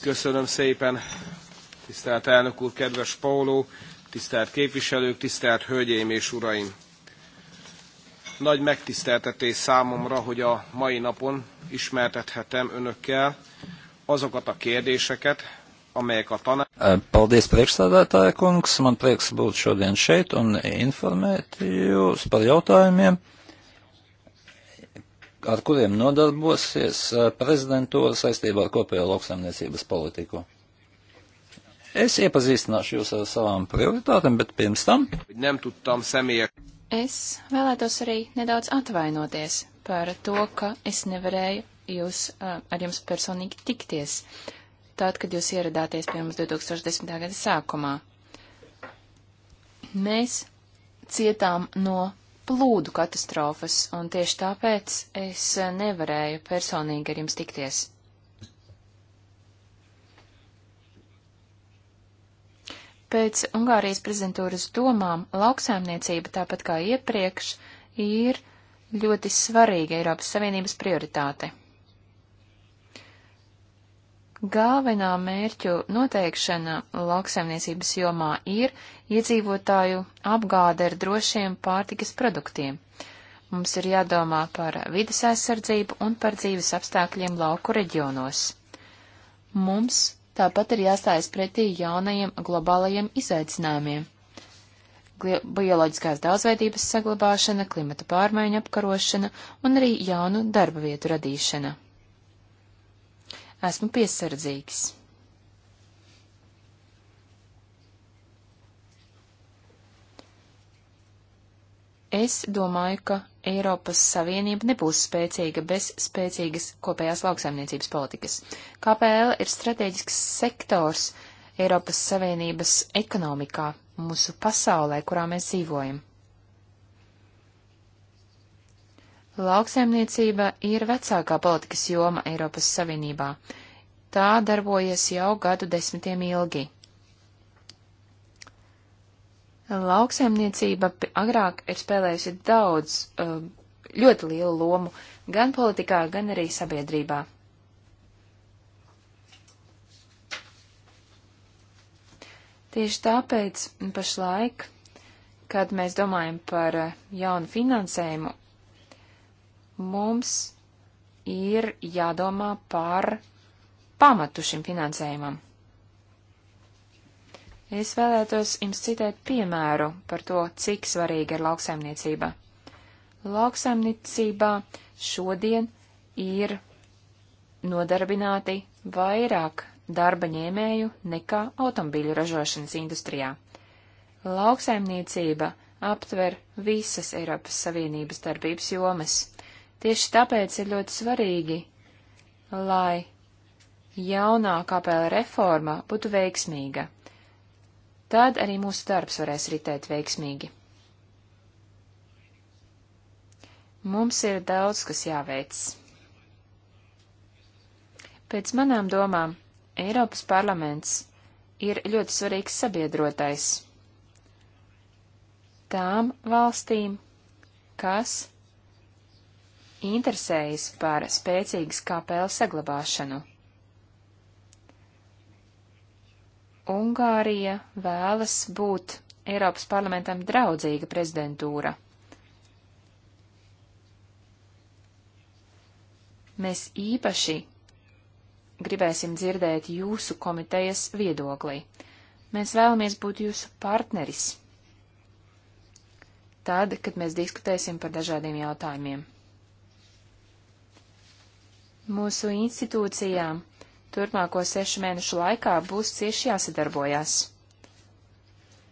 [SPEAKER 1] Köszönöm szépen, tisztelt elnök úr, kedves Póló! tisztelt képviselők, tisztelt hölgyeim és uraim! Nagy megtiszteltetés számomra, hogy a mai napon ismertethetem önökkel azokat a kérdéseket, amelyek a tanács...
[SPEAKER 2] Paldies, priekšsādātāja kungs, man prieks būt šodien šeit un informēt jūs par jautājumiem, ar kuriem nodarbosies prezidentūra saistībā ar kopējo lauksaimniecības politiku. Es iepazīstināšu jūs ar savām prioritātēm, bet pirms tam.
[SPEAKER 3] Es vēlētos arī nedaudz atvainoties par to, ka es nevarēju jūs, ar jums personīgi tikties, tad, kad jūs ieradāties pie mums 2010. gada sākumā. Mēs cietām no plūdu katastrofas, un tieši tāpēc es nevarēju personīgi ar jums tikties. Pēc Ungārijas prezidentūras domām lauksaimniecība, tāpat kā iepriekš, ir ļoti svarīga Eiropas Savienības prioritāte. Galvenā mērķu noteikšana lauksaimniecības jomā ir iedzīvotāju apgāde ar drošiem pārtikas produktiem. Mums ir jādomā par vidas aizsardzību un par dzīves apstākļiem lauku reģionos. Mums Tāpat ir jāstājas pretī jaunajiem globālajiem izaicinājumiem. Bioloģiskās daudzveidības saglabāšana, klimata pārmaiņu apkarošana un arī jaunu darba vietu radīšana. Esmu piesardzīgs. Es domāju, ka Eiropas Savienība nebūs spēcīga bez spēcīgas kopējās lauksaimniecības politikas. KPL ir strateģisks sektors Eiropas Savienības ekonomikā, mūsu pasaulē, kurā mēs dzīvojam. Lauksaimniecība ir vecākā politikas joma Eiropas Savienībā. Tā darbojas jau gadu desmitiem ilgi. Lauksaimniecība agrāk ir spēlējusi daudz, um, ļoti lielu lomu gan politikā, gan arī sabiedrībā. Tieši tāpēc pašlaik, kad mēs domājam par uh, jaunu finansējumu, mums ir jādomā par pamatu šim finansējumam. Es vēlētos jums citēt piemēru par to, cik svarīga ir lauksaimniecība. Lauksaimniecībā šodien ir nodarbināti vairāk darba ņēmēju nekā automobīļu ražošanas industrijā. Lauksaimniecība aptver visas Eiropas Savienības darbības jomas. Tieši tāpēc ir ļoti svarīgi, lai jaunā kapela reforma būtu veiksmīga. Tad arī mūsu darbs varēs ritēt veiksmīgi. Mums ir daudz, kas jāveic. Pēc manām domām, Eiropas parlaments ir ļoti svarīgs sabiedrotais tām valstīm, kas interesējas par spēcīgas KPL saglabāšanu. Ungārija vēlas būt Eiropas parlamentam draudzīga prezidentūra. Mēs īpaši gribēsim dzirdēt jūsu komitejas viedoklī. Mēs vēlamies būt jūsu partneris. Tad, kad mēs diskutēsim par dažādiem jautājumiem. Mūsu institūcijām turpmāko sešu mēnešu laikā būs cieši jāsadarbojas.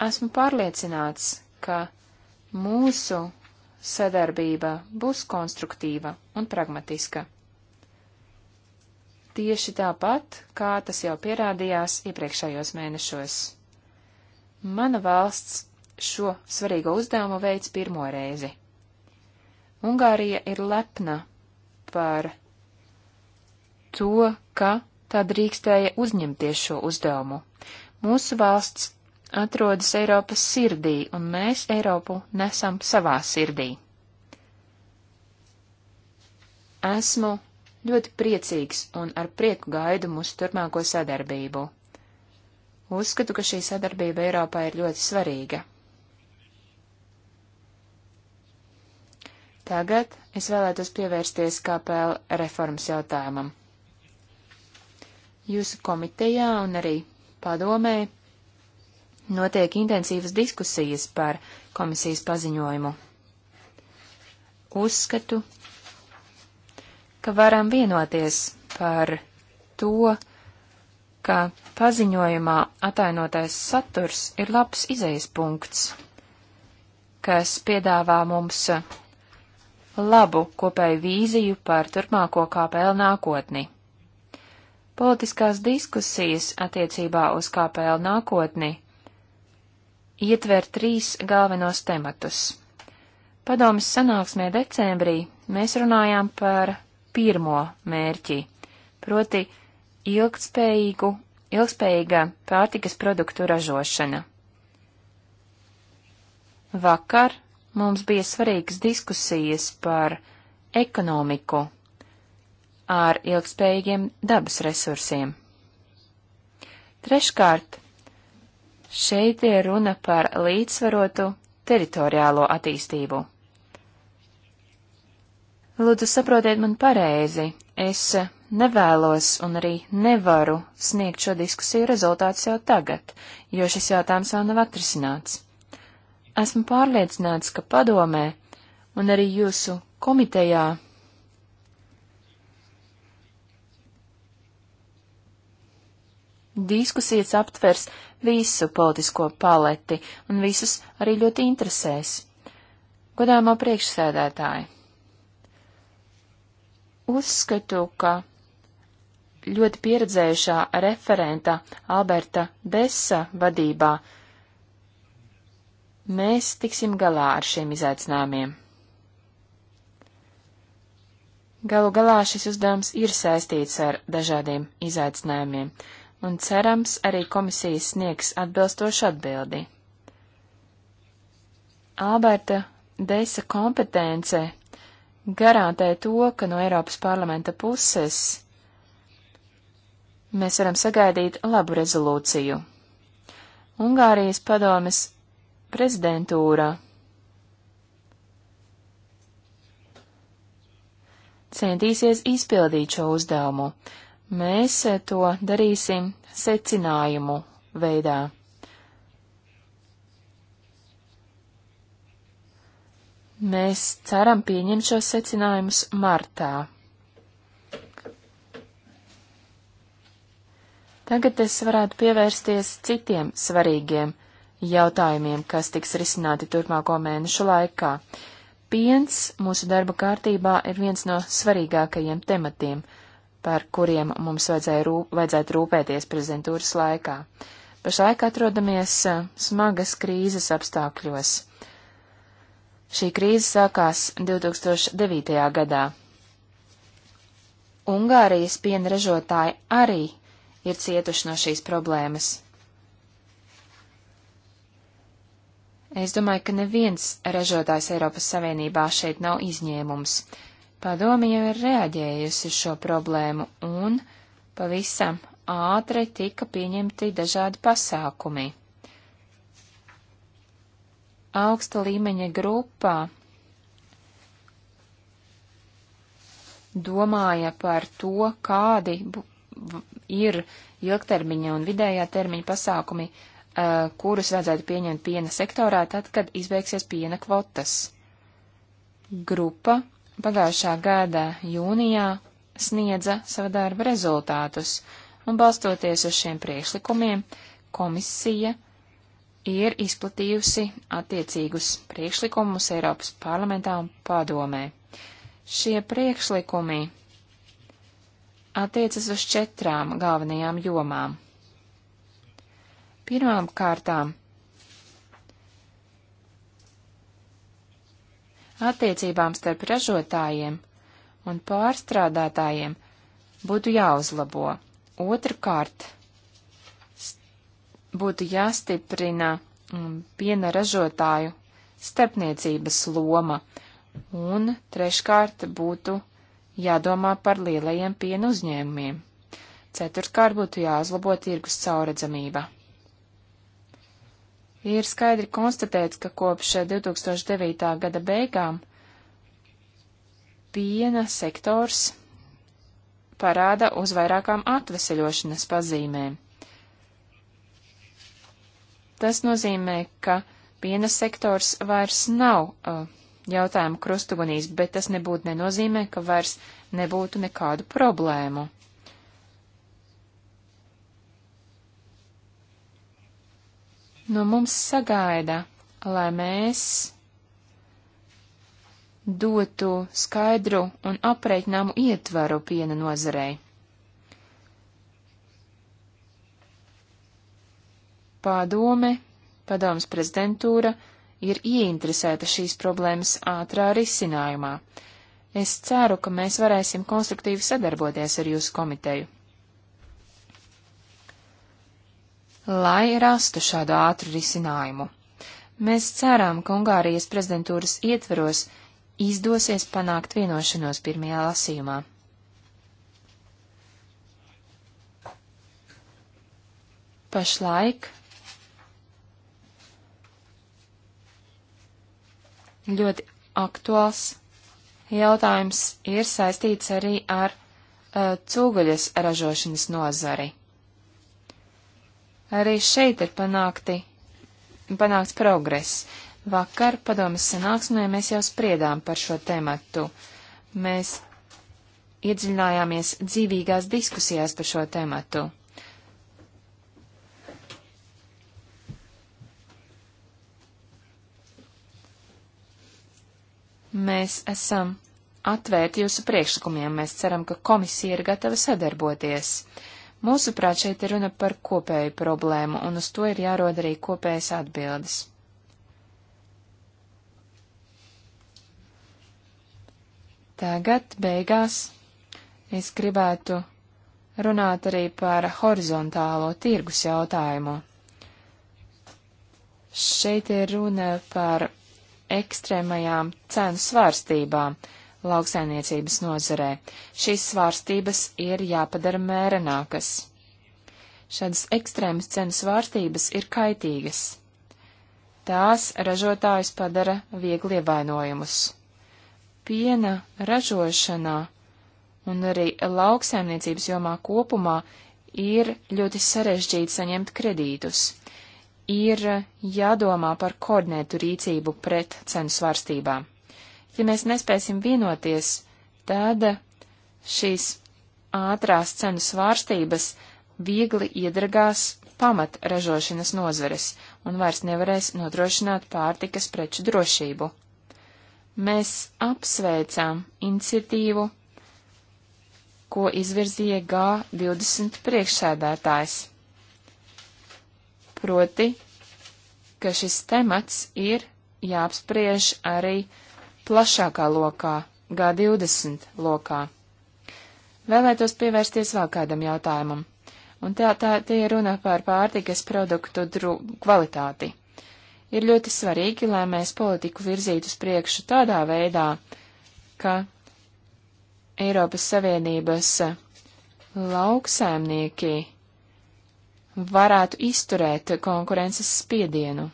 [SPEAKER 3] Esmu pārliecināts, ka mūsu sadarbība būs konstruktīva un pragmatiska. Tieši tāpat, kā tas jau pierādījās iepriekšējos mēnešos. Mana valsts šo svarīgo uzdevumu veids pirmo reizi. Ungārija ir lepna par to, ka tā drīkstēja uzņemties šo uzdevumu. Mūsu valsts atrodas Eiropas sirdī, un mēs Eiropu nesam savā sirdī. Esmu ļoti priecīgs un ar prieku gaidu mūsu turpmāko sadarbību. Uzskatu, ka šī sadarbība Eiropā ir ļoti svarīga. Tagad es vēlētos pievērsties KPL reformas jautājumam. Jūsu komitejā un arī padomē notiek intensīvas diskusijas par komisijas paziņojumu. Uzskatu, ka varam vienoties par to, ka paziņojumā atainotais saturs ir labs izejas punkts, kas piedāvā mums labu kopēju vīziju par turpmāko KPL nākotni. Politiskās diskusijas attiecībā uz KPL nākotni ietver trīs galvenos tematus. Padomas sanāksmē decembrī mēs runājām par pirmo mērķi, proti ilgtspējīgu, ilgtspējīga pārtikas produktu ražošana. Vakar mums bija svarīgas diskusijas par ekonomiku ar ilgspējīgiem dabas resursiem. Treškārt, šeit ir runa par līdzsvarotu teritoriālo attīstību. Lūdzu, saprotiet man pareizi, es nevēlos un arī nevaru sniegt šo diskusiju rezultātus jau tagad, jo šis jautājums vēl nav atrisināts. Esmu pārliecināts, ka padomē un arī jūsu komitejā diskusijas aptvers visu politisko paleti un visus arī ļoti interesēs. Godāmo priekšsēdētāji, uzskatu, ka ļoti pieredzējušā referenta Alberta Dessa vadībā mēs tiksim galā ar šiem izaicinājumiem. Galu galā šis uzdevums ir saistīts ar dažādiem izaicinājumiem, un cerams arī komisijas sniegs atbilstošu atbildi. Alberta Deisa kompetence garantē to, ka no Eiropas parlamenta puses mēs varam sagaidīt labu rezolūciju. Ungārijas padomes prezidentūra centīsies izpildīt šo uzdevumu, Mēs eh, to darīsim secinājumu veidā. Mēs ceram pieņemt šos secinājumus martā. Tagad es varētu pievērsties citiem svarīgiem jautājumiem, kas tiks risināti turpmāko mēnešu laikā. Piens mūsu darba kārtībā ir viens no svarīgākajiem tematiem par kuriem mums vajadzēja rūp, vajadzētu rūpēties prezidentūras laikā. Pašlaik atrodamies smagas krīzes apstākļos. Šī krīze sākās 2009. gadā. Ungārijas piena ražotāji arī ir cietuši no šīs problēmas. Es domāju, ka neviens ražotājs Eiropas Savienībā šeit nav izņēmums. Padomi jau ir reaģējusi uz šo problēmu un pavisam ātri tika pieņemti dažādi pasākumi. Augsta līmeņa grupā domāja par to, kādi ir ilgtermiņa un vidējā termiņa pasākumi, uh, kurus vajadzētu pieņemt piena sektorā tad, kad izbeigsies piena kvotas. Grupa pagājušā gada jūnijā sniedza sava darba rezultātus, un balstoties uz šiem priekšlikumiem, komisija ir izplatījusi attiecīgus priekšlikumus Eiropas parlamentā un padomē. Šie priekšlikumi attiecas uz četrām galvenajām jomām. Pirmām kārtām attiecībām starp ražotājiem un pārstrādātājiem būtu jāuzlabo. Otrakārt, būtu jāstiprina piena ražotāju starpniecības loma, un treškārt būtu jādomā par lielajiem piena uzņēmumiem. Ceturtkārt būtu jāuzlabo tirgus cauredzamība. Ir skaidri konstatēts, ka kopš 2009. Eh, gada beigām piena sektors parāda uz vairākām atveseļošanas pazīmēm. Tas nozīmē, ka piena sektors vairs nav uh, eh, jautājumu krustugunīs, bet tas nebūtu nenozīmē, ka vairs nebūtu nekādu problēmu. no mums sagaida, lai mēs dotu skaidru un apreikināmu ietvaru piena nozarei. Pādome, padomas prezidentūra ir ieinteresēta šīs problēmas ātrā risinājumā. Es ceru, ka mēs varēsim konstruktīvi sadarboties ar jūsu komiteju. lai rastu šādu ātru risinājumu. Mēs ceram, ka Ungārijas prezidentūras ietveros izdosies panākt vienošanos pirmajā lasījumā. Pašlaik ļoti aktuāls jautājums ir saistīts arī ar uh, cūgaļas ražošanas nozari. Arī šeit ir panākti, panākts progress. Vakar padomas sanāksmē mēs jau spriedām par šo tematu. Mēs iedziļinājāmies dzīvīgās diskusijās par šo tematu. Mēs esam atvērti jūsu priekšlikumiem, mēs ceram, ka komisija ir gatava sadarboties. Uh, Mūsuprāt, šeit ir runa par kopēju problēmu, un uz to ir jārod arī kopējas atbildes. Tagad, beigās, es gribētu runāt arī par horizontālo tirgus jautājumu. Šeit ir runa par ekstrēmajām cenu svārstībām, lauksaimniecības nozarē. Šīs svārstības ir jāpadara mērenākas. Šādas ekstrēmas cenu svārstības ir kaitīgas. Tās ražotājus padara viegli ievainojumus. Piena ražošanā un arī lauksaimniecības jomā kopumā ir ļoti sarežģīti saņemt kredītus. Ir jādomā par koordinētu rīcību pret cenu svārstībām. Ja mēs nespēsim vienoties, tad šīs ātrās cenu svārstības viegli iedragās pamat ražošanas nozares un vairs nevarēs nodrošināt pārtikas preču drošību. Mēs apsveicām iniciatīvu, ko izvirzīja G20 priekšsēdētājs. Proti, ka šis temats ir jāapspriež arī uh, plašākā lokā, G20 lokā. Vēlētos pievērsties vēl kādam jautājumam, un tā, tā tie runa par pārtikas produktu dru, kvalitāti. Ir ļoti svarīgi, lai mēs politiku virzītu uz priekšu tādā veidā, ka Eiropas Savienības lauksēmnieki varētu izturēt konkurences spiedienu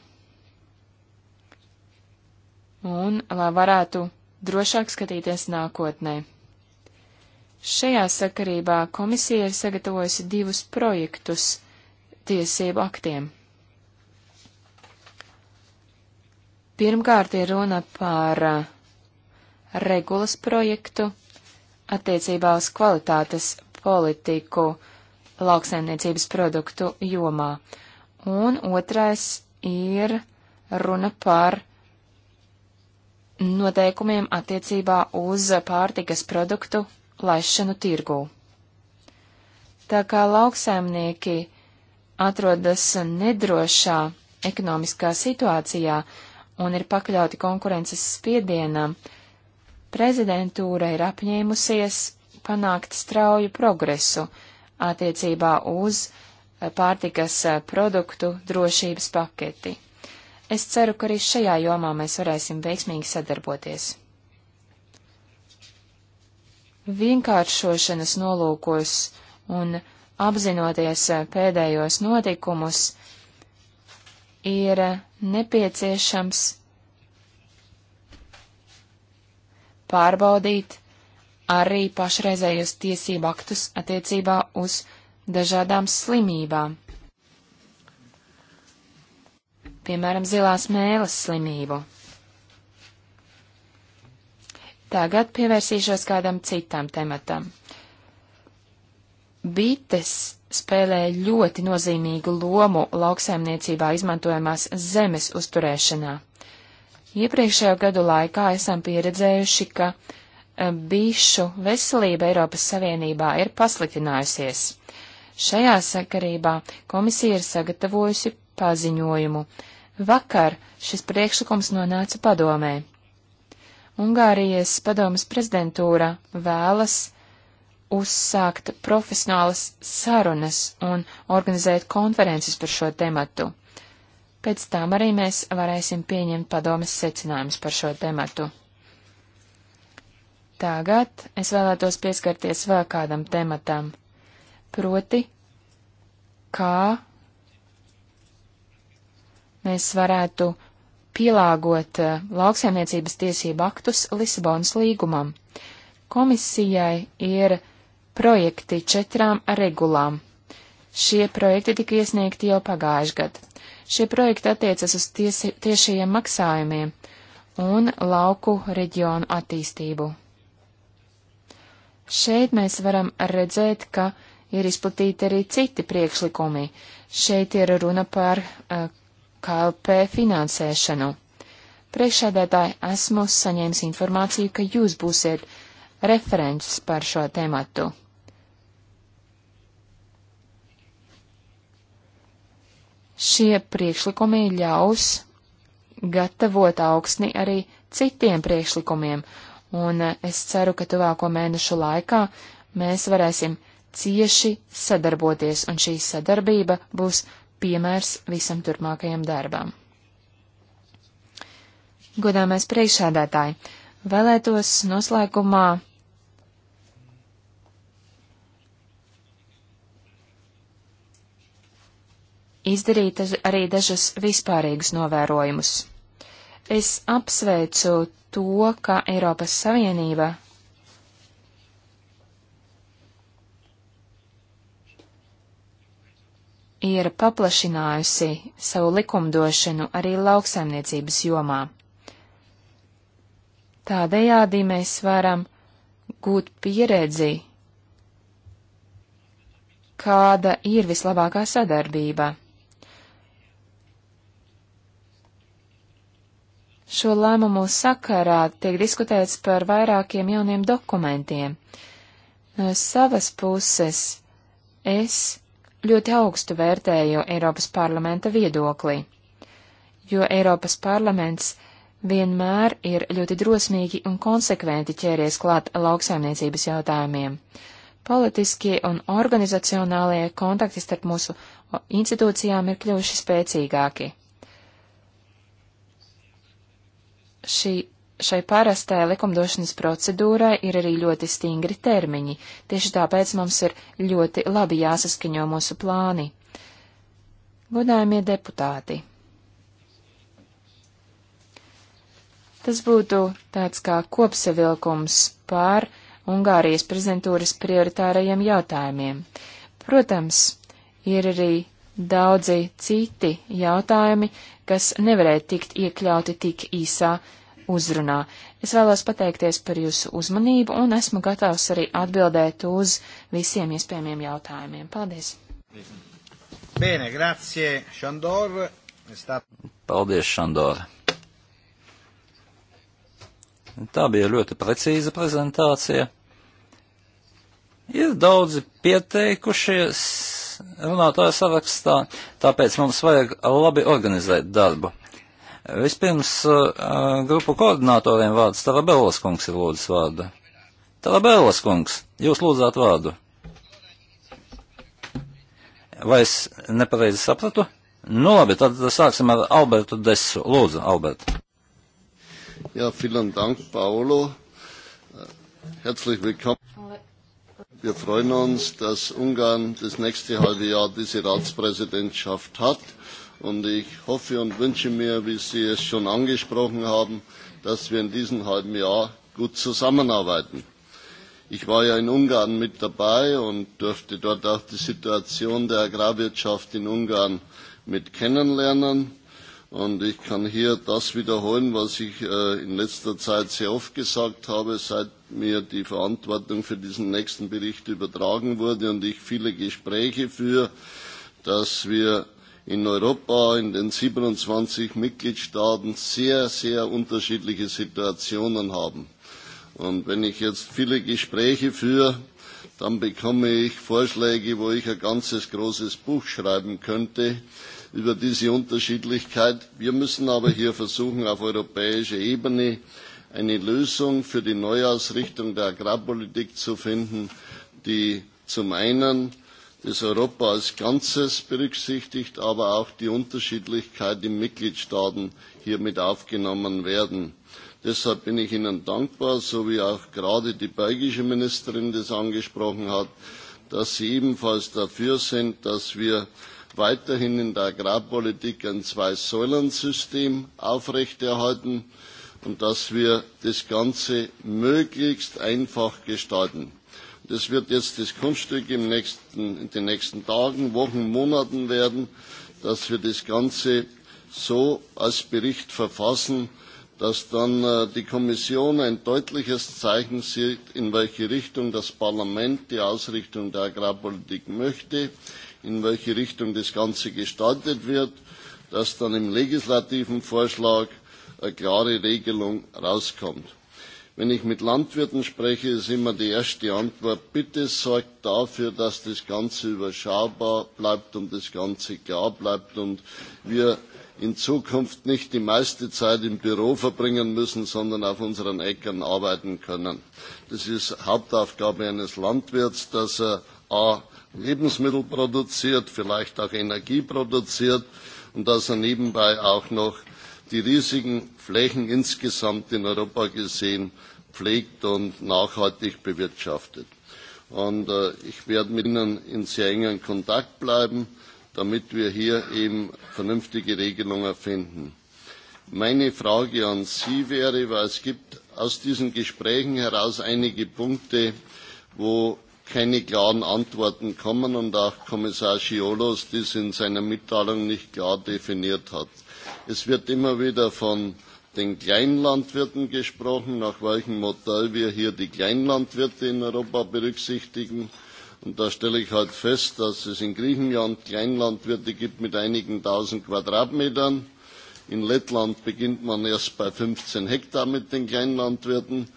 [SPEAKER 3] un lai varētu drošāk skatīties nākotnē. Šajā sakarībā komisija ir sagatavojusi divus projektus tiesību aktiem. Pirmkārt ir runa par uh, regulas projektu attiecībā uz kvalitātes politiku lauksaimniecības produktu jomā, un otrais ir runa par noteikumiem attiecībā uz pārtikas produktu laišanu tirgū. Tā kā lauksaimnieki atrodas nedrošā ekonomiskā situācijā un ir pakļauti konkurences spiedienam, prezidentūra ir apņēmusies panākt strauju progresu attiecībā uz pārtikas produktu drošības paketi. Es ceru, ka arī šajā jomā mēs varēsim veiksmīgi sadarboties. Vienkāršošanas nolūkos un apzinoties pēdējos notikumus, ir nepieciešams pārbaudīt arī pašreizējos tiesību aktus attiecībā uz dažādām slimībām piemēram, zilās mēlas slimību. Tagad pievērsīšos kādam citam tematam. Bites spēlē ļoti nozīmīgu lomu lauksaimniecībā izmantojamās zemes uzturēšanā. Iepriekšējo gadu laikā esam pieredzējuši, ka eh, bišu veselība Eiropas Savienībā ir pasliktinājusies. Šajā sakarībā komisija ir sagatavojusi paziņojumu, Vakar šis priekšlikums nonāca padomē. Ungārijas padomas prezidentūra vēlas uzsākt profesionālas sarunas un organizēt konferences par šo tematu. Pēc tam arī mēs varēsim pieņemt padomas secinājumus par šo tematu. Tagad es vēlētos pieskarties vēl kādam tematam, proti, kā mēs varētu pielāgot eh, lauksaimniecības tiesību aktus Lisabonas līgumam. Komisijai ir projekti četrām regulām. Šie projekti tika iesniegti jau pagājuši gadu. Šie projekti attiecas uz tiesi, tiešajiem maksājumiem un lauku reģionu attīstību. Šeit mēs varam redzēt, ka ir izplatīti arī citi priekšlikumi. Šeit ir runa par uh, KLP finansēšanu. Priekšsēdētāji, esmu saņēmis informāciju, ka jūs būsiet referents par šo tematu. Šie priekšlikumi ļaus gatavot augsni arī citiem priekšlikumiem, un es ceru, ka tuvāko mēnešu laikā mēs varēsim cieši sadarboties, un šī sadarbība būs piemērs visam turpmākajam darbam. Godāmais priekšādātāji, vēlētos noslēgumā izdarīt arī dažas vispārīgas novērojumus. Es apsveicu to, ka Eiropas Savienība ir paplašinājusi savu likumdošanu arī lauksaimniecības jomā. Tādējādi mēs varam gūt pieredzi, kāda ir vislabākā sadarbība. Šo lēmumu sakarā tiek diskutēts par vairākiem jauniem dokumentiem. No savas puses es ļoti augstu vērtēju Eiropas parlamenta viedoklī, jo Eiropas parlaments vienmēr ir ļoti drosmīgi un konsekventi ķēries klāt lauksaimniecības jautājumiem. Politiskie un organizacionālie kontakti starp mūsu institūcijām ir kļuvuši spēcīgāki. Šī šai parastajai likumdošanas procedūrai ir arī ļoti stingri termiņi, tieši tāpēc mums ir ļoti labi jāsaskaņo mūsu plāni. Godājumie deputāti! Tas būtu tāds kā kopsavilkums pār Ungārijas prezidentūras prioritārajiem jautājumiem. Protams, ir arī daudzi citi jautājumi, kas nevarēja tikt iekļauti tik īsā uzrunā. Es vēlos pateikties par jūsu uzmanību un esmu gatavs arī atbildēt uz visiem iespējamiem jautājumiem. Paldies!
[SPEAKER 1] Bene, grazie, Šandor. Stat...
[SPEAKER 2] Paldies, Šandor. Tā bija ļoti precīza prezentācija. Ir daudzi pieteikušies runātāju sarakstā, tāpēc mums vajag labi organizēt darbu. Vispirms eh, grupu koordinatoriem vārds Tarabellas kungs ir lūdzis vārdu. Tarabellas kungs, jūs lūdzāt vārdu. Vai es nepareizi sapratu? Nu labi, tad sāksim ar Albertu Desu. Lūdzu, Albert.
[SPEAKER 4] Jā, ja, vielen dank, Paulo. Herzlich willkommen. Wir freuen uns, dass Ungarn das nächste halbe Jahr diese Ratspräsidentschaft hat. Und ich hoffe und wünsche mir, wie Sie es schon angesprochen haben, dass wir in diesem halben Jahr gut zusammenarbeiten. Ich war ja in Ungarn mit dabei und durfte dort auch die Situation der Agrarwirtschaft in Ungarn mit kennenlernen. Und ich kann hier das wiederholen, was ich äh, in letzter Zeit sehr oft gesagt habe, seit mir die Verantwortung für diesen nächsten Bericht übertragen wurde und ich viele Gespräche führe, dass wir in Europa, in den 27 Mitgliedstaaten sehr, sehr unterschiedliche Situationen haben. Und wenn ich jetzt viele Gespräche führe, dann bekomme ich Vorschläge, wo ich ein ganzes großes Buch schreiben könnte über diese Unterschiedlichkeit. Wir müssen aber hier versuchen, auf europäischer Ebene eine Lösung für die Neuausrichtung der Agrarpolitik zu finden, die zum einen das Europa als Ganzes berücksichtigt, aber auch die Unterschiedlichkeit in Mitgliedstaaten hier mit aufgenommen werden. Deshalb bin ich Ihnen dankbar, so wie auch gerade die belgische Ministerin das angesprochen hat, dass Sie ebenfalls dafür sind, dass wir weiterhin in der Agrarpolitik ein Zwei-Säulen-System aufrechterhalten und dass wir das Ganze möglichst einfach gestalten. Das wird jetzt das Kunststück im nächsten, in den nächsten Tagen, Wochen, Monaten werden, dass wir das Ganze so als Bericht verfassen, dass dann äh, die Kommission ein deutliches Zeichen sieht, in welche Richtung das Parlament die Ausrichtung der Agrarpolitik möchte, in welche Richtung das Ganze gestaltet wird, dass dann im legislativen Vorschlag eine klare Regelung rauskommt. Wenn ich mit Landwirten spreche, ist immer die erste Antwort, bitte sorgt dafür, dass das Ganze überschaubar bleibt und das Ganze klar bleibt und wir in Zukunft nicht die meiste Zeit im Büro verbringen müssen, sondern auf unseren Äckern arbeiten können. Das ist Hauptaufgabe eines Landwirts, dass er a. Lebensmittel produziert, vielleicht auch Energie produziert und dass er nebenbei auch noch die riesigen Flächen insgesamt in Europa gesehen pflegt und nachhaltig bewirtschaftet. Und äh, ich werde mit Ihnen in sehr engen Kontakt bleiben, damit wir hier eben vernünftige Regelungen finden. Meine Frage an Sie wäre, weil es gibt aus diesen Gesprächen heraus einige Punkte, wo keine klaren Antworten kommen und auch Kommissar Schiolos dies in seiner Mitteilung nicht klar definiert hat. Es wird immer wieder von den Kleinlandwirten gesprochen, nach welchem Modell wir hier die Kleinlandwirte in Europa berücksichtigen. Und da stelle ich halt fest, dass es in Griechenland Kleinlandwirte gibt mit einigen tausend Quadratmetern. In Lettland beginnt man erst bei 15 Hektar mit den Kleinlandwirten.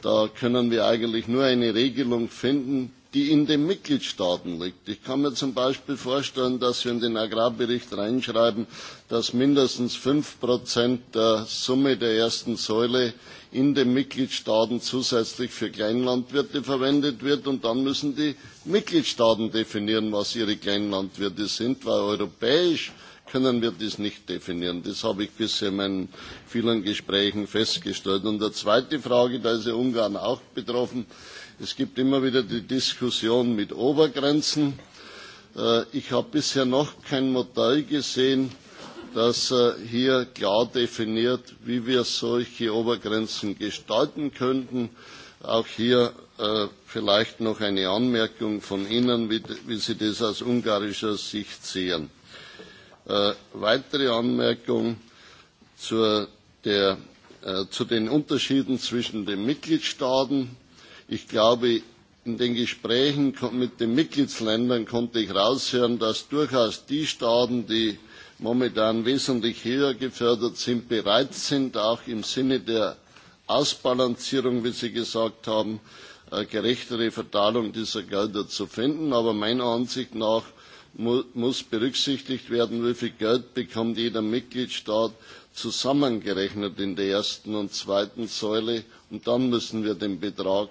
[SPEAKER 4] Da können wir eigentlich nur eine Regelung finden, die in den Mitgliedstaaten liegt. Ich kann mir zum Beispiel vorstellen, dass wir in den Agrarbericht reinschreiben, dass mindestens fünf Prozent der Summe der ersten Säule in den Mitgliedstaaten zusätzlich für Kleinlandwirte verwendet wird. Und dann müssen die Mitgliedstaaten definieren, was ihre Kleinlandwirte sind, weil europäisch können wir das nicht definieren. Das habe ich bisher in meinen vielen Gesprächen festgestellt. Und der zweite Frage, da ist ja Ungarn auch betroffen, äh, Es gibt immer wieder die Diskussion mit Obergrenzen. Äh, ich habe bisher noch kein Modell gesehen, das äh, hier klar definiert, wie wir solche Obergrenzen gestalten könnten. Auch hier äh, vielleicht noch eine Anmerkung von Ihnen, wie, wie Sie das aus ungarischer Sicht sehen. Äh, weitere Anmerkung zur, der, äh, zu den Unterschieden zwischen den Mitgliedstaaten. Ich glaube, in den Gesprächen mit den Mitgliedsländern konnte ich raushören, dass durchaus die Staaten, die momentan wesentlich höher gefördert sind, bereit sind, auch im Sinne der Ausbalancierung, wie Sie gesagt haben, eine äh, gerechtere Verteilung dieser Gelder zu finden. Aber meiner Ansicht nach mu muss berücksichtigt werden, wie viel Geld bekommt jeder Mitgliedstaat zusammengerechnet in der ersten und zweiten Säule. Und dann müssen wir den Betrag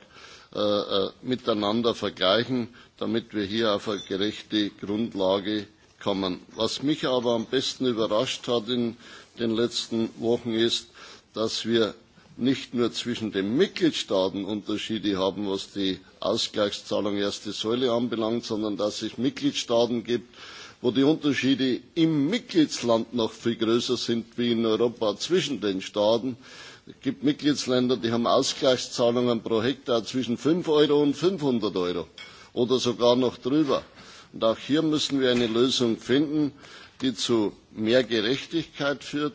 [SPEAKER 4] Äh, äh, miteinander vergleichen, damit wir hier auf eine gerechte Grundlage kommen. Was mich aber am besten überrascht hat in den letzten Wochen ist, dass wir nicht nur zwischen den Mitgliedstaaten Unterschiede haben, was die Ausgleichszahlung erste Säule anbelangt, sondern dass es Mitgliedstaaten gibt, wo die Unterschiede im Mitgliedsland noch viel größer sind wie in Europa zwischen den Staaten. Äh, Es gibt Mitgliedsländer, die haben Ausgleichszahlungen pro Hektar zwischen 5 Euro und 500 Euro oder sogar noch drüber. Und auch hier müssen wir eine Lösung finden, die zu mehr Gerechtigkeit führt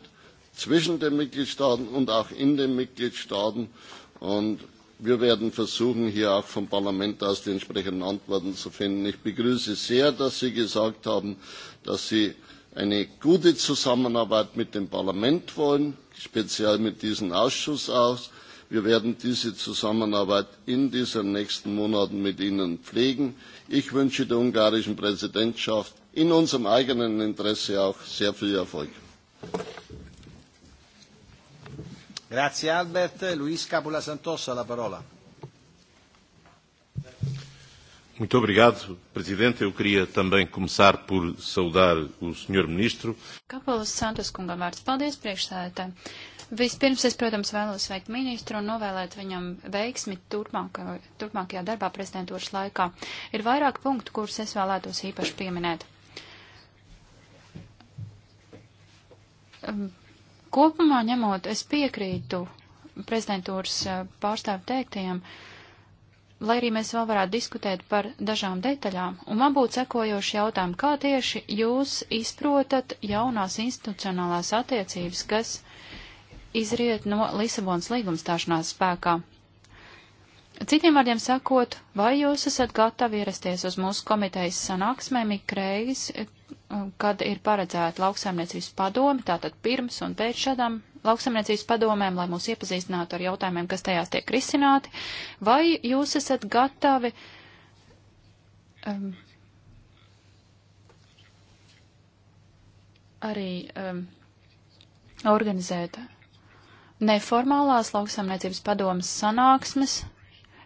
[SPEAKER 4] zwischen den Mitgliedstaaten und auch in den Mitgliedstaaten. Und wir werden versuchen, hier auch vom Parlament aus die entsprechenden Antworten zu finden. Ich begrüße sehr, dass Sie gesagt haben, dass Sie eine gute Zusammenarbeit mit dem Parlament wollen speziell mit diesem Ausschuss aus. Wir werden diese Zusammenarbeit in diesen nächsten Monaten mit Ihnen pflegen. Ich wünsche der ungarischen Präsidentschaft in unserem eigenen Interesse auch sehr viel Erfolg.
[SPEAKER 1] Grazie Albert. Luis Capula Santos ha la parola.
[SPEAKER 6] Muito obrigado, Presidente. Eu queria também começar por saudar o Sr. Ministro.
[SPEAKER 5] Kapelas Santos kungam vārds. Paldies, priekšsēdētāji. Vispirms es, protams, vēlos sveikt ministru un novēlēt viņam veiksmi turpmāk, turpmākajā darbā prezidentūras laikā. Ir vairāk punktu, kurus es vēlētos īpaši pieminēt. Kopumā ņemot, es piekrītu prezidentūras eh, pārstāvu teiktajiem. Uh, lai arī mēs vēl varētu diskutēt par dažām detaļām, un man būtu sekojoši jautājumi, kā tieši jūs izprotat jaunās institucionālās attiecības, kas izriet no Lisabonas līguma stāšanās spēkā? Citiem vārdiem sakot, vai jūs esat gatavi ierasties uz mūsu komitejas sanāksmēm ikreiz, kad ir paredzēta lauksaimniecības padome, tātad pirms un pēc šādām lauksaimniecības padomēm, lai mūs iepazīstinātu ar jautājumiem, kas tajās tiek risināti, vai jūs esat gatavi um, arī um, organizēt neformālās lauksaimniecības padomas sanāksmes,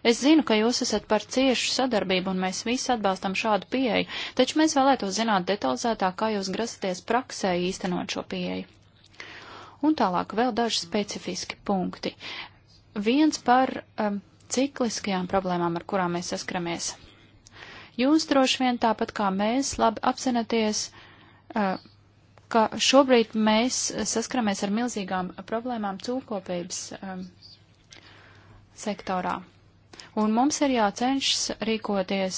[SPEAKER 5] Es zinu, ka jūs esat par ciešu sadarbību un mēs visi atbalstam šādu pieeju, taču mēs vēlētos zināt detalizētāk, kā jūs grasaties praksē īstenot šo pieeju. Un tālāk vēl daži specifiski punkti. Viens par um, cikliskajām problēmām, ar kurām mēs saskaramies. Jūs droši vien tāpat kā mēs labi apzināties, uh, ka šobrīd mēs saskaramies ar milzīgām problēmām cūkopības um, sektorā. Un mums ir jācenšas rīkoties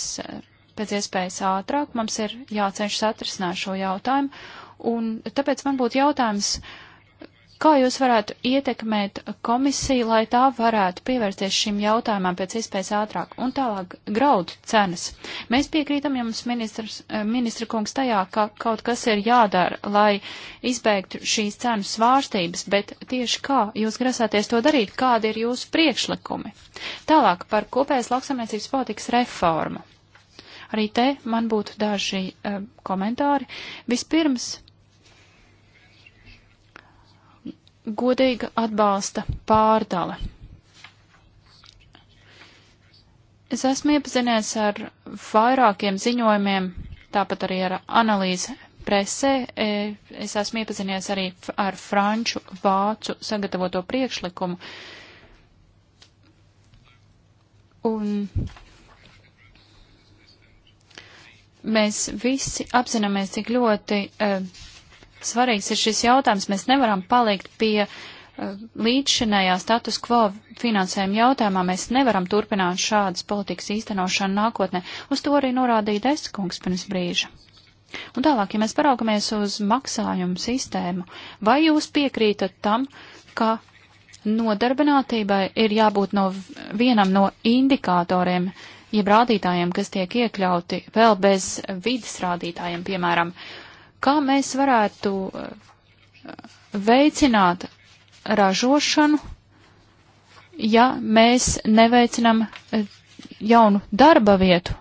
[SPEAKER 5] pēc iespējas ātrāk, mums ir jācenšas atrisināt šo jautājumu. Un tāpēc man būtu jautājums, uh, Kā jūs varētu ietekmēt komisiju, lai tā varētu pievērsties šim jautājumam pēc iespējas ātrāk un tālāk graudu cenas? Mēs piekrītam jums, ministrs, eh, ministra kungs, tajā, ka kaut kas ir jādara, lai izbeigtu šīs cenu svārstības, bet tieši kā jūs grasāties to darīt, kādi ir jūsu priekšlikumi? Tālāk par kopējas lauksamniecības politikas reformu. Arī te man būtu daži um, komentāri. Vispirms godīga atbalsta pārdale. Es esmu iepazinies ar vairākiem ziņojumiem, tāpat arī ar analīzi presē. E, es esmu iepazinies arī ar franču, vācu sagatavoto priekšlikumu. Un mēs visi apzināmies, cik ļoti uh, svarīgs ir šis jautājums. Mēs nevaram palikt pie eh, līdzšinējā status quo finansējuma jautājumā. Mēs nevaram turpināt šādas politikas īstenošanu nākotnē. Uz to arī norādīja Deskungs pirms brīža. Un tālāk, ja mēs paraugamies uz maksājumu sistēmu, vai jūs piekrītat tam, ka nodarbinātībai ir jābūt no vienam no indikatoriem, jeb rādītājiem, kas tiek iekļauti vēl bez vidas rādītājiem, piemēram, uh, Kā mēs varētu eh, veicināt ražošanu, ja mēs neveicinam eh, jaunu darba vietu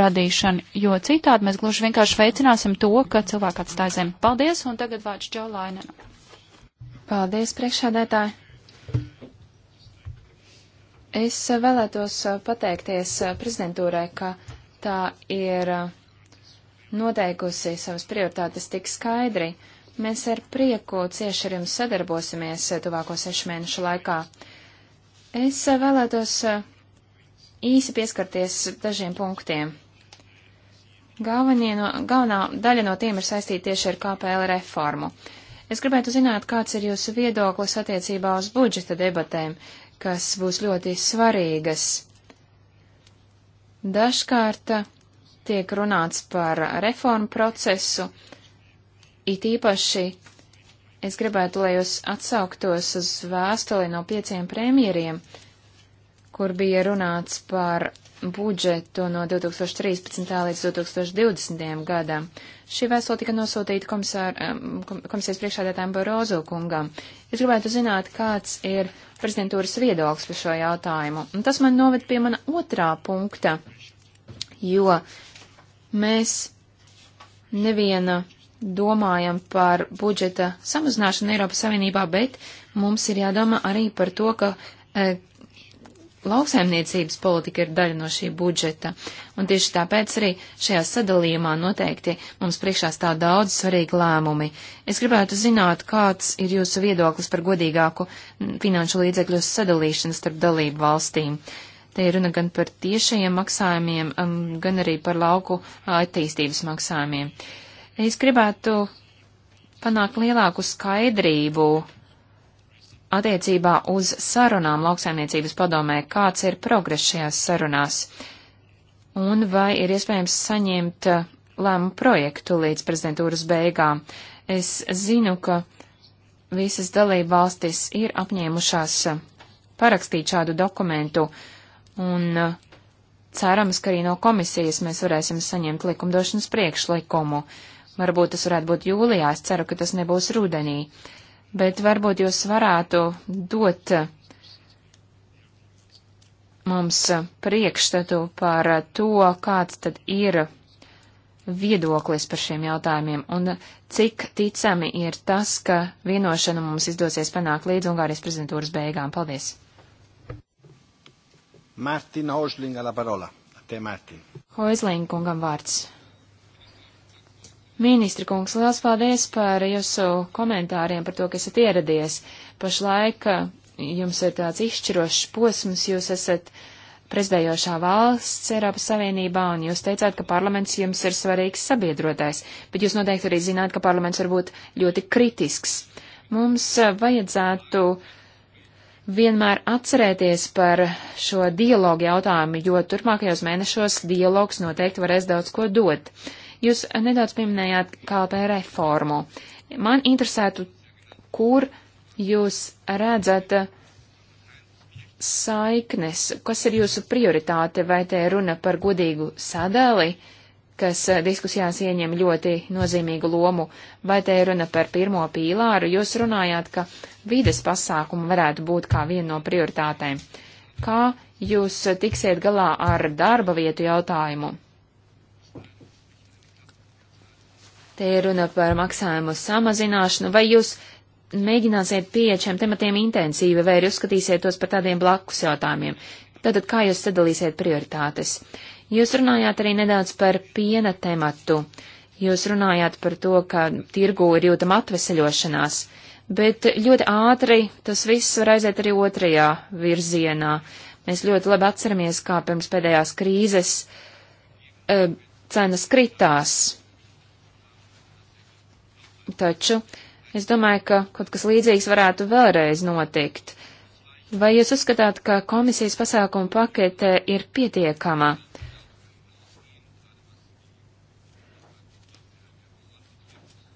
[SPEAKER 5] radīšanu, jo citādi mēs gluži vienkārši veicināsim to, ka cilvēki atstāja zemi. Paldies, un tagad vārds Džolainenam. Paldies, priekšādētāji. Es
[SPEAKER 3] vēlētos eh, pateikties prezidentūrai, ka tā ir noteikusi savas prioritātes tik skaidri, mēs ar prieku cieši ar jums sadarbosimies eh, tuvāko sešu mēnešu laikā. Es eh, vēlētos eh, īsi pieskarties dažiem punktiem. Galvenie no, galvenā daļa no tiem ir saistīta tieši ar KPL reformu. Es gribētu zināt, kāds ir jūsu viedoklis attiecībā uz budžeta debatēm, kas būs ļoti svarīgas. Dažkārt tiek runāts par reformu procesu, it īpaši es gribētu, lai jūs atsauktos uz vēstuli no pieciem premjeriem, kur bija runāts par budžetu no 2013. līdz 2020. gadam. Šī vēstule tika nosūtīta komisār, komisijas priekšādētājiem Barozo kungam. Es gribētu zināt, kāds ir prezidentūras viedoklis par šo jautājumu. Un tas man noved pie mana otrā punkta, jo uh, Mēs neviena domājam par budžeta samazināšanu Eiropas Savienībā, bet mums ir jādomā arī par to, ka e, lauksaimniecības politika ir daļa no šī budžeta. Un tieši tāpēc arī šajā sadalījumā noteikti mums priekšā stāv daudz svarīgi lēmumi. Es gribētu zināt, kāds ir jūsu viedoklis par godīgāku finanšu līdzekļu sadalīšanu starp dalību valstīm. Uh, Te ir runa gan par tiešajiem maksājumiem, um, gan arī par lauku attīstības maksājumiem. Es gribētu panākt lielāku skaidrību attiecībā uz sarunām lauksaimniecības padomē, kāds ir progress šajās sarunās, un vai ir iespējams saņemt uh, lēmu projektu līdz prezidentūras beigām. Es zinu, ka visas dalība valstis ir apņēmušās uh, parakstīt šādu dokumentu un eh, cerams, ka arī no komisijas mēs varēsim saņemt likumdošanas priekšlikumu. Varbūt tas varētu būt jūlijā, es ceru, ka tas nebūs rudenī. Bet varbūt jūs varētu dot eh, mums eh, priekšstatu par to, kāds tad ir viedoklis par šiem jautājumiem un cik ticami ir tas, ka vienošana mums izdosies panākt līdz Ungārijas prezidentūras beigām. Paldies!
[SPEAKER 1] Mārtiņa Hožlinga la parola. Te Mārtiņa.
[SPEAKER 3] Hoizlinga kungam vārds. Ministra kungs, liels paldies par jūsu komentāriem, par to, ka esat ieradies. Pašlaik eh, jums ir tāds izšķirošs posms, jūs esat prezidējošā valsts Eiropas Savienībā, un jūs teicāt, ka parlaments jums ir svarīgs sabiedrotais, bet jūs noteikti arī zināt, ka parlaments var būt ļoti kritisks. Mums eh, vajadzētu uh, vienmēr atcerēties par šo dialogu jautājumu, jo turpmākajos mēnešos dialogs noteikti varēs daudz ko dot. Jūs nedaudz pieminējāt KLP reformu. Man interesētu, kur jūs redzat saiknes, kas ir jūsu prioritāte, vai te runa par godīgu sadali, uh, kas eh, diskusijās ieņem ļoti nozīmīgu lomu. Vai te ir runa par pirmo pīlāru? Jūs runājāt, ka vides pasākumu varētu būt kā viena no prioritātēm. Kā jūs tiksiet galā ar darba vietu jautājumu? Te ir runa par maksājumu samazināšanu. Vai jūs mēģināsiet pieeja šiem tematiem intensīvi vai arī uzskatīsiet tos par tādiem blakus jautājumiem? Tātad, kā jūs sadalīsiet prioritātes? Uh, Jūs runājāt arī nedaudz par piena tematu. Jūs runājāt par to, ka tirgū ir jūtama atveseļošanās, bet ļoti ātri tas viss var aiziet arī otrajā virzienā. Mēs ļoti labi atceramies, kā pirms pēdējās krīzes e, cenas kritās. Taču es domāju, ka kaut kas līdzīgs varētu vēlreiz notikt. Vai jūs uzskatāt, ka komisijas pasākuma pakete ir pietiekama?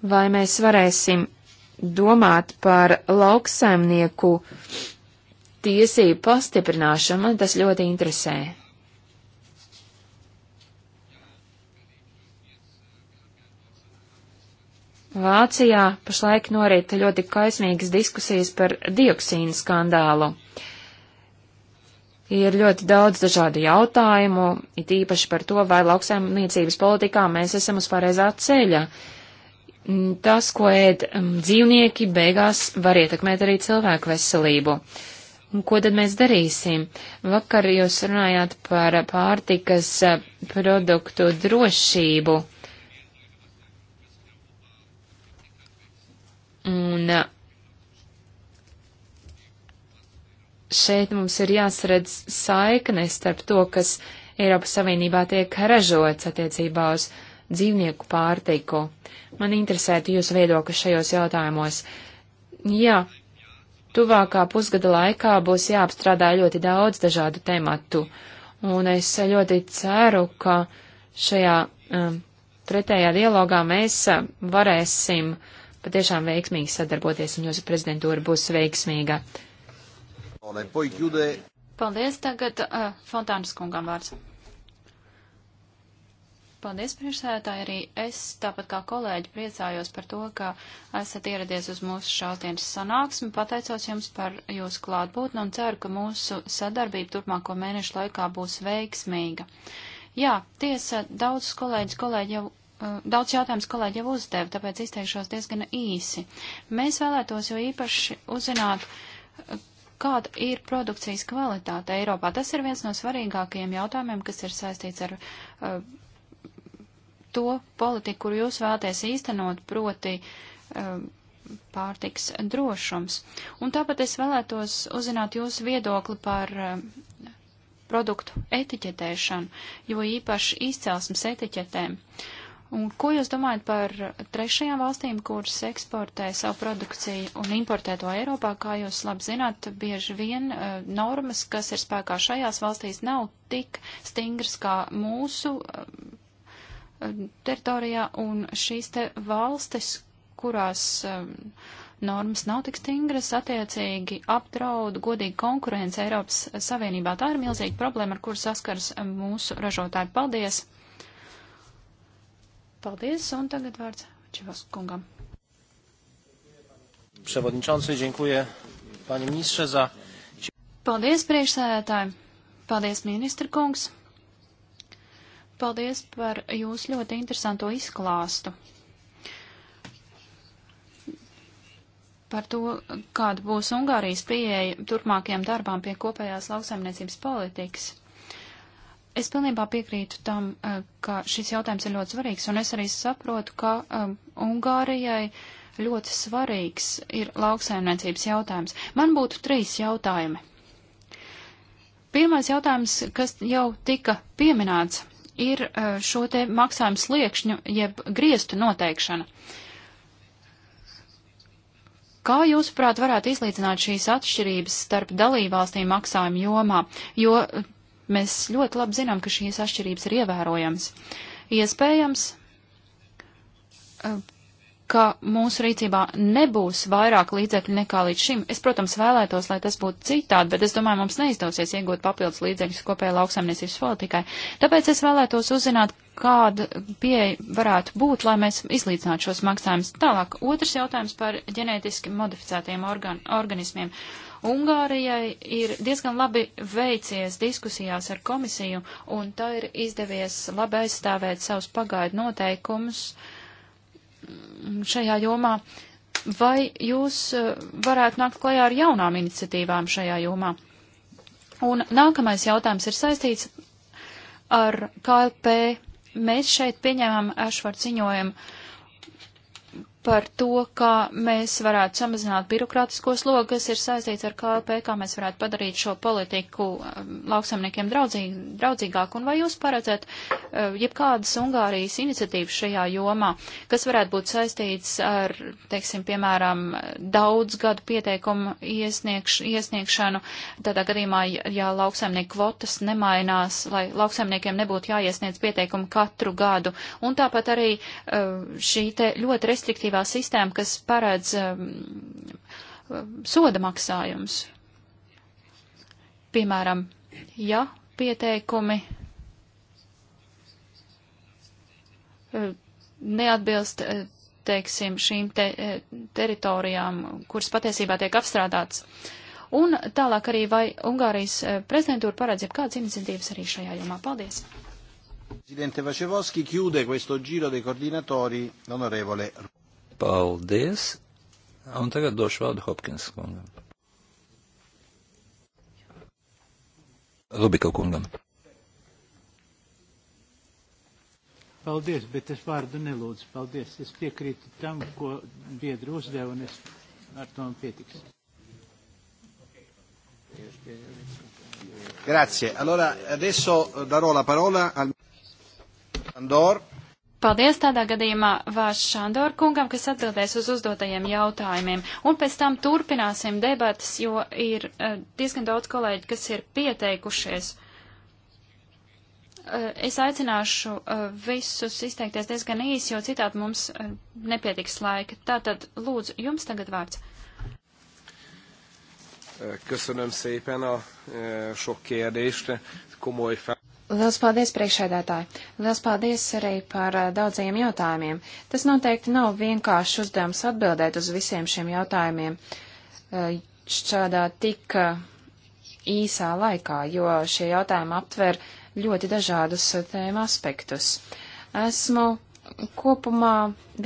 [SPEAKER 3] vai mēs varēsim domāt par lauksaimnieku tiesību pastiprināšanu, man tas ļoti interesē. Vācijā pašlaik norit ļoti kaismīgas diskusijas par dioksīnu skandālu. Ir ļoti daudz dažādu jautājumu, it īpaši par to, vai lauksaimniecības politikā mēs esam uz pareizā ceļa. Uh, Mm, tas, ko ēd mm, dzīvnieki, beigās var ietekmēt arī cilvēku veselību. Un ko tad mēs darīsim? Vakar jūs runājāt par pārtikas eh, produktu drošību. Un eh, šeit mums ir jāsaredz saiknes starp to, kas Eiropas Savienībā tiek ražots attiecībā uz uh, dzīvnieku pārtiku. Man interesētu jūsu viedoklis šajos jautājumos. Jā, tuvākā pusgada laikā būs jāapstrādā ļoti daudz dažādu tematu, un es ļoti ceru, ka šajā um, pretējā dialogā mēs um, varēsim patiešām veiksmīgi sadarboties, un jūsu prezidentūra būs
[SPEAKER 5] veiksmīga. Paldies tagad uh, Fontānas kungam vārds. Paldies, priekšsēdētāji. Arī es, tāpat kā kolēģi, priecājos par to, ka esat ieradies uz mūsu šausdienas sanāksmi. Pateicos jums par jūsu klātbūtni un ceru, ka mūsu sadarbība turpmāko mēnešu laikā būs veiksmīga. Jā, tiesa, daudz kolēģis, kolēģi jau. Uh, daudz jautājums kolēģi jau uzdeva, tāpēc izteikšos diezgan īsi. Mēs vēlētos jau īpaši uzzināt, kāda ir produkcijas kvalitāte Eiropā. Tas ir viens no svarīgākajiem jautājumiem, kas ir saistīts ar uh, to politiku, kuru jūs vēlaties īstenot, proti um, pārtiks drošums. Un tāpat es vēlētos uzzināt jūsu viedokli par um, produktu etiķetēšanu, jo īpaši izcelsmes etiķetēm. Un ko jūs domājat par trešajām valstīm, kuras eksportē savu produkciju un importē to Eiropā? Kā jūs labi zināt, bieži vien uh, normas, kas ir spēkā šajās valstīs, nav tik stingras kā mūsu uh, teritorijā, un šīs te valstis, kurās um, normas nav tik stingras, attiecīgi apdraud godīgu konkurenci Eiropas Savienībā. Tā ir milzīga problēma, ar kuru saskars um, mūsu ražotāji. Paldies! Paldies, un tagad vārds Čivas kungam.
[SPEAKER 6] Przewodniczący, dziękuję panie ministrze za.
[SPEAKER 5] Paldies, priekšsēdētāji! Paldies, ministra kungs! Paldies par jūsu ļoti interesanto izklāstu. Par to, kāda būs Ungārijas pieeja turpmākajām darbām pie kopējās lauksaimniecības politikas. Es pilnībā piekrītu tam, eh, ka šis jautājums ir ļoti svarīgs, un es arī saprotu, ka um, Ungārijai ļoti svarīgs ir lauksaimniecības jautājums. Man būtu trīs jautājumi. Pirmais jautājums, kas jau tika pieminēts ir e, šo te maksājumu sliekšņu jeb griestu noteikšana. Kā jūsuprāt varētu izlīdzināt šīs atšķirības starp dalībvalstīm maksājumu jomā, jo e, mēs ļoti labi zinām, ka šīs atšķirības ir ievērojamas. Iespējams, e, ka mūsu rīcībā nebūs vairāk līdzekļu nekā līdz šim. Es, protams, vēlētos, lai tas būtu citādi, bet es domāju, mums neizdosies iegūt papildus līdzekļus kopējai lauksaimniecības politikai. Tāpēc es vēlētos uzzināt, kāda pieeja varētu būt, lai mēs izlīdzinātu šos maksājumus. Tālāk, otrs jautājums par ģenētiski modificētiem organ organismiem. Ungārijai ir diezgan labi veicies diskusijās ar komisiju, un tā ir izdevies labi aizstāvēt savus pagaidu noteikumus. Uh, šajā jomā. Vai jūs eh, varētu nākt klajā ar jaunām iniciatīvām šajā jomā? Un nākamais jautājums ir saistīts ar KLP. Mēs šeit pieņēmām Ešvar ziņojumu par to, kā mēs varētu samazināt birokrātisko slogu, kas ir saistīts ar KLP, kā mēs varētu padarīt šo politiku um, lauksamniekiem draudzīgi, draudzīgāku, un vai jūs paredzat uh, jebkādas Ungārijas iniciatīvas šajā jomā, kas varētu būt saistīts ar, teiksim, piemēram, daudz gadu pieteikumu iesniegš, iesniegšanu, tādā gadījumā, ja lauksamnieku kvotas nemainās, lai lauksamniekiem nebūtu jāiesniedz pieteikumu katru gadu, un tāpat arī uh, šī te ļoti restriktīva administratīvā sistēma, kas paredz um, soda maksājums. Piemēram, ja pieteikumi uh, neatbilst, uh, teiksim, šīm te, uh, teritorijām, kuras patiesībā tiek apstrādāts. Un tālāk arī vai Ungārijas prezidentūra paredz jau kādas iniciatīvas arī šajā jomā. Paldies!
[SPEAKER 1] Presidente Vacevoschi chiude questo giro dei coordinatori, l'onorevole.
[SPEAKER 2] Paldies. Un tagad došu vārdu Hopkins kungam. Rubika kungam.
[SPEAKER 6] Paldies, bet es vārdu nelūdzu. Paldies. Es piekrītu tam, ko biedri uzdeva, un es ar to man pietiks.
[SPEAKER 1] Grazie. Allora, adesso darò la parola al Andor.
[SPEAKER 5] Paldies tādā gadījumā Vārš Šandor kungam, kas atbildēs uz uzdotajiem jautājumiem. Un pēc tam turpināsim debatas, jo ir uh, diezgan daudz kolēģi, kas ir pieteikušies. Uh, es aicināšu uh, visus izteikties diezgan īsi, jo citādi mums uh, nepietiks laika. Tātad, lūdzu, jums tagad vārds.
[SPEAKER 1] Köszönöm szépen a sok kérdést, komoly fel.
[SPEAKER 3] Liels paldies, priekšēdētāji! Liels paldies arī par daudzajiem jautājumiem. Tas noteikti nav vienkāršs uzdevums atbildēt uz visiem šiem jautājumiem šādā tik īsā laikā, jo šie jautājumi aptver ļoti dažādus tēma aspektus. Esmu kopumā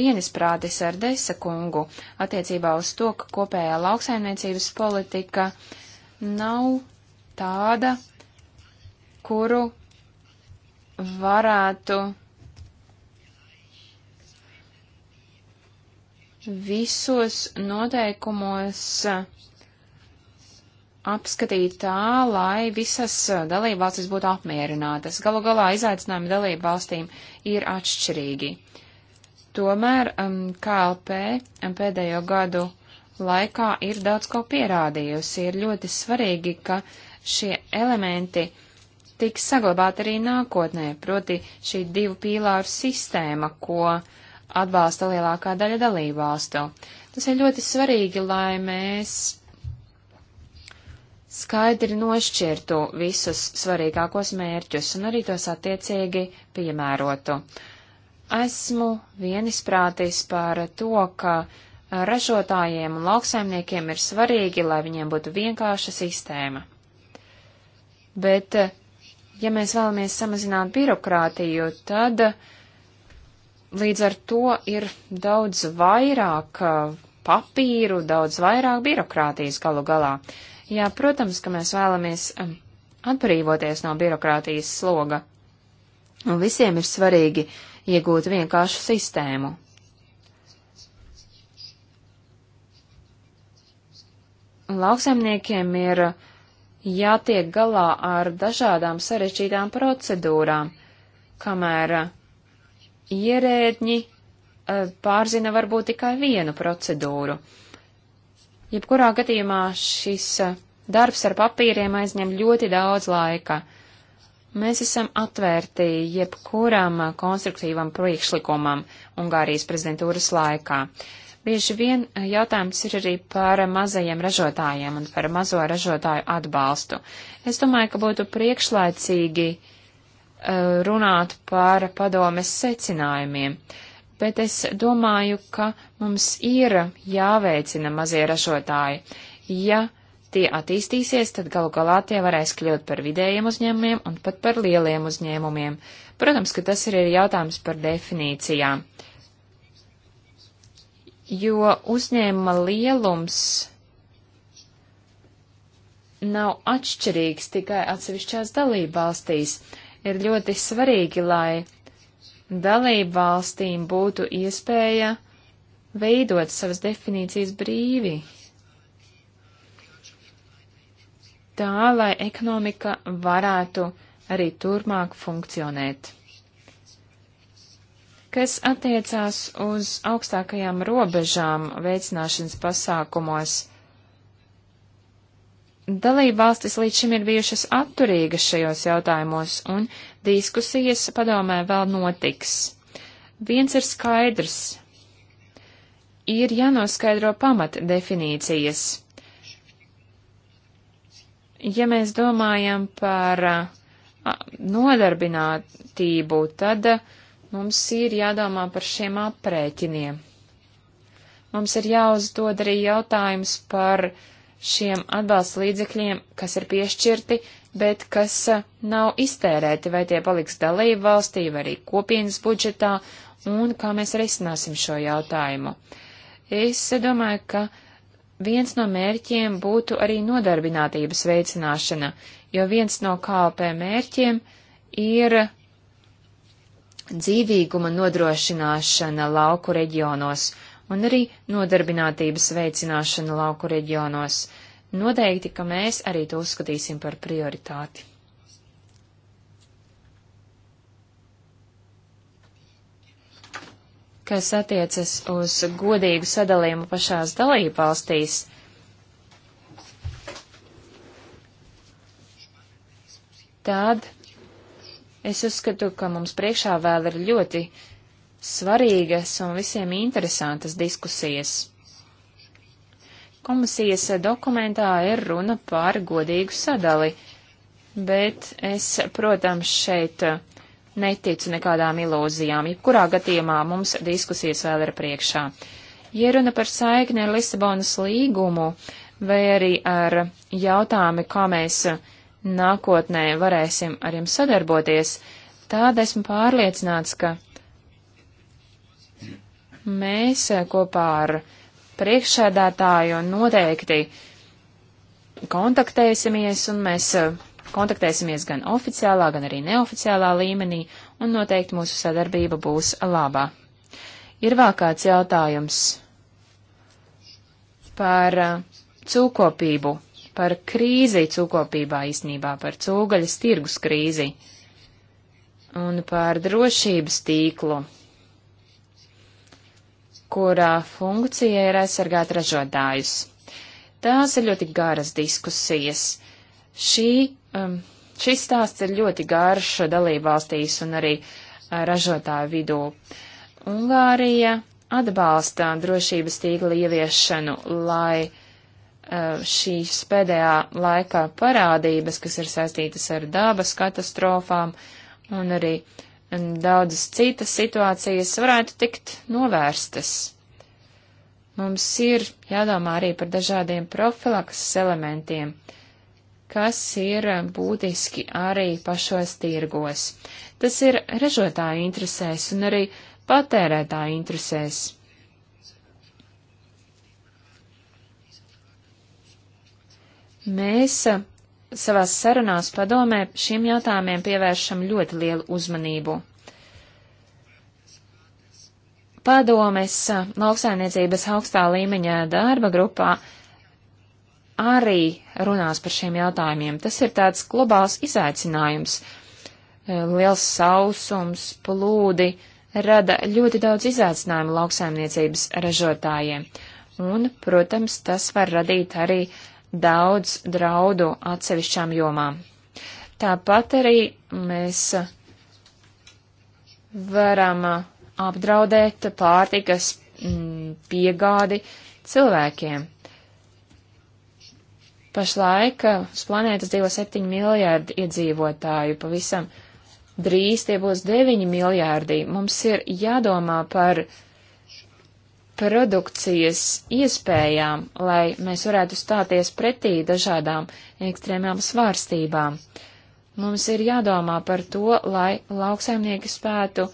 [SPEAKER 3] vienisprātis ar Desa kungu attiecībā uz to, ka kopējā lauksaimniecības politika nav tāda, kuru varētu visos noteikumos apskatīt tā, lai visas dalībvalstis būtu apmierinātas. Galu galā izaicinājumi dalībvalstīm ir atšķirīgi. Tomēr um, KLP um, pēdējo gadu laikā ir daudz ko pierādījusi. Ir ļoti svarīgi, ka šie elementi tiks saglabāta arī nākotnē, proti šī divu pīlāru sistēma, ko atbalsta lielākā daļa dalībvalstu. Tas ir ļoti svarīgi, lai mēs skaidri nošķirtu visus svarīgākos mērķus un arī tos attiecīgi piemērotu. Esmu vienisprātis par to, ka ražotājiem un lauksaimniekiem ir svarīgi, lai viņiem būtu vienkārša sistēma. Bet ja mēs vēlamies samazināt birokrātiju, tad līdz ar to ir daudz vairāk uh, papīru, daudz vairāk birokrātijas galu galā. Jā, protams, ka mēs vēlamies um, atbrīvoties no birokrātijas sloga. Un visiem ir svarīgi iegūt vienkāršu sistēmu. Lauksaimniekiem ir uh, jātiek galā ar dažādām sarežģītām procedūrām, kamēr uh, ierēdņi uh, pārzina varbūt tikai vienu procedūru. Jebkurā gadījumā šis uh, darbs ar papīriem aizņem ļoti daudz laika. Mēs esam atvērti jebkuram konstruktīvam priekšlikumam Ungārijas prezidentūras laikā. Uh, Bieži vien e, jautājums ir arī par mazajiem ražotājiem un par mazo ražotāju atbalstu. Es domāju, ka būtu priekšlaicīgi e, runāt par padomes secinājumiem, bet es domāju, ka mums ir jāveicina mazie ražotāji. Ja tie attīstīsies, tad galu galā tie varēs kļūt par vidējiem uzņēmumiem un pat par lieliem uzņēmumiem. Protams, ka tas ir jautājums par definīcijām. Uh, jo uzņēmuma lielums nav atšķirīgs tikai atsevišķās dalībvalstīs. Ir ļoti svarīgi, lai dalībvalstīm būtu iespēja veidot savas definīcijas brīvi. Tā, lai ekonomika varētu arī turmāk funkcionēt. Kas attiecās uz augstākajām robežām veicināšanas pasākumos, dalībvalstis līdz šim ir bijušas atturīgas šajos jautājumos, un diskusijas padomē vēl notiks. Viens ir skaidrs. Ir jānoskaidro pamat definīcijas. Ja mēs domājam par nodarbinātību, tad uh, Mums ir jādomā par šiem aprēķiniem. Mums ir jāuzdod arī jautājums par šiem atbalsta līdzekļiem, kas ir piešķirti, bet kas eh, nav iztērēti, vai tie paliks dalību valstī vai arī kopienas budžetā, un kā mēs risināsim šo jautājumu. Es eh, domāju, ka viens no mērķiem būtu arī nodarbinātības veicināšana, jo viens no KLP mērķiem ir dzīvīguma nodrošināšana lauku reģionos un arī nodarbinātības veicināšana lauku reģionos. Noteikti, ka mēs arī to uzskatīsim par prioritāti. Kas attiecas uz godīgu sadalījumu pašās dalībvalstīs, tad Es uzskatu, ka mums priekšā vēl ir ļoti svarīgas un visiem interesantas diskusijas. Komisijas dokumentā ir runa par godīgu sadali, bet es, protams, šeit neticu nekādām ilūzijām. Jebkurā gadījumā mums diskusijas vēl ir priekšā. Ja runa par saikni ar Lisabonas līgumu vai arī ar jautājumu, kā mēs uh, nākotnē varēsim ar jums sadarboties, tad esmu pārliecināts, ka mēs eh, kopā ar priekšsēdētāju noteikti kontaktēsimies un mēs eh, kontaktēsimies gan oficiālā, gan arī neoficiālā līmenī un noteikti mūsu sadarbība būs labā. Ir vēl kāds jautājums par eh, cūkopību par krīzi cūkopībā īsnībā, par cūgaļas tirgus krīzi un par drošības tīklu, kurā funkcija ir aizsargāt ražotājus. Tās ir ļoti garas diskusijas. Šī, um, šis stāsts ir ļoti garš dalībvalstīs un arī uh, ražotāju vidū. Ungārija atbalsta drošības tīkla ieviešanu, lai uh, Uh, šīs pēdējā laikā parādības, kas ir saistītas ar dabas katastrofām un arī daudzas citas situācijas, varētu tikt novērstas. Mums ir jādomā arī par dažādiem profilakses elementiem, kas ir būtiski arī pašos tirgos. Tas ir ražotāju interesēs un arī patērētāju interesēs. Mēs eh, savās sarunās padomē šiem jautājumiem pievēršam ļoti lielu uzmanību. Padomes eh, lauksainiecības augstā līmeņa darba grupā arī runās par šiem jautājumiem. Tas ir tāds globāls izaicinājums. Eh, liels sausums, plūdi rada ļoti daudz izaicinājumu lauksaimniecības ražotājiem. Un, protams, tas var radīt arī uh, daudz draudu atsevišķām jomām. Tāpat arī mēs varam apdraudēt pārtikas mm, piegādi cilvēkiem. Pašlaik uz planētas dzīvo 7 miljārdi iedzīvotāju, pavisam drīz tie būs 9 miljārdi. Mums ir jādomā par uh, produkcijas iespējām, lai mēs varētu stāties pretī dažādām ekstrēmām svārstībām. Mums ir jādomā par to, lai lauksaimnieki spētu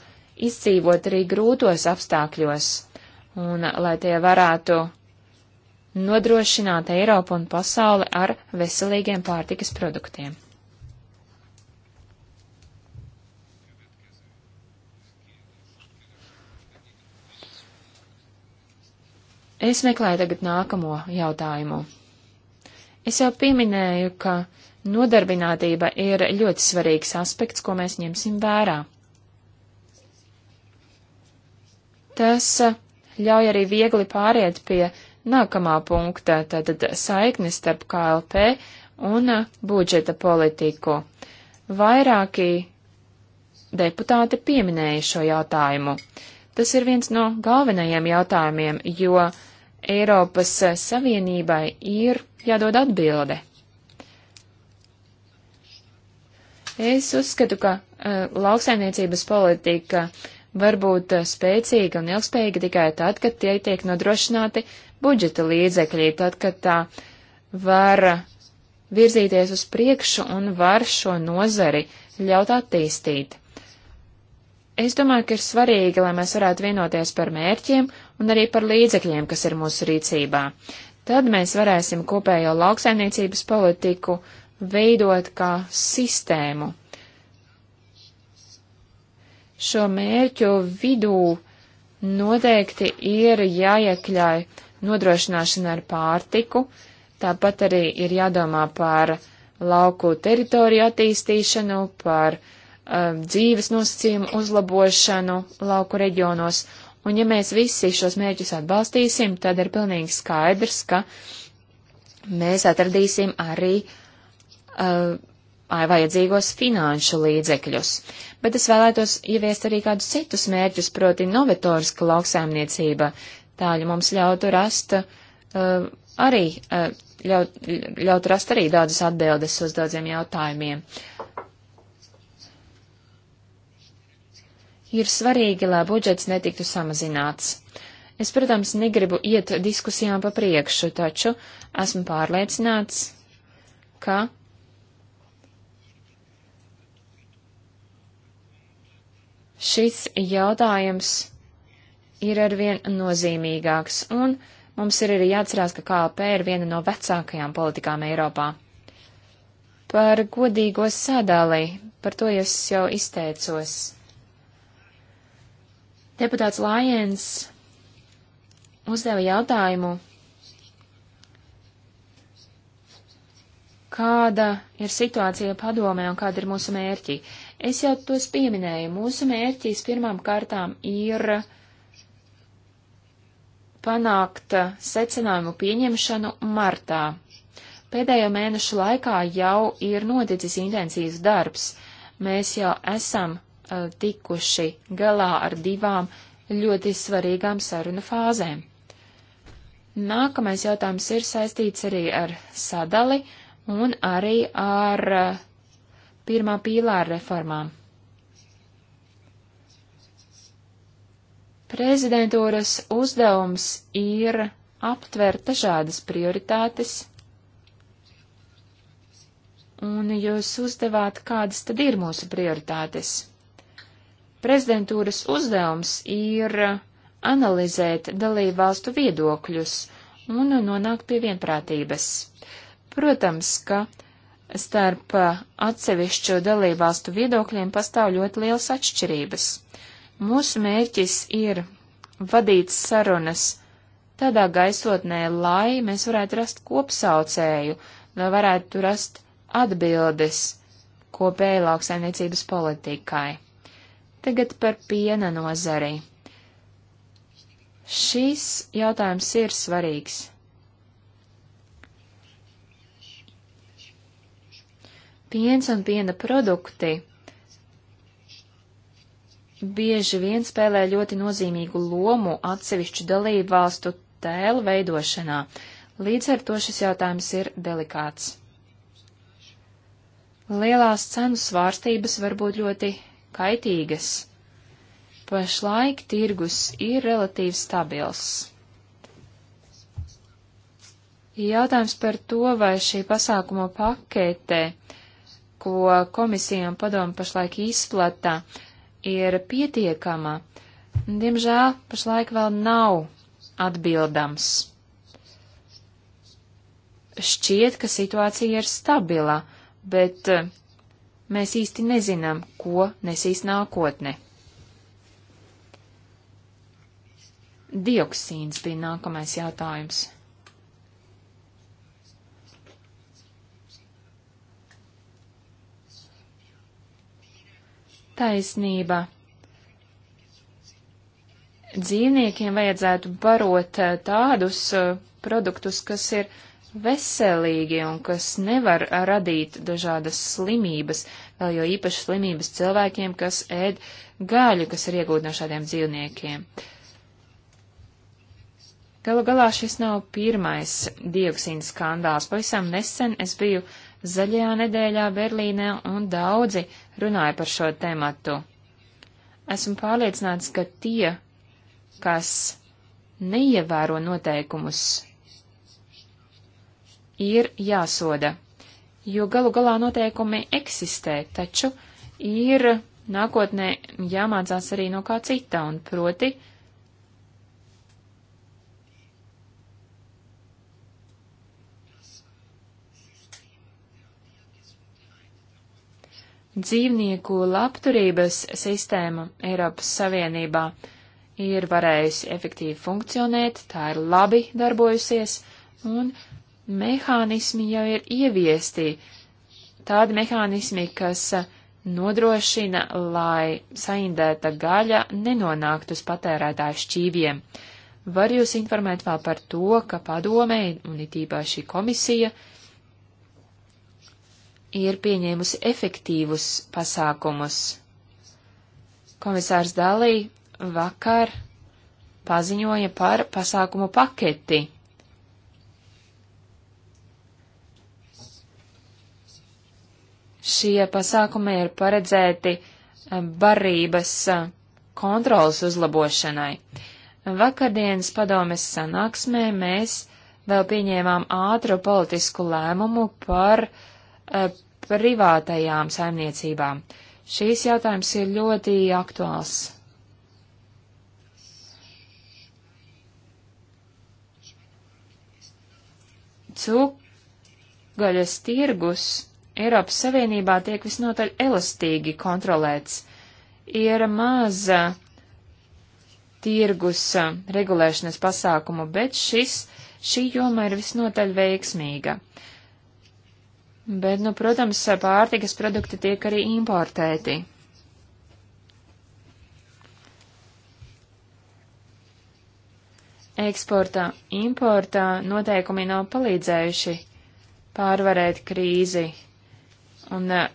[SPEAKER 3] izdzīvot arī grūtos apstākļos, un lai tie varētu nodrošināt Eiropu un pasauli ar veselīgiem pārtikas produktiem. Es meklēju tagad nākamo jautājumu. Es jau pieminēju, ka nodarbinātība ir ļoti svarīgs aspekts, ko mēs ņemsim vērā. Tas ļauj arī viegli pāriet pie nākamā punkta, tātad saiknis starp KLP un budžeta politiku. Vairāki deputāti pieminēja šo jautājumu. Tas ir viens no galvenajiem jautājumiem, jo Eiropas Savienībai ir jādod atbilde. Es uzskatu, ka uh, lauksaimniecības politika var būt eh, spēcīga un ilgspējīga tikai tad, kad tie tiek nodrošināti budžeta līdzekļi, tad, kad tā var virzīties uz priekšu un var šo nozari ļaut attīstīt. Es domāju, ka ir svarīgi, lai mēs varētu vienoties par mērķiem un arī par līdzekļiem, kas ir mūsu rīcībā. Tad mēs varēsim kopējo lauksaimniecības politiku veidot kā sistēmu. Šo mērķu vidū noteikti ir jāiekļauj nodrošināšana ar pārtiku, tāpat arī ir jādomā par lauku teritoriju attīstīšanu, par uh, dzīves nosacījumu uzlabošanu lauku reģionos Un ja mēs visi šos mērķus atbalstīsim, tad ir pilnīgi skaidrs, ka mēs atradīsim arī uh, vajadzīgos finanšu līdzekļus. Bet es vēlētos ieviest arī kādus citus mērķus, proti novatoriska lauksaimniecība. Tā jau mums ļautu rast uh, arī, uh, ļaut, ļaut rast arī daudzas atbildes uz daudziem jautājumiem. Uh, Ir svarīgi, lai budžets netiktu samazināts. Es, protams, negribu iet diskusijām pa priekšu, taču esmu pārliecināts, ka šis jautājums ir arvien nozīmīgāks, un mums ir arī jāatcerās, ka KLP ir viena no vecākajām politikām Eiropā. Par godīgo sadali, par to es jau izteicos. Deputāts Lājens uzdeva jautājumu, kāda ir situācija padomē un kāda ir mūsu mērķi. Es jau tos pieminēju. Mūsu mērķis pirmām kārtām ir panākt secinājumu pieņemšanu martā. Pēdējo mēnešu laikā jau ir noticis intensīvs darbs. Mēs jau esam Uh, tikuši galā ar divām ļoti svarīgām sarunu fāzēm. Nākamais jautājums ir saistīts arī ar sadali un arī ar uh, pirmā pīlāra reformām. Prezidentūras uzdevums ir aptvert dažādas prioritātes, un jūs uzdevāt, kādas tad ir mūsu prioritātes. Prezidentūras uzdevums ir analizēt dalību valstu viedokļus un nonākt pie vienprātības. Protams, ka starp atsevišķu dalību valstu viedokļiem pastāv ļoti liels atšķirības. Mūsu mērķis ir vadīt sarunas tādā gaisotnē, lai mēs varētu rast kopsaucēju, lai varētu rast atbildes kopēji lauksaimniecības politikai. Tagad par piena nozari. Šis jautājums ir svarīgs. Piens un piena produkti bieži vien spēlē ļoti nozīmīgu lomu atsevišķu dalību valstu tēlu veidošanā, līdz ar to šis jautājums ir delikāts. Lielās cenu svārstības var būt ļoti kaitīgas. Pašlaik tirgus ir relatīvi stabils. Jautājums par to, vai šī pasākuma pakete, ko komisija un padomu pašlaik izplata, ir pietiekama, diemžēl pašlaik vēl nav atbildams. Šķiet, ka situācija ir stabila, bet mēs īsti nezinām, ko nesīs nākotne. Dioksīns bija nākamais jautājums. Taisnība. Dzīvniekiem vajadzētu barot eh, tādus eh, produktus, kas ir uh, veselīgi un kas nevar radīt dažādas slimības, vēl jo īpaši slimības cilvēkiem, kas ēd gaļu, kas ir iegūta no šādiem dzīvniekiem. Galu galā šis nav pirmais dioksīna skandāls. Pavisam nesen es biju zaļajā nedēļā Berlīnē un daudzi runāja par šo tematu. Esmu pārliecināts, ka tie, kas neievēro noteikumus ir jāsoda, jo galu galā noteikumi eksistē, taču ir nākotnē jāmācās arī no kā cita, un proti dzīvnieku labturības sistēma Eiropas Savienībā ir varējusi efektīvi funkcionēt, tā ir labi darbojusies, un mehānismi jau ir ieviesti, tādi mehānismi, kas nodrošina, lai saindēta gaļa nenonāktu uz patērētāju šķīviem. Var jūs informēt vēl par to, ka padomē un it īpaši komisija ir pieņēmusi efektīvus pasākumus. Komisārs Dalī vakar paziņoja par pasākumu paketi Šie pasākumi ir paredzēti eh, barības eh, kontrolas uzlabošanai. Vakardienas padomes sanāksmē mēs vēl pieņēmām ātru politisku lēmumu par uh, privātajām saimniecībām. Šīs jautājums ir ļoti aktuāls. Cūgaļas tirgus Eiropas Savienībā tiek visnotaļ elastīgi kontrolēts. Ir maza tirgus regulēšanas pasākumu, bet šis, šī joma ir visnotaļ veiksmīga. Bet, nu, protams, pārtikas produkti tiek arī importēti. Eksporta, importa noteikumi nav palīdzējuši pārvarēt krīzi un uh,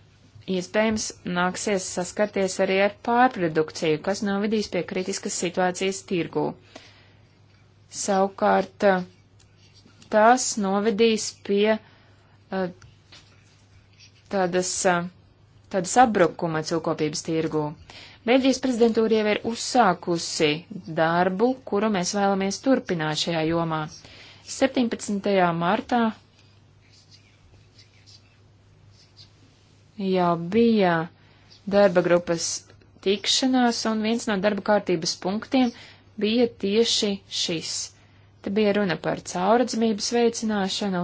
[SPEAKER 3] iespējams nāksies saskarties arī ar pārprodukciju, kas novedīs pie kritiskas situācijas tirgū. Savukārt uh, tas novedīs pie uh, tādas, tādas abrukuma cilkopības tirgū. Beļģijas prezidentūra jau ir uzsākusi darbu, kuru mēs vēlamies turpināt šajā jomā. 17. martā jau bija darba grupas tikšanās, un viens no darba kārtības punktiem bija tieši šis. Te bija runa par caurredzamības veicināšanu.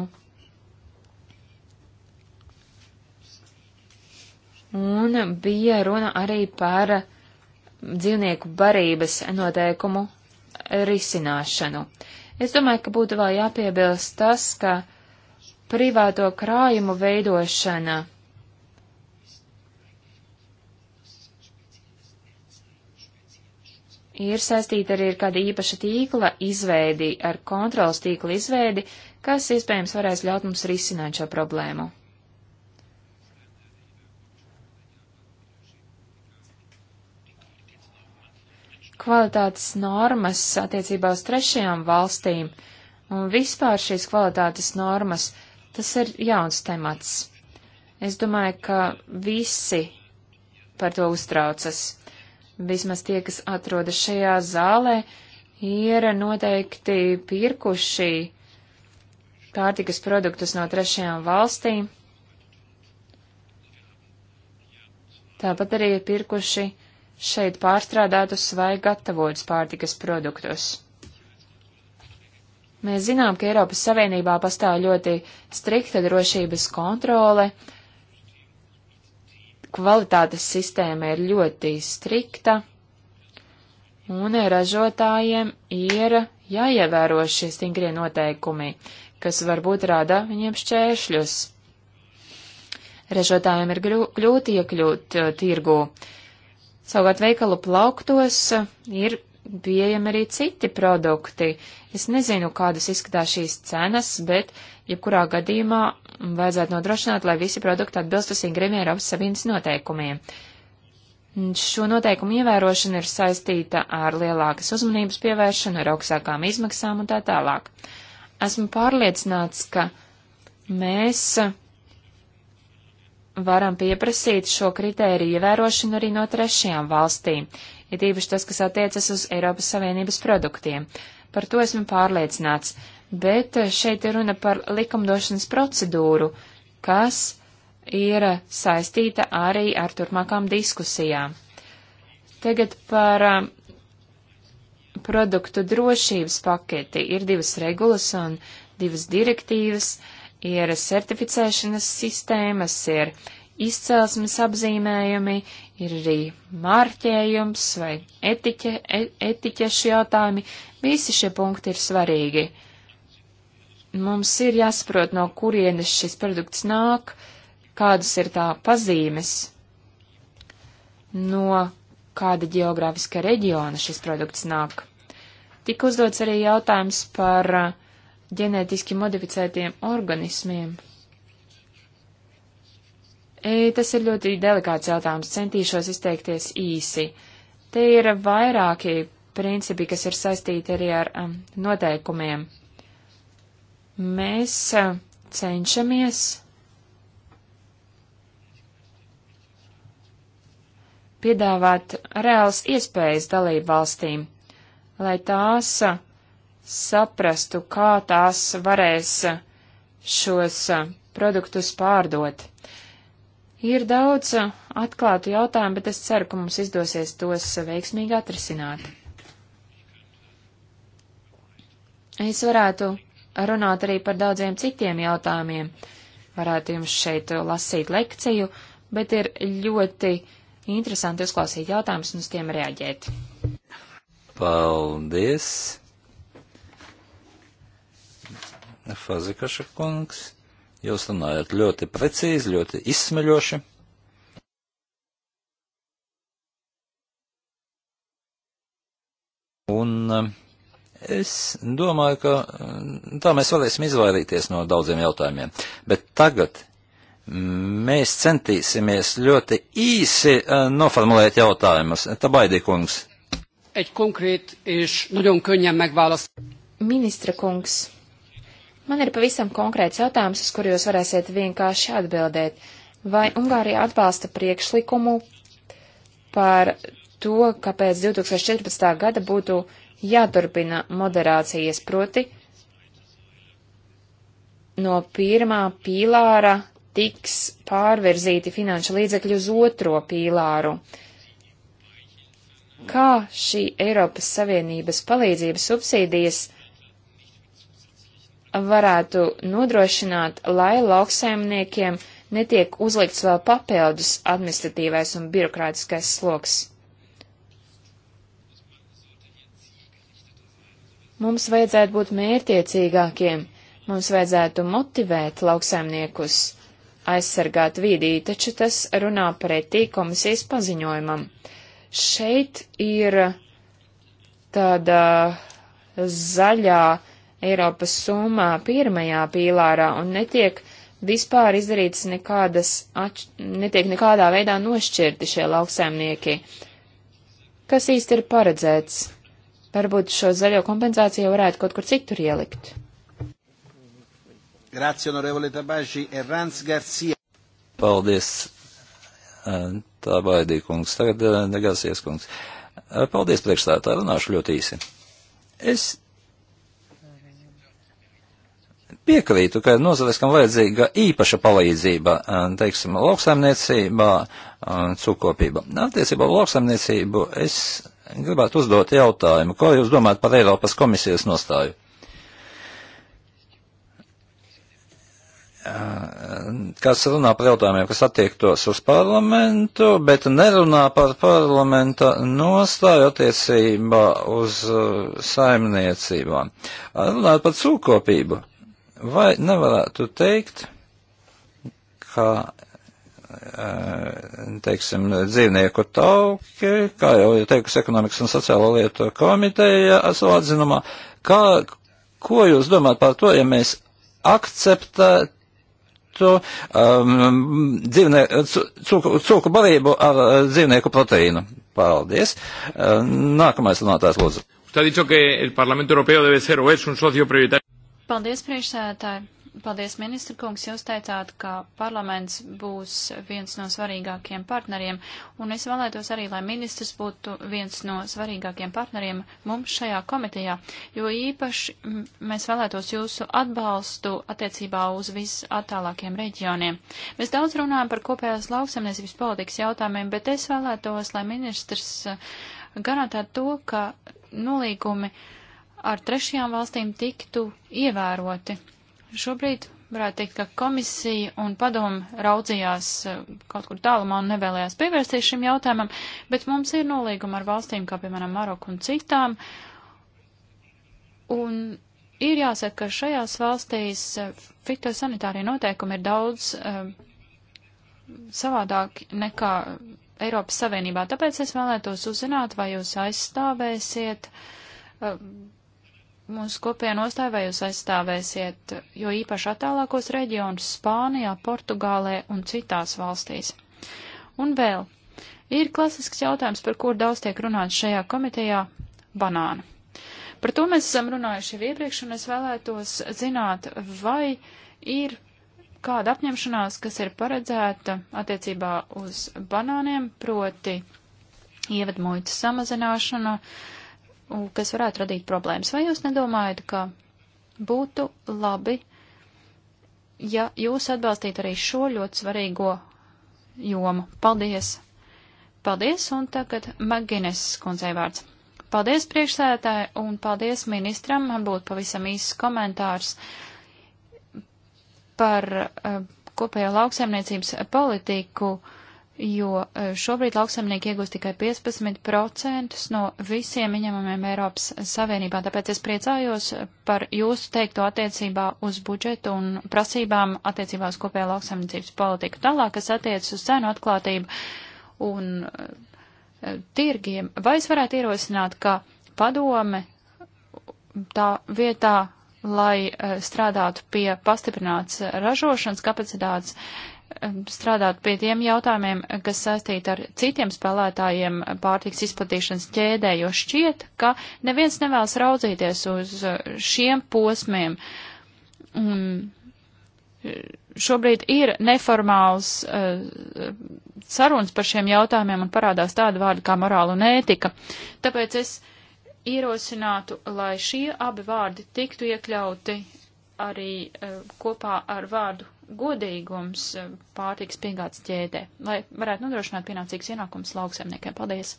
[SPEAKER 3] Un bija runa arī par dzīvnieku barības noteikumu risināšanu. Es domāju, ka būtu vēl jāpiebilst tas, ka privāto krājumu veidošana ir saistīta arī ar kāda īpaša tīkla izveidi, ar kontrolas tīkla izveidi, kas iespējams varēs ļaut mums risināt šo problēmu. Kvalitātes normas attiecībā uz trešajām valstīm un vispār šīs kvalitātes normas, tas ir jauns temats. Es domāju, ka visi par to uztraucas vismaz tie, kas atrodas šajā zālē, ir noteikti pirkuši pārtikas produktus no trešajām valstīm. Tāpat arī ir pirkuši šeit pārstrādātus vai gatavotus pārtikas produktus. Mēs zinām, ka Eiropas Savienībā pastāv ļoti strikta drošības kontrole, uh, kvalitātes sistēma ir ļoti strikta, un ražotājiem ir jāievēro šie stingrie noteikumi, kas varbūt rada viņiem šķēršļus. Ražotājiem ir grūti iekļūt uh, tirgū. Savukārt veikalu plauktos uh, ir pieejami arī citi produkti. Es nezinu, kādas izskatās šīs cenas, bet jebkurā gadījumā vajadzētu nodrošināt, lai visi produkti atbilstu stingriem Eiropas Savienības noteikumiem. Šo noteikumu ievērošana ir saistīta ar lielākas uzmanības pievēršanu, ar augstākām izmaksām un tā tālāk. Esmu pārliecināts, ka mēs varam pieprasīt šo kritēriju ievērošanu arī no trešajām valstīm, ir ja īpaši tas, kas attiecas uz Eiropas Savienības produktiem. Par to esmu pārliecināts bet eh, šeit ir runa par likumdošanas procedūru, kas ir saistīta arī ar turpmākām diskusijām. Tagad par eh, produktu drošības paketi ir divas regulas un divas direktīvas, ir certificēšanas sistēmas, ir izcelsmes apzīmējumi, ir arī mārķējums vai etiķe, e, etiķešu jautājumi. Visi šie punkti ir svarīgi. Mums ir jāsaprot, no kurienes šis produkts nāk, kādas ir tā pazīmes, no kāda geogrāfiska reģiona šis produkts nāk. Tik uzdots arī jautājums par uh, ģenētiski modificētiem organismiem. E, tas ir ļoti delikāts jautājums, centīšos izteikties īsi. Te ir vairāki principi, kas ir saistīti arī ar um, noteikumiem. Mēs eh, cenšamies piedāvāt reāls iespējas dalību valstīm, lai tās eh, saprastu, kā tās varēs eh, šos produktus pārdot. Ir daudz atklātu jautājumu, bet es ceru, ka mums izdosies tos veiksmīgi atrisināt. Es varētu runāt arī par daudziem citiem jautājumiem. Varētu jums šeit lasīt lekciju, bet ir ļoti interesanti uzklausīt jautājumus un uz tiem reaģēt.
[SPEAKER 2] Paldies! Fazikaša kungs, jūs runājat ļoti precīzi, ļoti izsmeļoši. Un uh, Es domāju, ka mm, tā mēs varēsim izvairīties no daudziem jautājumiem. Bet tagad mēs centīsimies ļoti īsi e, noformulēt jautājumus. Tā baidīkungs.
[SPEAKER 3] Ministra kungs, man ir pavisam konkrēts jautājums, uz kuru jūs varēsiet vienkārši atbildēt. Vai Ungārija atbalsta priekšlikumu par to, ka pēc 2014. gada būtu uh, jāturpina moderācijas, proti no pirmā pīlāra tiks pārverzīti finanšu līdzekļi uz otro pīlāru. Kā šī Eiropas Savienības palīdzības subsīdijas varētu nodrošināt, lai lauksaimniekiem netiek uzlikts vēl papildus administratīvais un birokrātiskais sloks? Mums vajadzētu būt mērtiecīgākiem, mums vajadzētu motivēt lauksaimniekus aizsargāt vidī, taču tas runā pretī komisijas paziņojumam. Šeit ir tāda zaļā Eiropas summa pirmajā pīlārā un netiek vispār izdarīts nekādas, atš... netiek nekādā veidā nošķirti šie lauksaimnieki. Kas īsti ir paredzēts? varbūt šo zaļo kompensāciju varētu kaut kur citur ielikt.
[SPEAKER 2] Grazie, onorevole Tabaži,
[SPEAKER 1] Errants Garcia.
[SPEAKER 2] Paldies, tā baidīja kungs. Tagad negāsies kungs. Paldies, priekšstādātāji, runāšu ļoti īsi. Es piekrītu, ka nozares, kam vajadzīga īpaša palīdzība, teiksim, lauksaimniecībā, cūkopība. Attiecībā uz lauksaimniecību es gribētu uzdot jautājumu, ko jūs domājat par Eiropas komisijas nostāju? kas runā par jautājumiem, kas attiektos uz parlamentu, bet nerunā par parlamenta nostāju attiecībā uz uh, saimniecībām. Runājot par cūkopību, vai nevarētu teikt, ka teiksim, dzīvnieku tauki, kā jau teikusi ekonomikas un sociālo lietu komiteja savā atzinumā. Kā, ko jūs domājat par to, ja mēs akceptētu um, dzīvnie, cūku, cūku barību ar uh, dzīvnieku proteīnu? Paldies. Nākamais runātājs lūdzu.
[SPEAKER 5] Paldies, priekšsēdētāji. Paldies, ministra kungs, jūs teicāt, ka parlaments būs viens no svarīgākiem partneriem, un es vēlētos arī, lai ministrs būtu viens no svarīgākiem partneriem mums šajā komitejā, jo īpaši mēs vēlētos jūsu atbalstu attiecībā uz visatālākiem reģioniem. Mēs daudz runājam par kopējās lauksamniecības politikas jautājumiem, bet es vēlētos, lai ministrs uh, garantētu to, ka nolīgumi ar trešajām valstīm tiktu ievēroti Šobrīd varētu teikt, ka komisija un padomu raudzījās eh, kaut kur tālumā un nevēlējās pievērsties šim jautājumam, bet mums ir nolīguma ar valstīm, kā piemēram Maroku un citām. Un ir jāsaka, ka šajās valstīs eh, fitosanitārie noteikumi ir daudz um, savādāk nekā Eiropas Savienībā. Tāpēc es vēlētos uzzināt, vai jūs aizstāvēsiet um, mūsu kopējā nostāja, vai jūs aizstāvēsiet, jo īpaši attālākos reģionus Spānijā, Portugālē un citās valstīs? Un vēl, ir klasisks jautājums, par kur daudz tiek runāts šajā komitejā - banāna. Par to mēs esam runājuši jau iepriekš, un es vēlētos zināt, vai ir kāda apņemšanās, kas ir paredzēta attiecībā uz banāniem, proti ievadmuitas samazināšana, uh, kas varētu radīt problēmas. Vai jūs nedomājat, ka būtu labi, ja jūs atbalstītu arī šo ļoti svarīgo jomu? Paldies! Paldies, un tagad Magines kundzei vārds. Paldies priekšsēdētāji un paldies ministram. Man būtu pavisam īsts komentārs par uh, kopējo lauksaimniecības politiku. Uh, jo e, šobrīd lauksaimnieki iegūst tikai 15% no visiem ieņemumiem Eiropas Savienībā. Tāpēc es priecājos e, par jūsu teikto attiecībā uz budžetu un prasībām attiecībā uz kopējā lauksaimniecības politiku. Tālāk, kas attiecas uz cenu atklātību un e, tirgiem, vai es varētu ierosināt, ka padome tā vietā, lai strādātu pie pastiprināts ražošanas kapacitātes, uh, Um, strādāt pie tiem jautājumiem, kas saistīti ar citiem spēlētājiem pārtiks izplatīšanas ķēdē, jo šķiet, ka neviens nevēlas raudzīties uz uh, šiem posmiem. Un uh, šobrīd ir neformāls uh, sarunas par šiem jautājumiem un parādās tāda vārda kā morāla un ētika. Tāpēc es ierosinātu, lai šie abi vārdi tiktu iekļauti arī uh, kopā ar vārdu godīgums eh, pārtiks piegādes ķēdē, lai varētu nodrošināt pienācīgs ienākums lauksaimniekiem. Paldies!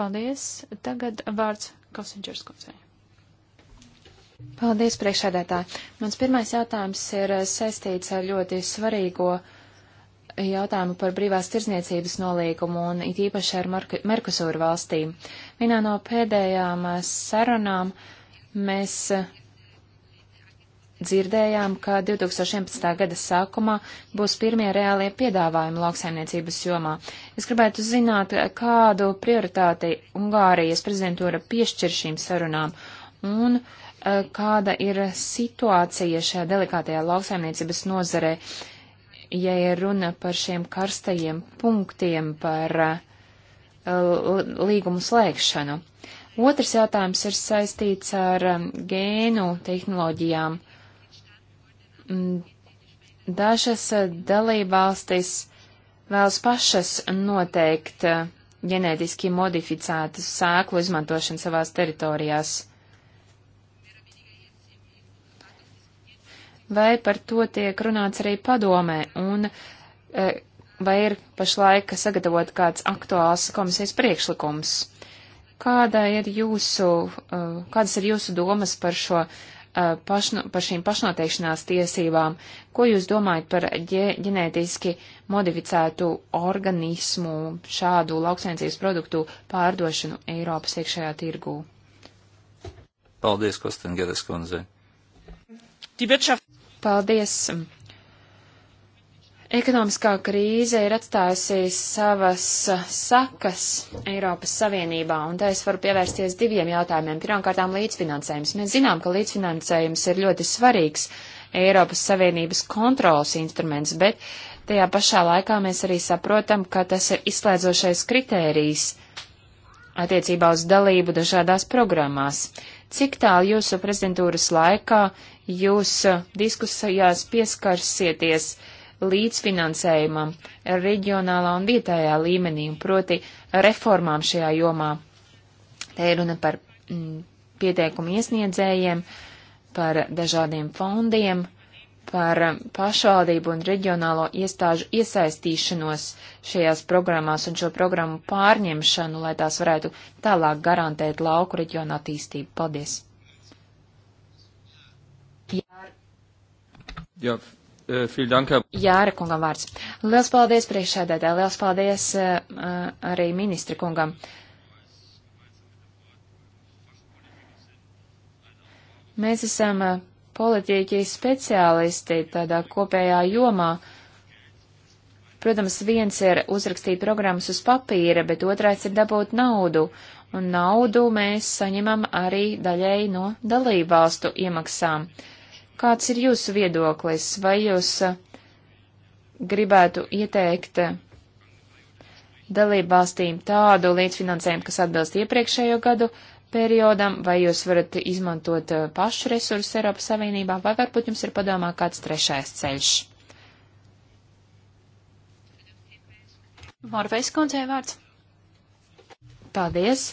[SPEAKER 5] Paldies! Tagad vārds Kosinčers kundzei. Paldies, priekšsēdētāji! Mans pirmais jautājums
[SPEAKER 3] ir eh, saistīts ar ļoti svarīgo jautājumu par brīvās tirzniecības nolīgumu un it īpaši ar Merkusūru valstīm. Vienā no pēdējām eh, sarunām mēs dzirdējām, ka 2011. gada sākumā būs pirmie reālie piedāvājumi lauksaimniecības jomā. Es gribētu zināt, kādu prioritāti Ungārijas prezidentūra piešķir šīm sarunām un e, kāda ir situācija šajā delikātajā lauksaimniecības nozarē, ja ir runa par šiem karstajiem punktiem, par e, līgumu slēgšanu. Otrs jautājums ir saistīts ar e, gēnu tehnoloģijām Mm, dažas eh, dalībvalstis vēlas pašas noteikt eh, ģenētiski modificētu sēklu izmantošanu savās teritorijās. Vai par to tiek runāts arī padomē, un eh, vai ir pašlaik sagatavot kāds aktuāls komisijas priekšlikums? Kāda ir jūsu, kādas ir jūsu domas par šo uh, Uh, pašno, par šīm pašnoteikšanās tiesībām. Ko jūs domājat par ģenētiski modificētu organismu šādu lauksainicības produktu pārdošanu Eiropas iekšējā tirgū?
[SPEAKER 2] Paldies, Kostengeres kundze.
[SPEAKER 3] Paldies. Ekonomiskā krīze ir atstājusi savas eh, sakas Eiropas Savienībā, un te es varu pievērsties diviem jautājumiem. Pirmkārtām līdzfinansējums. Mēs zinām, ka līdzfinansējums ir ļoti svarīgs Eiropas Savienības kontrolas instruments, bet tajā pašā laikā mēs arī saprotam, ka tas ir izslēdzošais kritērijs attiecībā uz dalību dažādās programmās. Cik tālu jūsu prezidentūras laikā jūs eh, diskusijās pieskarsieties? līdzfinansējumam reģionālā un vietējā līmenī, proti reformām šajā jomā. Te ir runa par mm, pieteikumu iesniedzējiem, par dažādiem fondiem, par pašvaldību un reģionālo iestāžu iesaistīšanos šajās programmās un šo programmu pārņemšanu, lai tās varētu tālāk garantēt lauku reģionu attīstību. Paldies! Jā.
[SPEAKER 2] Jā, Äh,
[SPEAKER 3] Jāra kungam vārds. Liels paldies priekšsēdētāji, liels paldies uh, arī ministra kungam. Mēs esam äh, politiķi speciālisti tādā kopējā jomā. Protams, viens ir uzrakstīt programmas uz papīra, bet otrais ir dabūt naudu, un naudu mēs saņemam arī daļēji no dalībvalstu iemaksām. Uh, Kāds ir jūsu viedoklis? Vai jūs eh, gribētu ieteikt eh, dalību valstīm tādu līdzfinansējumu, kas atbilst iepriekšējo gadu periodam, vai jūs varat izmantot eh, pašu resursus Eiropas Savienībā, vai varbūt jums ir padomā kāds trešais ceļš? Morvejs kundzei vārds. Paldies!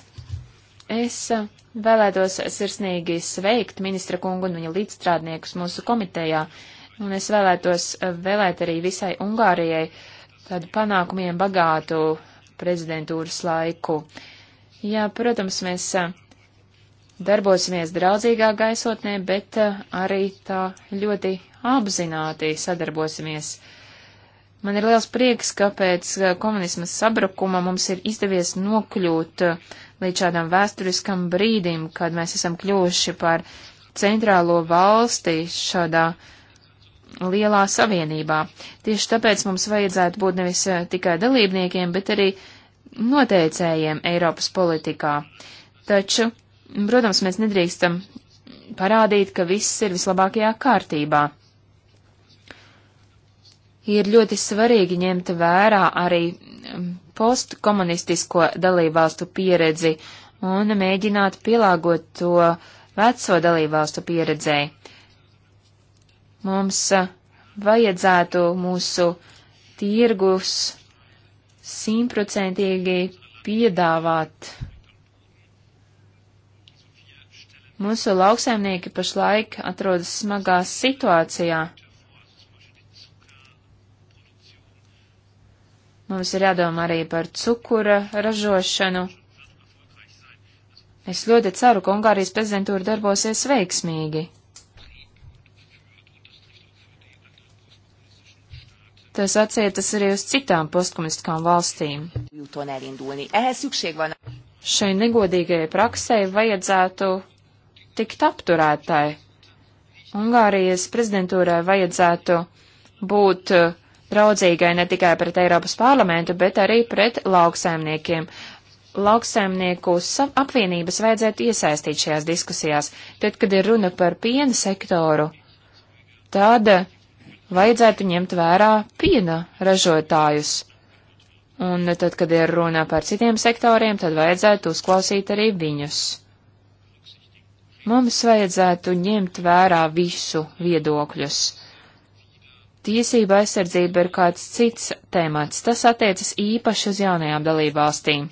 [SPEAKER 3] Es uh, Vēlētos sirsnīgi sveikt ministra kungu un viņa līdzstrādniekus mūsu komitejā, un es vēlētos eh, vēlēt arī visai Ungārijai tādu panākumiem bagātu prezidentūras laiku. Jā, protams, mēs eh, darbosimies draudzīgā gaisotnē, bet eh, arī tā ļoti apzināti sadarbosimies. Man ir liels prieks, ka pēc komunismas sabrukuma mums ir izdevies nokļūt uh, līdz šādam vēsturiskam brīdim, kad mēs esam kļuvuši par centrālo valsti šādā lielā savienībā. Tieši tāpēc mums vajadzētu būt nevis eh, tikai dalībniekiem, bet arī noteicējiem Eiropas politikā. Taču, protams, mēs nedrīkstam parādīt, ka viss ir vislabākajā kārtībā. Ir ļoti svarīgi ņemt vērā arī postkomunistisko dalībvalstu pieredzi un mēģināt pielāgot to veco dalībvalstu pieredzēji. Mums vajadzētu mūsu tirgus simtprocentīgi piedāvāt. Mūsu lauksaimnieki pašlaik atrodas smagā situācijā. Mums ir jādomā arī par cukura ražošanu. Es ļoti ceru, ka Ungārijas prezidentūra darbosies veiksmīgi. Tas atsietas arī uz citām postkomunistiskām valstīm. Šai negodīgajai praksē vajadzētu tikt apturētāji. Ungārijas prezidentūrai vajadzētu būt uh, draudzīgai ne tikai pret Eiropas parlamentu, bet arī pret lauksaimniekiem. Lauksaimnieku apvienības vajadzētu iesaistīt šajās diskusijās. Tad, kad ir runa par piena sektoru, tad vajadzētu ņemt vērā piena ražotājus. Un tad, kad ir runa par citiem sektoriem, tad vajadzētu uzklausīt arī viņus. Mums vajadzētu ņemt vērā visu viedokļus tiesība aizsardzība ir kāds cits temats. Tas attiecas īpaši uz jaunajām dalībvalstīm.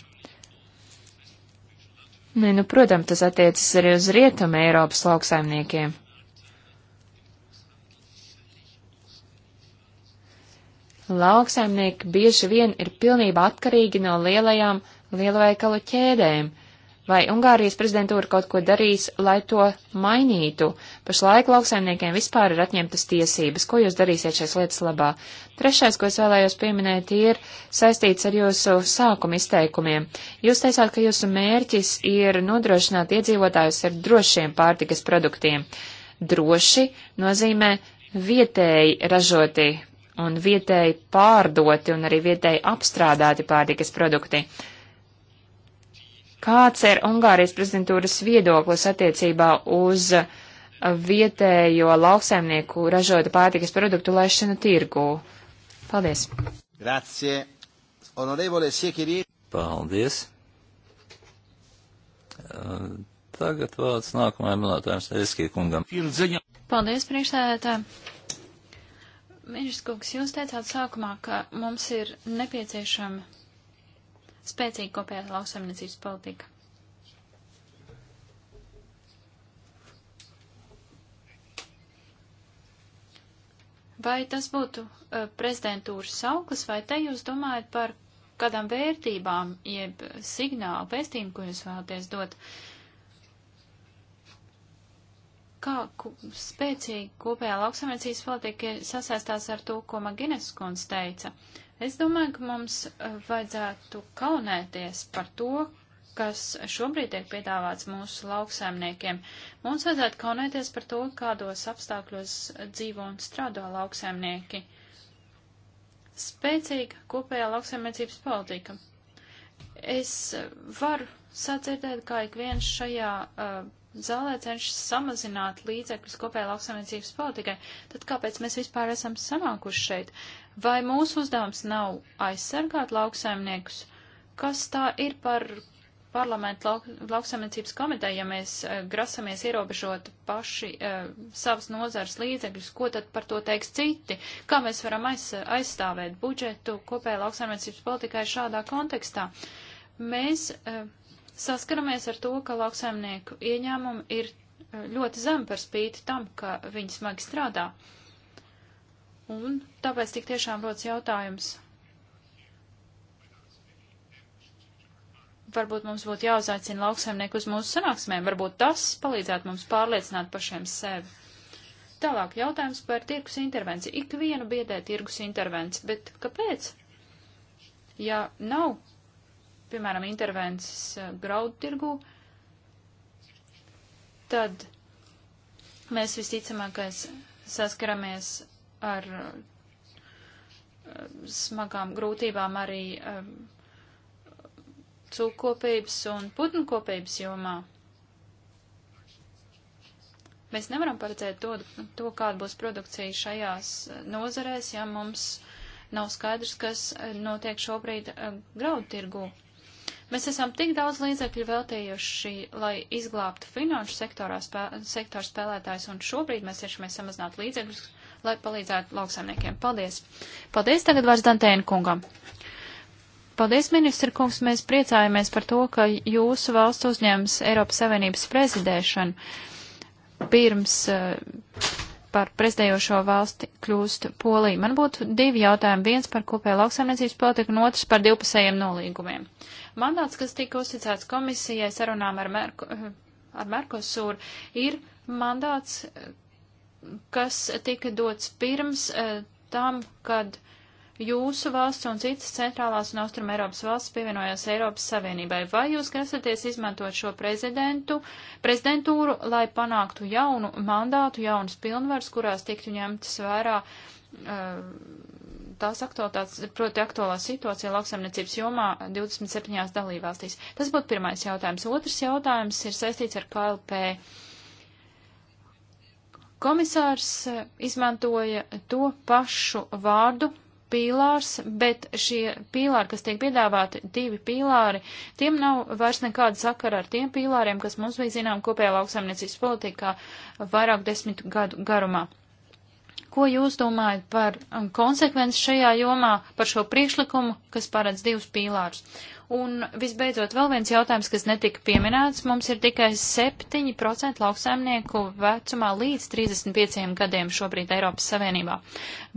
[SPEAKER 3] Nē, nu, protams, tas attiecas arī uz rietumu Eiropas lauksaimniekiem. Lauksaimnieki bieži vien ir pilnībā atkarīgi no lielajām lielveikalu ķēdēm, Vai Ungārijas prezidentūra kaut ko darīs, lai to mainītu? Pašlaik lauksaimniekiem vispār ir atņemtas tiesības. Ko jūs darīsiet šais lietas labā? Trešais, ko es vēlējos pieminēt, ir saistīts ar jūsu sākuma izteikumiem. Jūs teicāt, ka jūsu mērķis ir nodrošināt iedzīvotājus ar drošiem pārtikas produktiem. Droši nozīmē vietēji ražoti un vietēji pārdoti un arī vietēji apstrādāti pārtikas produkti. Kāds ir Ungārijas prezidentūras viedoklis attiecībā uz vietējo lauksaimnieku ražotu pārtikas produktu laišanu tirgū? Paldies!
[SPEAKER 1] Grazie! Onorevole
[SPEAKER 2] Siekirī! Paldies! Tagad vārds nākamajam runātājam, Sēriskī kungam.
[SPEAKER 5] Paldies, priekšsēdētāji! Ministrs kungs, jūs teicāt sākumā, ka mums ir nepieciešama spēcīga kopējā lauksaimniecības politika. Vai tas būtu uh, prezidentūras sauklis, vai te jūs domājat par kādām vērtībām, jeb signālu pēstījumu, ko jūs vēlaties dot? Kā ku, spēcīgi kopējā lauksamniecības politika sasaistās ar to, ko Magines kundze teica? Uh, Es domāju, ka mums eh, vajadzētu kaunēties par to, kas šobrīd tiek piedāvāts mūsu lauksaimniekiem. Mums vajadzētu kaunēties par to, kādos apstākļos dzīvo un strādā lauksaimnieki. Spēcīga kopējā lauksaimniecības politika. Es eh, varu sadzirdēt, kā ik viens šajā uh, zālē cenšas samazināt līdzekļus kopējā lauksaimniecības politikai. Tad kāpēc mēs vispār esam sanākuši šeit? Vai mūsu uzdevums nav aizsargāt lauksaimniekus? Kas tā ir par parlamentu lauk, lauksaimniecības komiteju, ja mēs uh, grasamies ierobežot paši uh, savas nozares līdzekļus, ko tad par to teiks citi? Kā mēs varam aiz, aizstāvēt budžetu kopēja lauksaimniecības politikai šādā kontekstā? Mēs uh, saskaramies ar to, ka lauksaimnieku ieņēmumi ir ļoti zem par spīti tam, ka viņi smagi strādā. Uh, Un tāpēc tik tiešām rodas jautājums. Varbūt mums būtu jāuzaicina lauksaimnieku uz mūsu sanāksmēm, varbūt tas palīdzētu mums pārliecināt pašiem sevi. Tālāk jautājums par tirgus intervenciju. Ikvienu biedē tirgus intervenci, bet kāpēc? Ja nav, piemēram, intervences eh, graudu tirgu, tad mēs visticamākais saskaramies ar eh, smagām grūtībām arī eh, cūkopības un putnukopības jomā. Mēs nevaram paredzēt to, to kāda būs produkcija šajās eh, nozarēs, ja mums nav skaidrs, kas notiek šobrīd graudu tirgū. Mēs esam tik daudz līdzekļu veltījuši, lai izglābtu finanšu sektorā spē, sektoru spēlētājs, un šobrīd mēs iešamies samazināt līdzekļus, lai palīdzētu lauksaimniekiem. Paldies! Paldies tagad vairs Dantēna kungam! Paldies, ministra kungs, mēs priecājamies par to, ka jūsu valsts uzņems Eiropas Savienības prezidēšanu pirms eh, par prezidējošo valsti kļūst Polija. Man būtu divi jautājumi, viens par kopēju lauksaimniecības politiku un otrs par divpusējiem nolīgumiem. Mandāts, kas tika uzticēts komisijai sarunām ar, Merko, eh, ar Merkosūru, ir mandāts, kas tika dots pirms eh, tam, kad jūsu valsts un citas centrālās un austrum Eiropas valsts pievienojās Eiropas Savienībai. Vai jūs grasaties izmantot šo prezidentu, prezidentūru, lai panāktu jaunu mandātu, jaunas pilnvaras, kurās tiktu ņemtas vērā eh, tās aktualitātes, proti aktuālā situācija lauksaimniecības jomā 27. dalībvalstīs? Tas būtu pirmais jautājums. Otrs jautājums ir saistīts ar KLP. Komisārs eh, izmantoja to pašu vārdu pīlārs, bet šie pīlāri, kas tiek piedāvāti, divi pīlāri, tiem nav vairs nekāda sakara ar tiem pīlāriem, kas mums bija zinām kopējā lauksaimniecības politikā vairāk desmit gadu garumā. Ko jūs domājat par um, konsekvenci šajā jomā, par šo priekšlikumu, kas paredz divus pīlārus? Un visbeidzot, vēl viens jautājums, kas netika pieminēts. Mums ir tikai 7% lauksaimnieku vecumā līdz 35 gadiem šobrīd Eiropas Savienībā.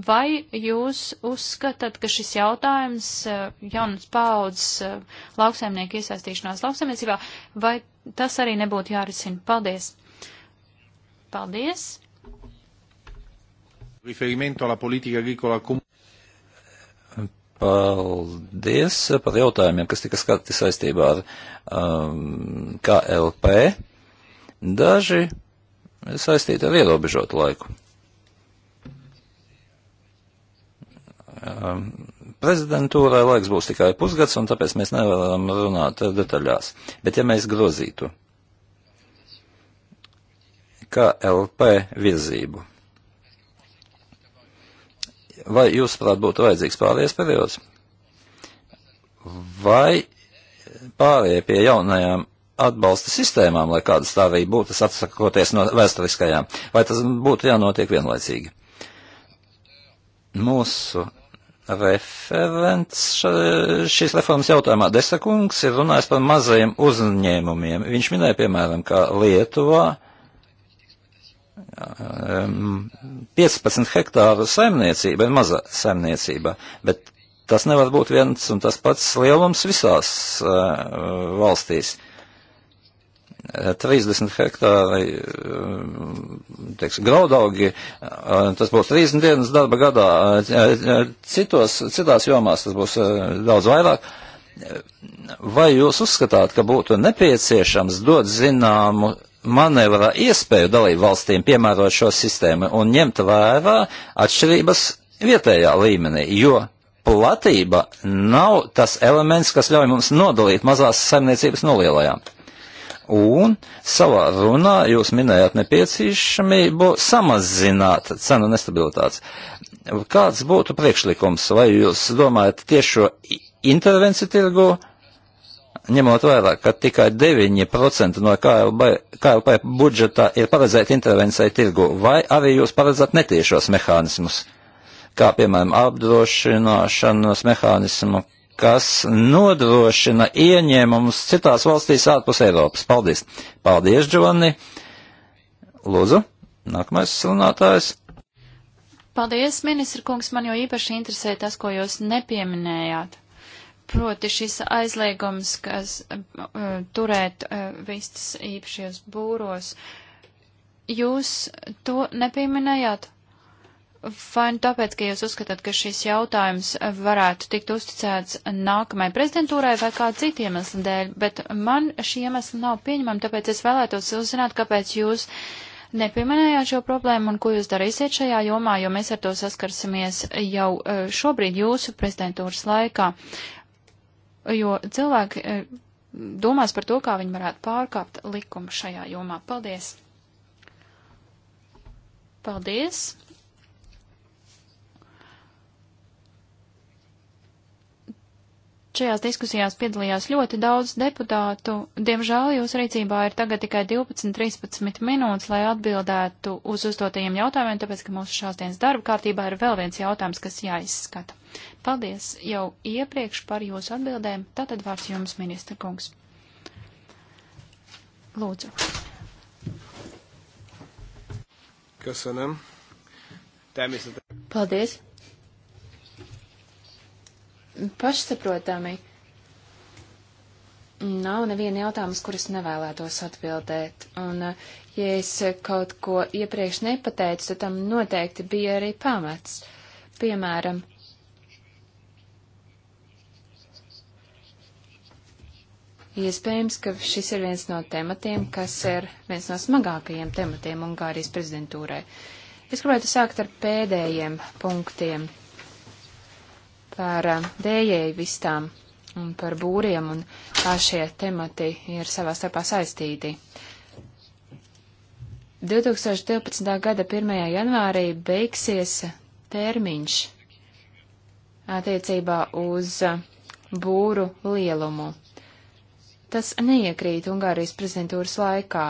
[SPEAKER 5] Vai jūs uzskatāt, ka šis jautājums eh, jaunas paudzes eh, lauksaimnieku iesaistīšanās lauksaimniecībā, vai tas arī nebūtu jārisina? Paldies! Paldies!
[SPEAKER 1] Riferimento alla politica agricola comune.
[SPEAKER 2] Paldies par jautājumiem, kas tika skatīti saistībā ar um, KLP. Daži saistīti ar ierobežotu laiku. Um, prezidentūrai laiks būs tikai pusgads, un tāpēc mēs nevaram runāt detaļās. Bet ja mēs grozītu KLP virzību vai jūs, prāt, būtu vajadzīgs pārējais periods? Vai pārējie pie jaunajām atbalsta sistēmām, lai kādas tā arī būtu, tas atsakoties no vēsturiskajām, vai tas būtu jānotiek vienlaicīgi? Mūsu referents šīs reformas jautājumā Desakungs ir runājis par mazajiem uzņēmumiem. Viņš minēja, piemēram, ka Lietuvā 15 ehm, hektāru saimniecība ir maza saimniecība, bet tas nevar būt viens un tas pats lielums visās uh, valstīs. 30 eh, hektāri, ehm, teiks, graudaugi, eh, tas būs 30 dienas darba gadā, eh, citos, citās jomās tas būs daudz vairāk. Vai jūs uzskatāt, ka būtu nepieciešams dot zināmu manevra iespēju dalību valstīm piemērot šo sistēmu un ņemt vērā atšķirības vietējā līmenī, jo platība nav tas elements, kas ļauj mums nodalīt mazās saimniecības no lielajām. Un savā runā jūs minējāt nepieciešamību samazināt cenu nestabilitātes. Kāds būtu priekšlikums, vai jūs domājat tiešo intervenciju tirgu ņemot vērā, ka tikai 9% no KLP, KLP budžeta ir paredzēta intervencija tirgu, vai arī jūs paredzat netiešos mehānismus, kā piemēram apdrošināšanas mehānismu, kas nodrošina ieņēmumus citās valstīs ārpus Eiropas. Paldies! Paldies, Giovanni! Lūdzu, nākamais runātājs.
[SPEAKER 5] Paldies, ministra kungs, man jau īpaši interesē tas, ko jūs nepieminējāt proti šis aizliegums, kas uh, turēt uh, vistas īpašajos būros, jūs to nepieminējāt? Vai nu tāpēc, ka jūs uzskatāt, ka šis jautājums varētu tikt uzticēts nākamajai prezidentūrai vai kā citu iemeslu dēļ, bet man šī iemesla nav pieņemama, tāpēc es vēlētos uzzināt, kāpēc jūs nepieminējāt šo problēmu un ko jūs darīsiet šajā jomā, jo mēs ar to saskarsimies jau uh, šobrīd jūsu prezidentūras laikā jo cilvēki eh, domās par to, kā viņi varētu pārkāpt likumu šajā jomā. Paldies! Paldies! Šajās diskusijās piedalījās ļoti daudz deputātu. Diemžēl jūsu rīcībā ir tagad tikai 12-13 minūtes, lai atbildētu uz uzdotajiem jautājumiem, tāpēc, ka mūsu šās dienas darba kārtībā ir vēl viens jautājums, kas jāizskata. Paldies jau iepriekš par jūsu atbildēm. Tātad vārds jums, ministra kungs. Lūdzu.
[SPEAKER 1] Köszönöm. Természetesen.
[SPEAKER 3] Paldies. Pašsaprotami. Nav neviena jautājums, kuras nevēlētos atbildēt. Un, ja es kaut ko iepriekš nepateicu, tad tam noteikti bija arī pamats. Piemēram, Iespējams, ka šis ir viens no tematiem, kas ir viens no smagākajiem tematiem Ungārijas prezidentūrai. Es gribētu sākt ar pēdējiem punktiem par dējēju vistām un par būriem, un kā šie temati ir savā starpā saistīti. 2012. gada 1. janvārī beigsies termiņš attiecībā uz būru lielumu. Tas neiekrīt Ungārijas prezidentūras laikā.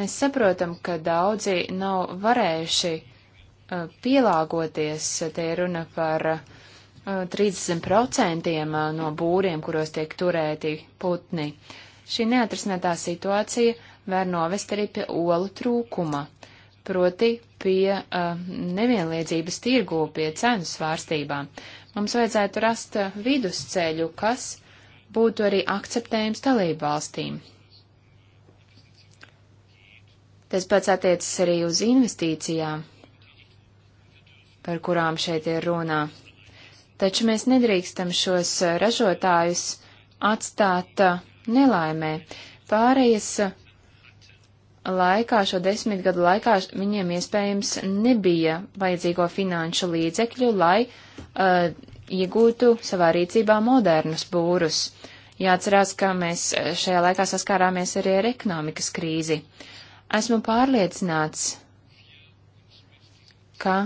[SPEAKER 3] Mēs saprotam, ka daudzi nav varējuši uh, pielāgoties, uh, te ir runa par uh, 30% uh, no būriem, kuros tiek turēti putni. Šī neatrisinātā situācija var novest arī pie olu trūkuma, proti pie uh, nevienlīdzības tirgu, pie cenu svārstībām. Mums vajadzētu rast uh, vidusceļu, kas būtu arī akceptējums dalību valstīm. Tas pats attiecas arī uz investīcijām, par kurām šeit ir runā. Taču mēs nedrīkstam šos ražotājus atstāt uh, nelaimē. Pārējas uh, laikā, šo desmit gadu laikā, viņiem iespējams nebija vajadzīgo finanšu līdzekļu, lai uh, iegūtu savā rīcībā modernus būrus. Jāatcerās, ka mēs šajā laikā saskārāmies arī ar ekonomikas krīzi. Esmu pārliecināts, ka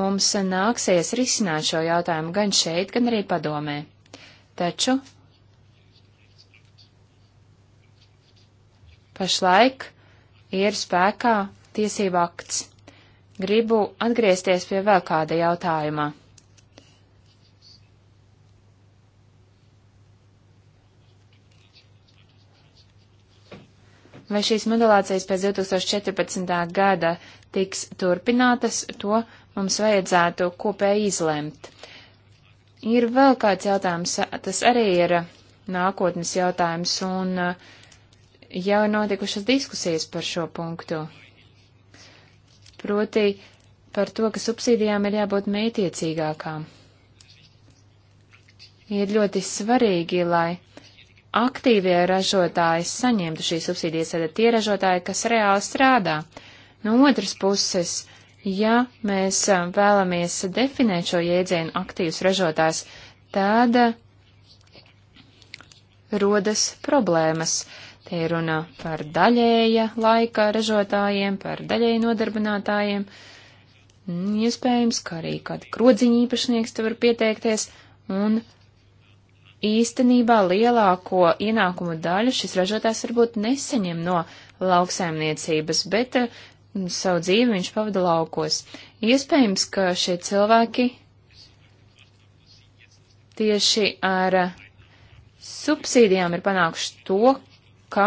[SPEAKER 3] mums nāksies risināt šo jautājumu gan šeit, gan arī padomē. Taču pašlaik ir spēkā tiesība akts, Gribu atgriezties pie vēl kāda jautājuma. Vai šīs modulācijas pēc 2014. gada tiks turpinātas, to mums vajadzētu kopēji izlemt. Ir vēl kāds jautājums, tas arī ir nākotnes jautājums, un uh, jau ir notikušas diskusijas par šo punktu proti par to, ka subsīdijām ir jābūt mētiecīgākām. Ir ļoti svarīgi, lai aktīvie ražotāji saņemtu šīs subsīdijas, tad tie ražotāji, kas reāli strādā. No otras puses, ja mēs eh, vēlamies definēt šo jēdzienu aktīvs ražotājs, tad rodas problēmas. Te ir runa par daļēja laika ražotājiem, par daļēju nodarbinātājiem. Iespējams, ka arī kāda krodziņa īpašnieks te var pieteikties, un īstenībā lielāko ienākumu daļu šis ražotājs varbūt neseņem no lauksaimniecības, bet eh, savu dzīvi viņš pavada laukos. Iespējams, ka šie cilvēki tieši ar subsīdijām ir panākuši to, ka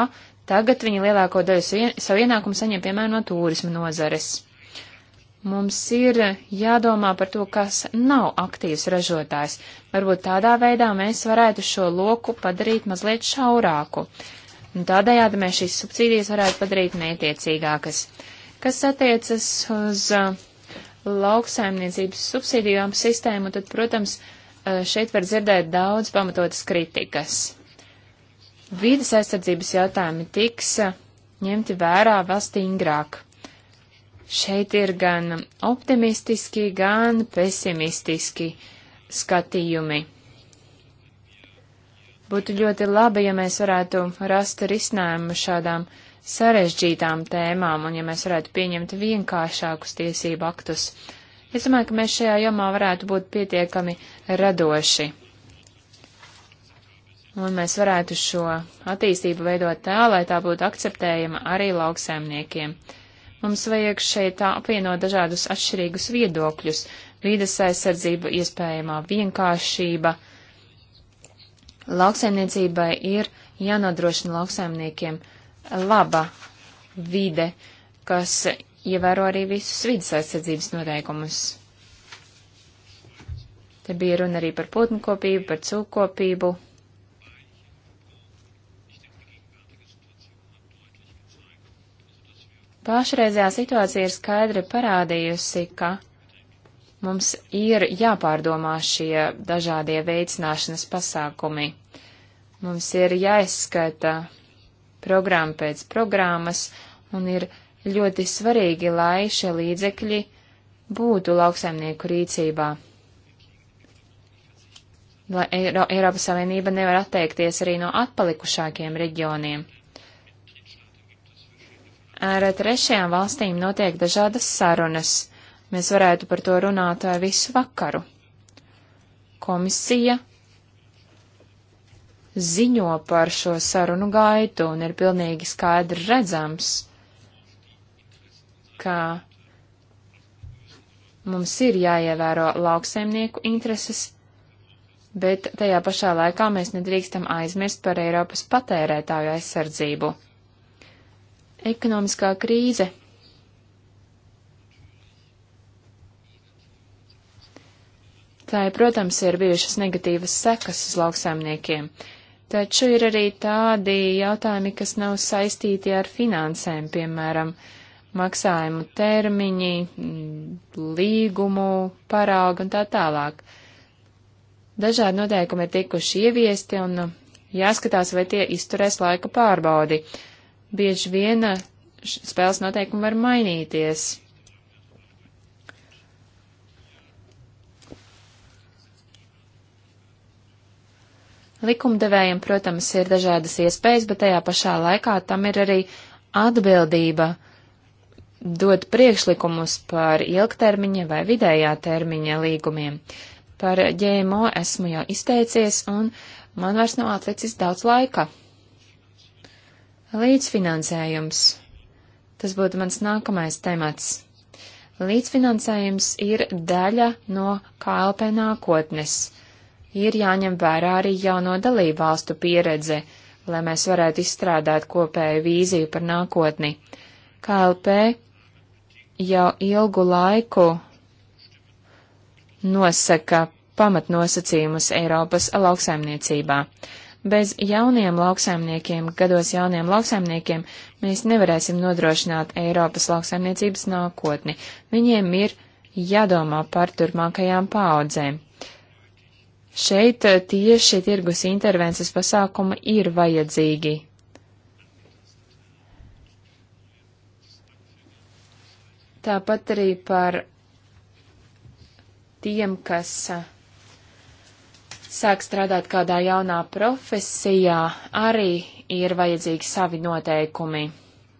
[SPEAKER 3] tagad viņi lielāko daļu savu ienākumu saņem piemēram no turisma nozares. Mums ir jādomā par to, kas nav aktīvs ražotājs. Varbūt tādā veidā mēs varētu šo loku padarīt mazliet šaurāku. Un tādējādi mēs šīs subsīdijas varētu padarīt neatiecīgākas. Kas attiecas uz uh, lauksaimniecības subsīdijām sistēmu, tad, protams, uh, šeit var dzirdēt daudz pamatotas kritikas. Vīdas aizsardzības jautājumi tiks eh, ņemti vērā vēl stingrāk. Šeit ir gan optimistiski, gan pesimistiski skatījumi. Būtu ļoti labi, ja mēs varētu rast risinājumu šādām sarežģītām tēmām un ja mēs varētu pieņemt vienkāršākus tiesību aktus. Es domāju, ka mēs šajā jomā varētu būt pietiekami radoši un mēs varētu šo attīstību veidot tā, lai tā būtu akceptējama arī lauksaimniekiem. Mums vajag šeit apvienot dažādus atšķirīgus viedokļus - vīdes aizsardzība, iespējamā vienkāršība. Lauksaimniecībai ir jānodrošina lauksaimniekiem laba vide, kas ievēro arī visus vidas aizsardzības noteikumus. Te bija runa arī par putnu kopību, par cūkopību. Pašreizējā situācija ir skaidri parādījusi, ka mums ir jāpārdomā šie dažādie veicināšanas pasākumi. Mums ir jāizskata programma pēc programmas un ir ļoti svarīgi, lai šie līdzekļi būtu lauksaimnieku rīcībā. Lai Eiropas Savienība nevar atteikties arī no atpalikušākiem reģioniem. Ar trešajām valstīm notiek dažādas sarunas. Mēs varētu par to runāt eh, visu vakaru. Komisija ziņo par šo sarunu gaitu un ir pilnīgi skaidri redzams, ka mums ir jāievēro lauksaimnieku intereses, bet tajā pašā laikā mēs nedrīkstam aizmirst par Eiropas patērētāju aizsardzību ekonomiskā krīze. Tā, protams, ir bijušas negatīvas sekas uz lauksaimniekiem, taču ir arī tādi jautājumi, kas nav saistīti ar finansēm, piemēram, maksājumu termiņi, līgumu, parāgu un tā tālāk. Dažādi noteikumi ir tikuši ieviesti un jāskatās, vai tie izturēs laika pārbaudi. Uh, bieži vien eh, spēles noteikumi var mainīties. Likumdevējiem, protams, ir dažādas iespējas, bet tajā pašā laikā tam ir arī atbildība dot priekšlikumus par ilgtermiņa vai vidējā termiņa līgumiem. Par GMO esmu jau izteicies, un man vairs nav atlicis daudz laika. Līdzfinansējums. Tas būtu mans nākamais temats. Līdzfinansējums ir daļa no KLP nākotnes. Ir jāņem vērā arī jauno dalību valstu pieredze, lai mēs varētu izstrādāt kopēju vīziju par nākotni. KLP jau ilgu laiku nosaka pamatnosacījumus Eiropas lauksaimniecībā. Bez jauniem lauksaimniekiem, gados jauniem lauksaimniekiem, mēs nevarēsim nodrošināt Eiropas lauksaimniecības nākotni. Viņiem ir jādomā par turpmākajām paaudzēm. Šeit eh, tieši tirgus intervences pasākumi ir vajadzīgi. Tāpat arī par tiem, kas eh, sāk strādāt kādā jaunā profesijā, arī ir vajadzīgi savi noteikumi.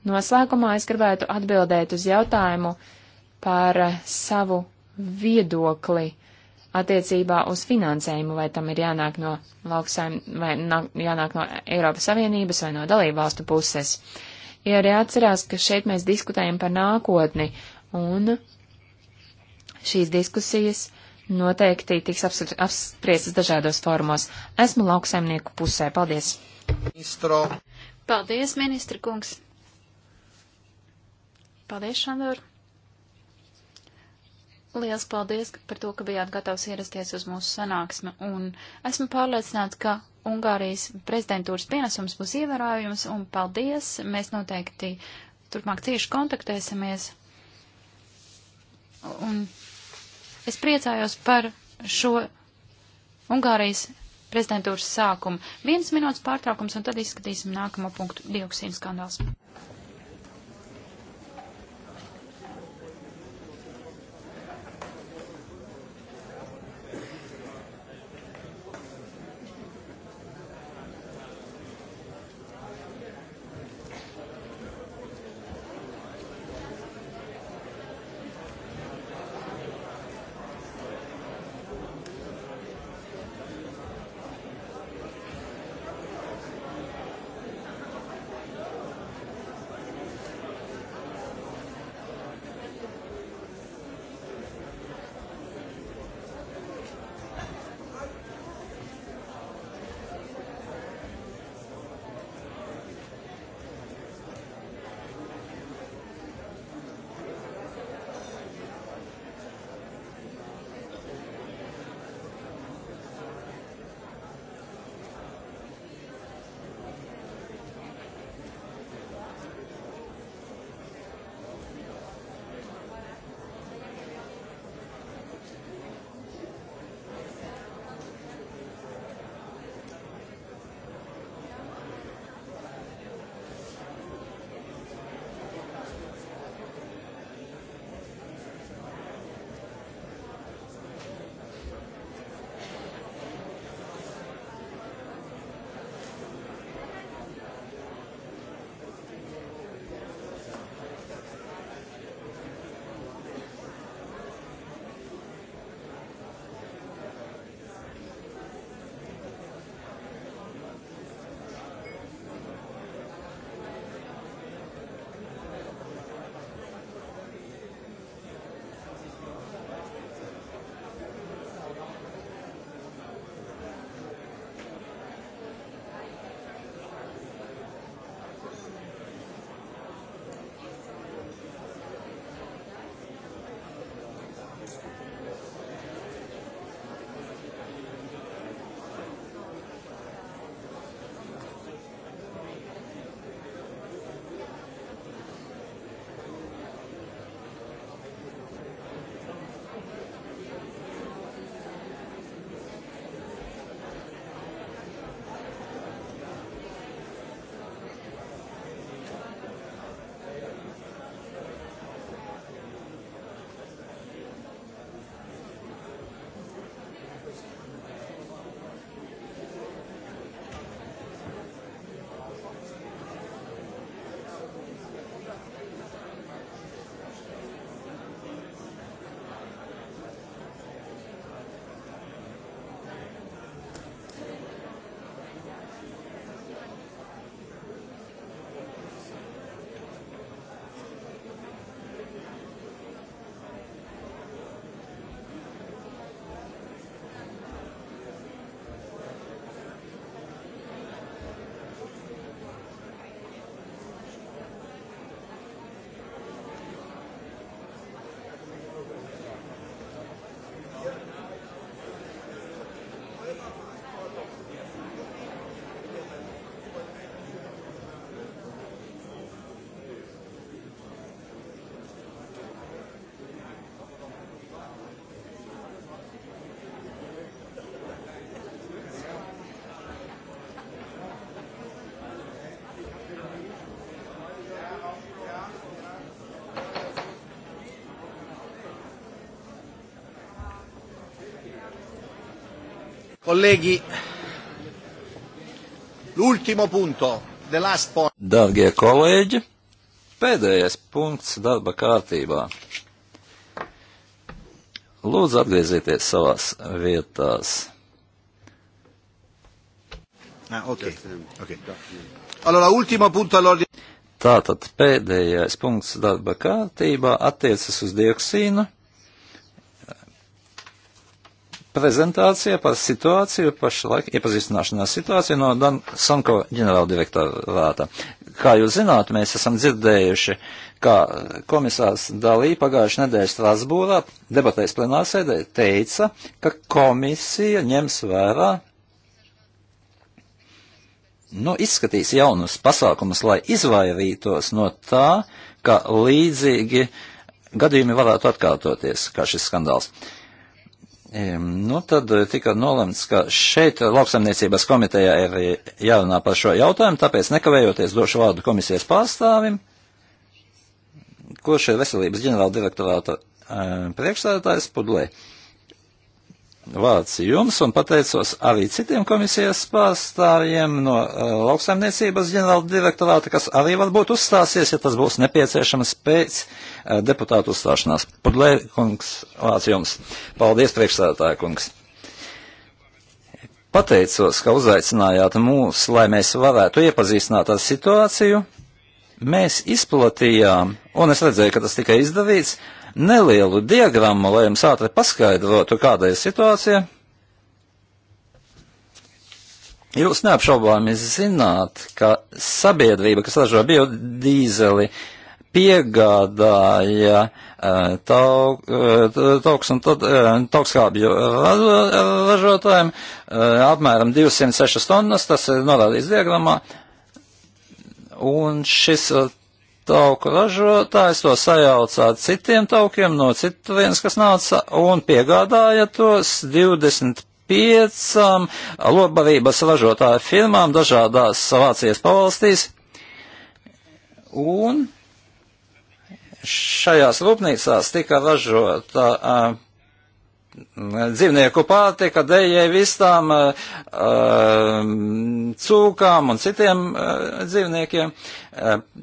[SPEAKER 3] Noslēgumā es gribētu atbildēt uz jautājumu par savu viedokli attiecībā uz finansējumu, vai tam ir jānāk no lauksaim, vai jānāk no Eiropas Savienības vai no dalību valstu puses. Ir jāatcerās, ka šeit mēs diskutējam par nākotni, un šīs diskusijas uh, noteikti tiks apspriestas dažādos formos. Esmu lauksaimnieku pusē. Paldies!
[SPEAKER 1] Ministro.
[SPEAKER 5] Paldies, ministra kungs! Paldies, Šandor! Liels paldies par to, ka bijāt gatavs ierasties uz mūsu sanāksmi, un esmu pārliecināts, ka Ungārijas prezidentūras pienesums būs ievērojams, un paldies! Mēs noteikti turpmāk cieši kontaktēsimies. Un Es priecājos par šo Ungārijas prezidentūras sākumu. Viens minūtes pārtraukums, un tad izskatīsim nākamo punktu - dioksīnu skandāls.
[SPEAKER 1] Kolēģi, l'ultimo punto,
[SPEAKER 2] the last point. Dargie kolēģi, pēdējais punkts darba kārtībā. Lūdzu atgriezieties savās vietās.
[SPEAKER 1] Ah, okay. Okay.
[SPEAKER 2] Allora, ultimo punto all'ordine. Tātad pēdējais punkts darba kārtībā attiecas uz dioksīnu prezentācija par situāciju pašlaik, iepazīstināšanās situāciju no Dan Sanko ģenerāla direktorāta. Kā jūs zināt, mēs esam dzirdējuši, kā komisārs Dalī pagājušajā nedēļā Strasbūrā debatēs plenārsēdē teica, ka komisija ņems vērā, nu, izskatīs jaunus pasākumus, lai izvairītos no tā, ka līdzīgi gadījumi varētu atkārtoties, kā šis skandāls. Uh, Nu, tad eh, tika nolemts, ka šeit lauksaimniecības komitejā ir jārunā par šo jautājumu, tāpēc nekavējoties došu vārdu komisijas pārstāvim, kurš ir veselības ģenerāla direktorāta priekšsēdētājs Pudlē. Uh, vārds jums un pateicos arī citiem komisijas pārstāvjiem no uh, lauksaimniecības ģenerāla direktorāta, kas arī varbūt uzstāsies, ja tas būs nepieciešams pēc uh, deputātu uzstāšanās. Pudlē, kungs, vārds jums. Paldies, priekšsēdētāja kungs. Pateicos, ka uzaicinājāt mūs, lai mēs varētu iepazīstināt ar situāciju. Mēs izplatījām, un es redzēju, ka tas tika izdarīts, uh, nelielu diagrammu, lai jums ātri paskaidrotu, kāda ir situācija. Jūs neapšaubāmi zināt, ka sabiedrība, kas ražo biodīzeli, piegādāja eh, tau, eh, tauks un eh, taukskābju ražotājiem apmēram 206 tonnas, tas ir norādīts diagramā, un šis tauku ražotājs to sajauca ar citiem taukiem no citu viens, kas nāca un piegādāja tos 25 lobavības ražotāju firmām dažādās Vācijas pavalstīs. Un šajās rūpnīcās tika ražota uh, dzīvnieku pārtika dējai vistām, eh, eh, cūkām un citiem eh, dzīvniekiem.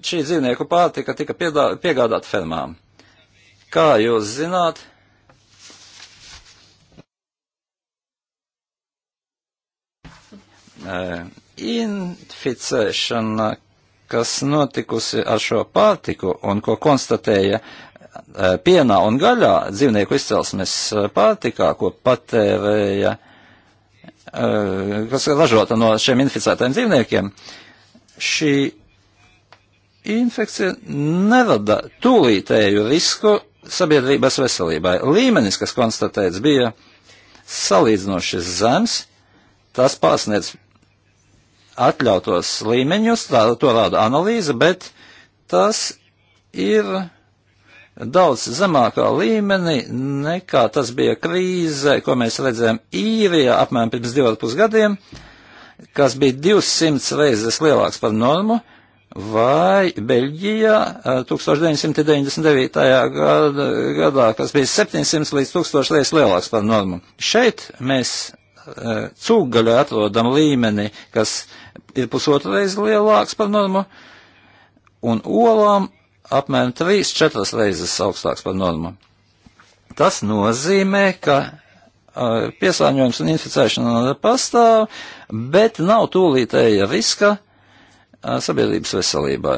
[SPEAKER 2] Šī dzīvnieku pārtika tika piegādāta fermām. Kā jūs zināt? Inficēšana, kas notikusi ar šo pārtiku un ko konstatēja uh, Eh, pienā un gaļā dzīvnieku izcelsmes eh, pārtikā, ko patērēja, eh, kas ražota no šiem inficētajiem dzīvniekiem, šī infekcija nerada tūlītēju risku sabiedrības veselībai. Līmenis, kas konstatēts, bija salīdzinoši zems, tas pārsniedz atļautos līmeņus, tā, to rāda analīze, bet tas ir daudz zemākā līmenī nekā tas bija krīze, ko mēs redzējām īrijā apmēram pirms 2,5 gadiem, kas bija 200 reizes lielāks par normu, vai Beļģijā 1999. Eh, Gada, gadā, kas bija 700 līdz 1000 reizes lielāks par normu. Šeit mēs eh, cūgaļā atrodam līmeni, kas ir pusotru reizi lielāks par normu, un olām apmēram 3-4 reizes augstāks par normu. Tas nozīmē, ka uh, piesārņojums un inficēšana pastāv, bet nav tūlītēja riska uh, sabiedrības veselībai.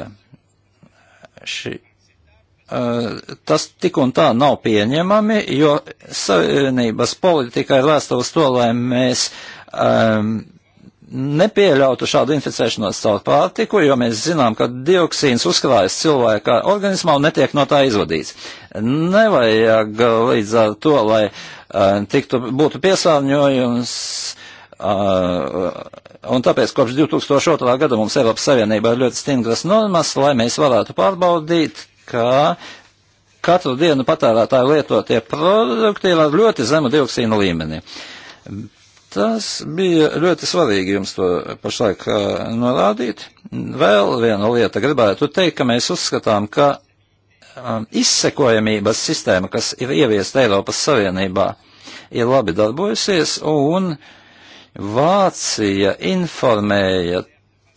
[SPEAKER 2] Ši, uh, tas tik un tā nav pieņemami, jo savienības politika ir vēsta uz to, lai mēs um, nepieļautu šādu inficēšanos caur pārtiku, jo mēs zinām, ka dioksīns uzkrājas cilvēka organismā un netiek no tā izvadīts. Nevajag līdz ar to, lai uh, tiktu, būtu piesārņojums. Uh, un tāpēc kopš 2002. gada mums Eiropas Savienībā ir ļoti stingras normas, lai mēs varētu pārbaudīt, ka katru dienu patērētāju lietotie produkti ir ar ļoti zemu dioksīnu līmeni. Tas bija ļoti svarīgi jums to pašlaik eh, norādīt. Vēl viena lieta gribētu teikt, ka mēs uzskatām, ka um, izsekojamības sistēma, kas ir ieviesta Eiropas Savienībā, ir labi darbojusies, un Vācija informēja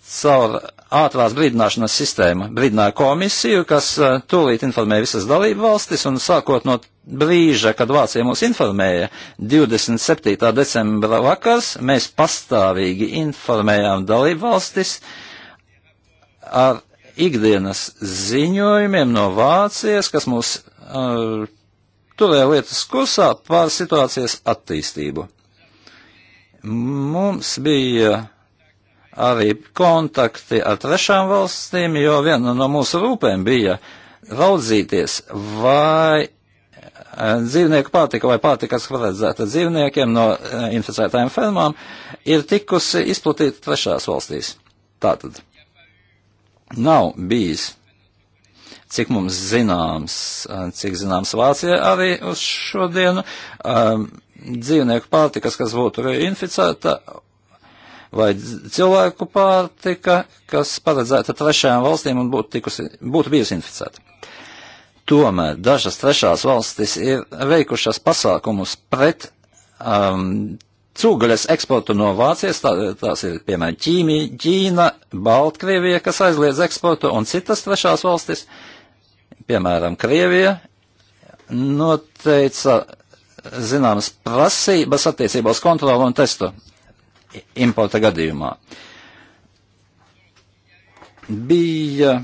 [SPEAKER 2] caur ātrās brīdināšanas sistēmu brīdināja komisiju, kas eh, tūlīt informēja visas dalību valstis un sākot no brīža, kad Vācija mūs informēja, 27. decembra vakars, mēs pastāvīgi informējām dalību valstis ar ikdienas ziņojumiem no Vācijas, kas mūs uh, turēja lietas kursā pār situācijas attīstību. Mums bija arī kontakti ar trešām valstīm, jo viena no mūsu rūpēm bija raudzīties, vai eh, dzīvnieku pārtika vai pārtika, kas paredzēta dzīvniekiem no eh, inficētājiem fermām, ir tikusi izplatīta trešās valstīs. Tātad nav bijis, cik mums zināms, eh, cik zināms Vācija arī uz šodienu, um, dzīvnieku pārtikas, kas būtu inficēta vai cilvēku pārtika, kas paredzēta trešajām valstīm un būtu, tikusi, būtu bijusi inficēta. Tomēr dažas trešās valstis ir veikušas pasākumus pret um, cūgaļas eksportu no Vācijas, tā, tās ir piemēram Ķīmi, Ķīna, Baltkrievija, kas aizliedz eksportu, un citas trešās valstis, piemēram, Krievija, noteica zināmas prasības attiecībā uz kontrolu un testu importa gadījumā. Bija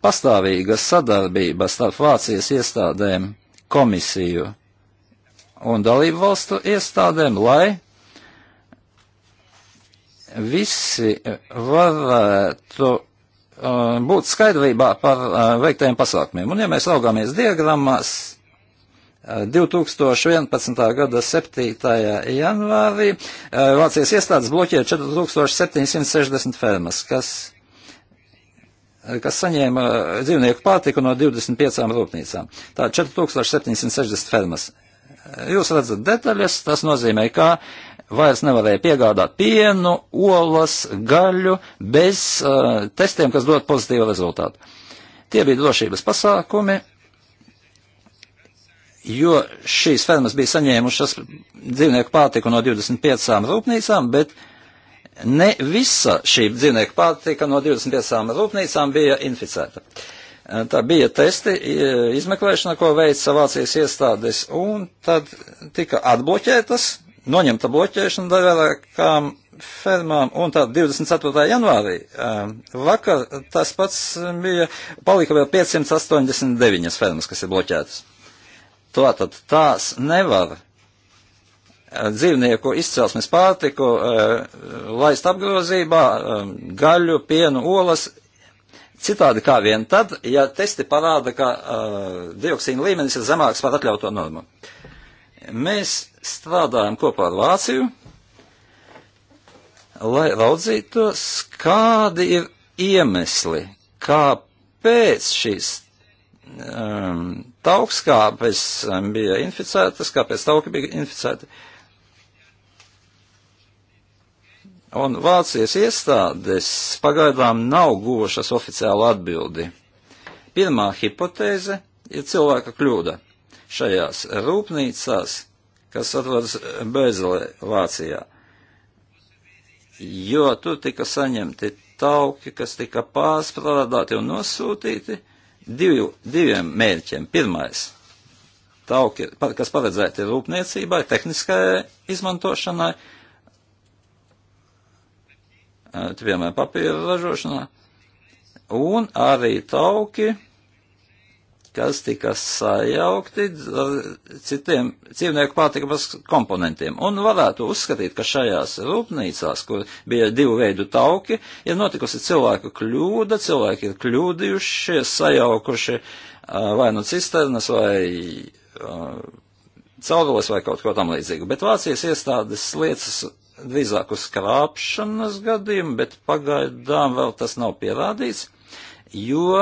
[SPEAKER 2] pastāvīga sadarbība starp Vācijas iestādēm, komisiju un dalību valstu iestādēm, lai visi varētu uh, būt skaidrībā par uh, veiktajiem pasākumiem. Un ja mēs raugāmies diagrammās, 2011. gada 7. janvārī eh, Vācijas iestādes bloķēja 4760 fermas, kas, eh, kas saņēma eh, dzīvnieku pārtiku no 25 rūpnīcām. Tā 4760 fermas. Jūs redzat detaļas, tas nozīmē, ka vairs nevarēja piegādāt pienu, olas, gaļu bez uh, testiem, kas dod pozitīvu rezultātu. Tie bija drošības pasākumi, jo šīs fermas bija saņēmušas dzīvnieku pārtiku no 25 rūpnīcām, bet ne visa šī dzīvnieku pārtika no 25 rūpnīcām bija inficēta. Eh, tā bija testi, izmeklēšana, ko veica Vācijas iestādes, un tad tika atbloķētas, noņemta bloķēšana davēlākām fermām, un tā 24. janvārī eh, vakar tas pats bija, palika vēl 589 fermas, kas ir bloķētas. Tātad tās nevar eh, dzīvnieku izcelsmes pārtiku eh, laist apgrozībā, eh, gaļu, pienu, olas, citādi kā vien tad, ja testi parāda, ka dioksīna līmenis ir zemāks par atļauto normu. Mēs strādājam kopā ar Vāciju, lai raudzītos, kādi ir iemesli, kāpēc šīs um, tauks, kāpēc ehm, bija inficētas, kāpēc tauki bija inficēti. Un Vācijas iestādes pagaidām nav guvušas oficiālu atbildi. Pirmā hipotēze ir cilvēka kļūda. Šajās rūpnīcās, kas atrodas Bēzelē, Vācijā, jo tur tika saņemti tauki, kas tika pārstrādāti un nosūtīti, uh, div, diviem mērķiem. Pirmais - tauki, kas paredzēti rūpniecībai, tehniskajai izmantošanai, eh, piemēram, papīra ražošanā, un arī tauki, kas tika sajaukti eh, citiem dzīvnieku pārtikas komponentiem. Un varētu uzskatīt, ka šajās rūpnīcās, kur bija divu veidu tauki, ir notikusi cilvēku kļūda, cilvēki ir kļūdījušies, sajaukuši eh, vai nu cisternas, vai uh, caurules, vai kaut ko tam līdzīgu. Bet Vācijas iestādes liecas drīzāk uz krāpšanas gadījumu, bet pagaidām vēl tas nav pierādīts, jo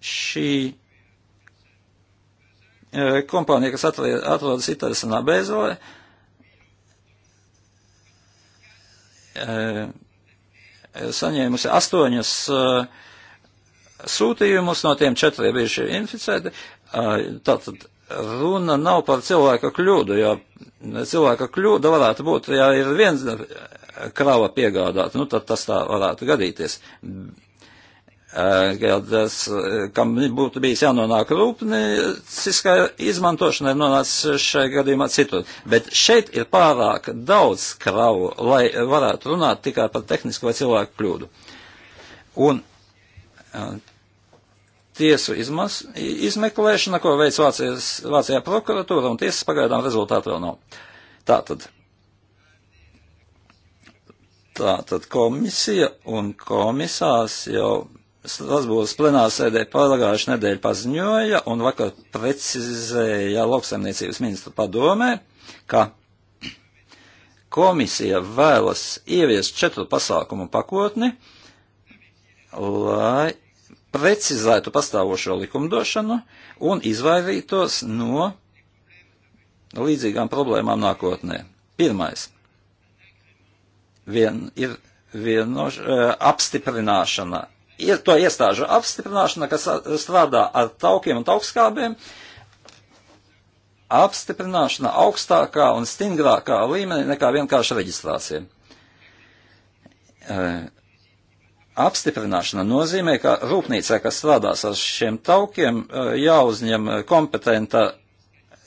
[SPEAKER 2] šī e, kompānija, kas atrodas Itālijas un Abēzolē, e, saņēmusi astoņus e, sūtījumus, no tiem četri bijuši inficēti. Tātad runa nav par cilvēka kļūdu, jo cilvēka kļūda varētu būt, ja ir viens krava piegādāta, nu tad tas tā varētu gadīties. Eh, Geldas, eh, kam būtu bijis jānonāk rūpnieciskā izmantošana, ir nonācis šajā gadījumā citur. Bet šeit ir pārāk daudz kravu, lai varētu runāt tikai par tehnisku vai cilvēku kļūdu. Un eh, tiesu izmas, izmeklēšana, ko veic Vācijas, Vācijā prokuratūra, un tiesas pagaidām rezultātu vēl nav. Tātad. Tātad komisija un komisārs jau Strasbūras plenārsēdē pagājušajā nedēļā paziņoja un vakar precizēja lauksaimniecības ministru padomē, ka komisija vēlas ieviest četru pasākumu pakotni, lai precizētu pastāvošo likumdošanu un izvairītos no līdzīgām problēmām nākotnē. Pirmais vien, ir vienoš, eh, apstiprināšana ir to iestāžu apstiprināšana, kas strādā ar taukiem un taukskābiem, apstiprināšana augstākā un stingrākā līmenī nekā vienkārši reģistrācija. E, apstiprināšana nozīmē, ka rūpnīcē, kas strādās ar šiem taukiem, e, jāuzņem kompetenta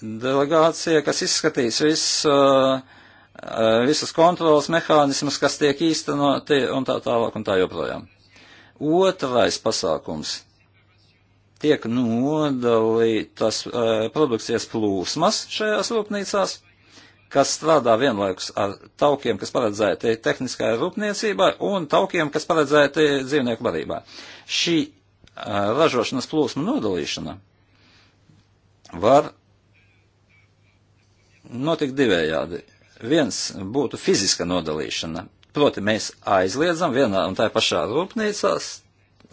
[SPEAKER 2] delegācija, kas izskatīs e, visu visas kontrolas mehānismas, kas tiek īstenoti un tā tālāk un tā joprojām. Otrais pasākums tiek nodalītas e, produkcijas plūsmas šajās rūpnīcās, kas strādā vienlaikus ar taukiem, kas paredzēti tehniskai rūpniecībai, un taukiem, kas paredzēti dzīvnieku barībai. Šī e, ražošanas plūsma nodalīšana var notikt divējādi. Viens būtu fiziska nodalīšana, Proti, mēs aizliedzam vienā un tā pašā rūpnīcās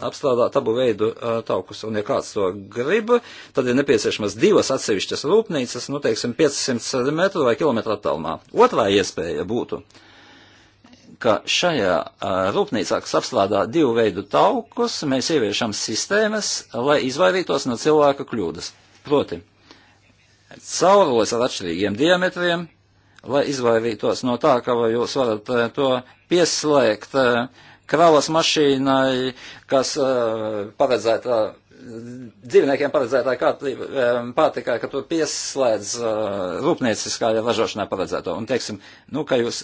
[SPEAKER 2] apstrādāt abu veidu uh, taukus. Un, ja kāds to grib, tad ir nepieciešamas divas atsevišķas rūpnīcas, nu, teiksim, 500 metru vai kilometru attālumā. Otrā iespēja būtu, ka šajā uh, rūpnīcā, kas apstrādā divu veidu taukus, mēs ieviešam sistēmas, lai izvairītos no cilvēka kļūdas. Proti, caurulis ar atšķirīgiem diametriem, lai izvairītos no tā, ka jūs varat eh, to pieslēgt eh, kravas mašīnai, kas eh, paredzēta dzīvniekiem paredzētāji kārtība pārtikā, ka to pieslēdz rūpnieciskā ražošanā paredzēto. Un, teiksim, nu, ka jūs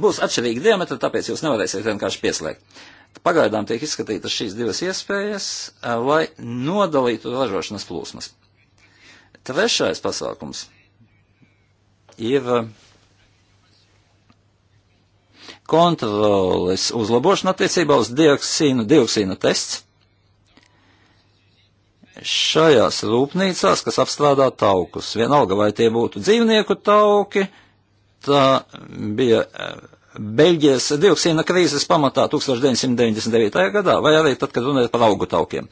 [SPEAKER 2] būs atšķirīgi diametri, tāpēc jūs nevarēsiet vienkārši pieslēgt. Pagaidām tiek izskatītas šīs divas iespējas, lai nodalītu ražošanas plūsmas. Trešais pasākums ir eh, kontroles uzlabošana attiecībā uz dioksīnu, dioksīna tests šajās rūpnīcās, kas apstrādā taukus. Vienalga, vai tie būtu dzīvnieku tauki, tā bija eh, Beļģijas dioksīna krīzes pamatā 1999. gadā, vai arī tad, kad runājat par augu taukiem.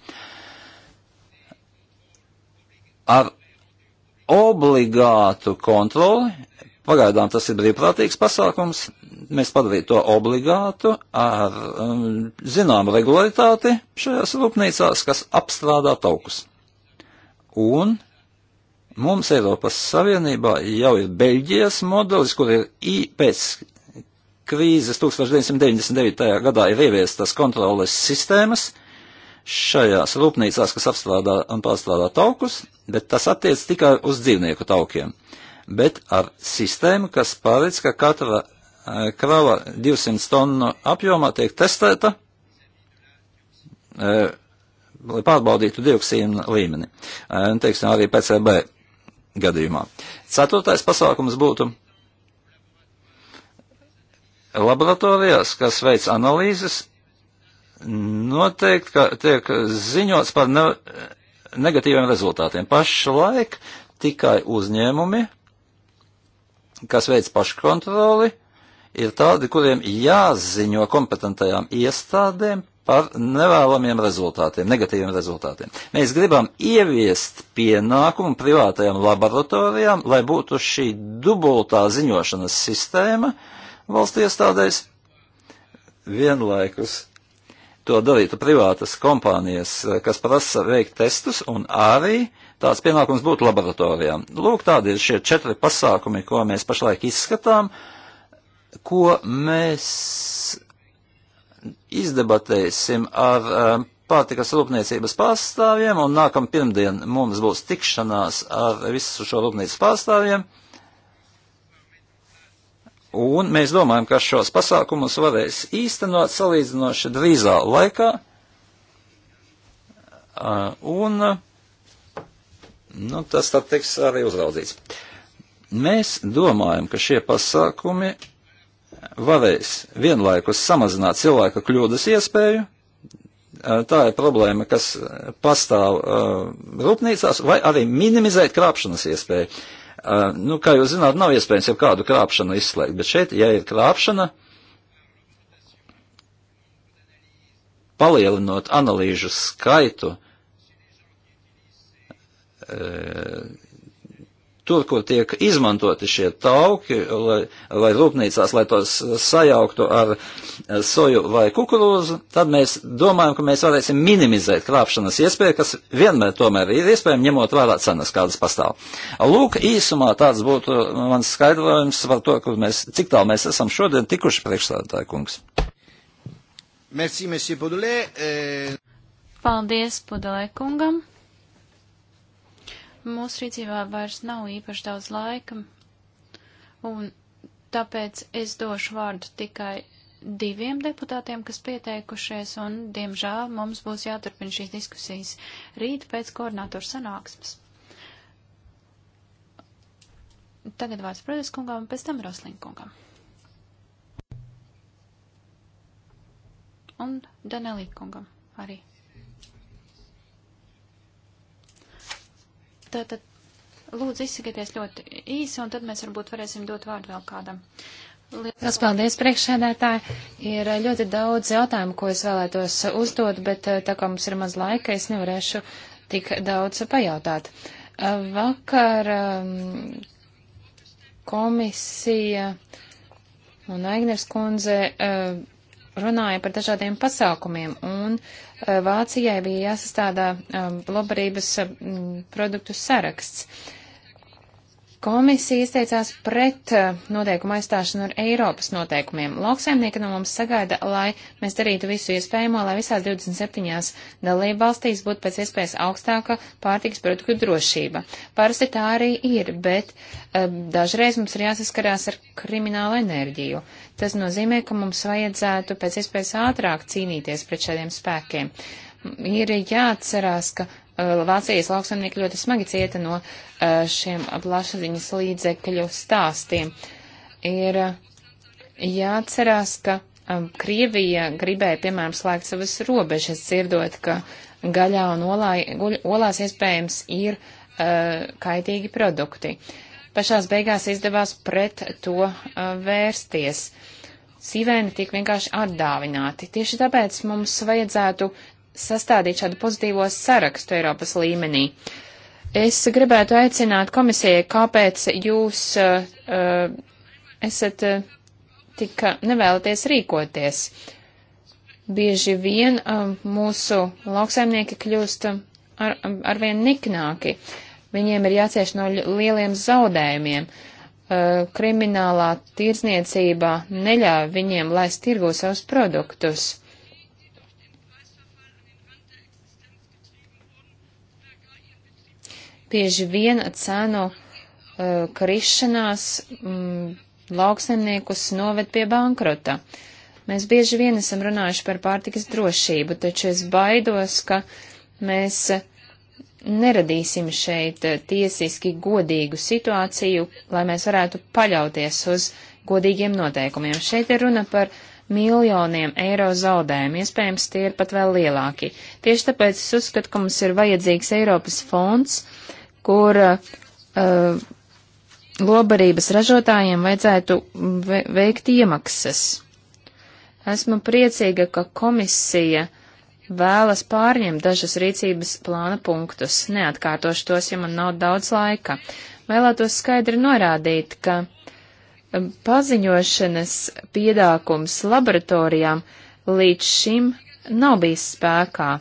[SPEAKER 2] Ar obligātu kontroli. Pagaidām tas ir brīvprātīgs pasākums. Mēs padarītu to obligātu ar um, zināmu regularitāti šajās rūpnīcās, kas apstrādā taukus. Un mums Eiropas Savienībā jau ir Beļģijas modelis, kur ir I, pēc krīzes 1999. gadā ir ieviestas kontroles sistēmas, šajās rūpnīcās, kas apstrādā un pārstrādā taukus, bet tas attiec tikai uz dzīvnieku taukiem, bet ar sistēmu, kas paredz, ka katra eh, krava 200 tonu apjomā tiek testēta, eh, lai pārbaudītu dioksīnu līmeni, eh, teiksim, arī PCB gadījumā. Ceturtais pasākums būtu laboratorijās, kas veic analīzes, noteikti, ka tiek ziņots par ne, negatīviem rezultātiem. Pašlaik tikai uzņēmumi, kas veic paškontroli, ir tādi, kuriem jāziņo kompetentajām iestādēm par nevēlamiem rezultātiem, negatīviem rezultātiem. Mēs gribam ieviest pienākumu privātajām laboratorijām, lai būtu šī dubultā ziņošanas sistēma valsts iestādēs vienlaikus to darītu privātas kompānijas, eh, kas prasa veikt testus, un arī tāds pienākums būtu laboratorijām. Lūk, tādi ir šie četri pasākumi, ko mēs pašlaik izskatām, ko mēs izdebatēsim ar um, pārtikas rūpniecības pārstāvjiem, un nākam pirmdien mums būs tikšanās ar visu šo rūpniecības pārstāvjiem. Un mēs domājam, ka šos pasākumus varēs īstenot salīdzinoši drīzā laikā. Uh, un nu, tas tad tiks arī uzraudzīts. Mēs domājam, ka šie pasākumi varēs vienlaikus samazināt cilvēka kļūdas iespēju. Uh, tā ir problēma, kas pastāv uh, rūpnīcās, vai arī minimizēt krāpšanas iespēju. Uh, Eh, nu, kā jūs zināt, nav iespējams jau kādu krāpšanu izslēgt, bet šeit, ja ir krāpšana, palielinot analīžu skaitu, eh, tur, kur tiek izmantoti šie tauki, lai, lai rūpnīcās, lai tos sajauktu ar soju vai kukurūzu, tad mēs domājam, ka mēs varēsim minimizēt krāpšanas iespēju, kas vienmēr tomēr ir iespējama, ņemot vērā cenas, kādas pastāv. Lūk, īsumā tāds būtu mans skaidrojums par to, mēs, cik tālu mēs esam šodien tikuši priekšstādātāju kungs.
[SPEAKER 1] Merci, monsieur Podolē. Eh...
[SPEAKER 5] Paldies Podolē kungam. Mūsu rīcībā vairs nav īpaši daudz laika, un tāpēc es došu vārdu tikai diviem deputātiem, kas pieteikušies, un, diemžēl, mums būs jāturpina šīs diskusijas rīt pēc koordinātoru sanāksmes. Tagad vārds Prodes kungam, pēc tam Roslīn kungam. Un Danelī kungam arī. Tātad lūdzu izsakieties ļoti īsi, un tad mēs varbūt varēsim dot vārdu vēl kādam. Lielas paldies,
[SPEAKER 3] priekšsēdētāji. Ir eh, ļoti daudz jautājumu, ko es vēlētos uzdot, bet eh, tā kā mums ir maz laika, es nevarēšu tik daudz pajautāt. Eh, vakar ehm, komisija un Aigners kundze runāja par dažādiem pasākumiem, un eh, Vācijai bija jāsastādā eh, labdarības eh, produktu saraksts. Komisija izteicās pret eh, noteikumu aizstāšanu ar Eiropas noteikumiem. Lauksaimnieki no mums sagaida, lai mēs darītu visu iespējamo, lai visās 27 dalību valstīs būtu pēc iespējas augstāka pārtiks produktu drošība. Parasti tā arī ir, bet um, dažreiz mums ir jāsaskarās ar kriminālu enerģiju. Tas nozīmē, ka mums vajadzētu pēc iespējas ātrāk cīnīties pret šādiem spēkiem. Ir jāatcerās, ka Eh, Vācijas lauksaimnieki ļoti smagi cieta no eh, šiem plašsaziņas līdzekļu stāstiem. Ir eh, jāatcerās, ka Krievija gribēja, piemēram, slēgt savas robežas, dzirdot, ka gaļā un olā, olās iespējams ir uh, kaitīgi produkti. Pašās beigās izdevās pret to uh, vērsties. Sīvēni tika vienkārši atdāvināti. Tieši tāpēc mums vajadzētu sastādīt šādu pozitīvo sarakstu Eiropas līmenī. Es gribētu aicināt komisijai, kāpēc jūs uh, uh esat uh, tik uh, nevēlaties rīkoties. Bieži vien uh, mūsu lauksaimnieki kļūst um, ar, um, arvien niknāki. Viņiem ir jācieš no lieliem zaudējumiem. Uh, kriminālā tirdzniecība neļauj viņiem laist tirgu savus produktus. bieži vien cenu uh, krišanās um, lauksaimniekus noved pie bankrota. Mēs bieži vien esam runājuši par pārtikas drošību, taču es baidos, ka mēs neradīsim šeit uh, tiesiski godīgu situāciju, lai mēs varētu paļauties uz godīgiem noteikumiem. Šeit ir runa par miljoniem eiro zaudējumu, iespējams, tie ir pat vēl lielāki. Tieši tāpēc es uzskatu, ka mums ir vajadzīgs Eiropas fonds, kur uh, lobarības ražotājiem vajadzētu ve veikt iemaksas. Esmu priecīga, ka komisija vēlas pārņemt dažas rīcības plāna punktus. Neatkārtošu tos, ja man nav daudz laika. Vēlētos skaidri norādīt, ka um, paziņošanas piedākums laboratorijām līdz šim nav bijis spēkā.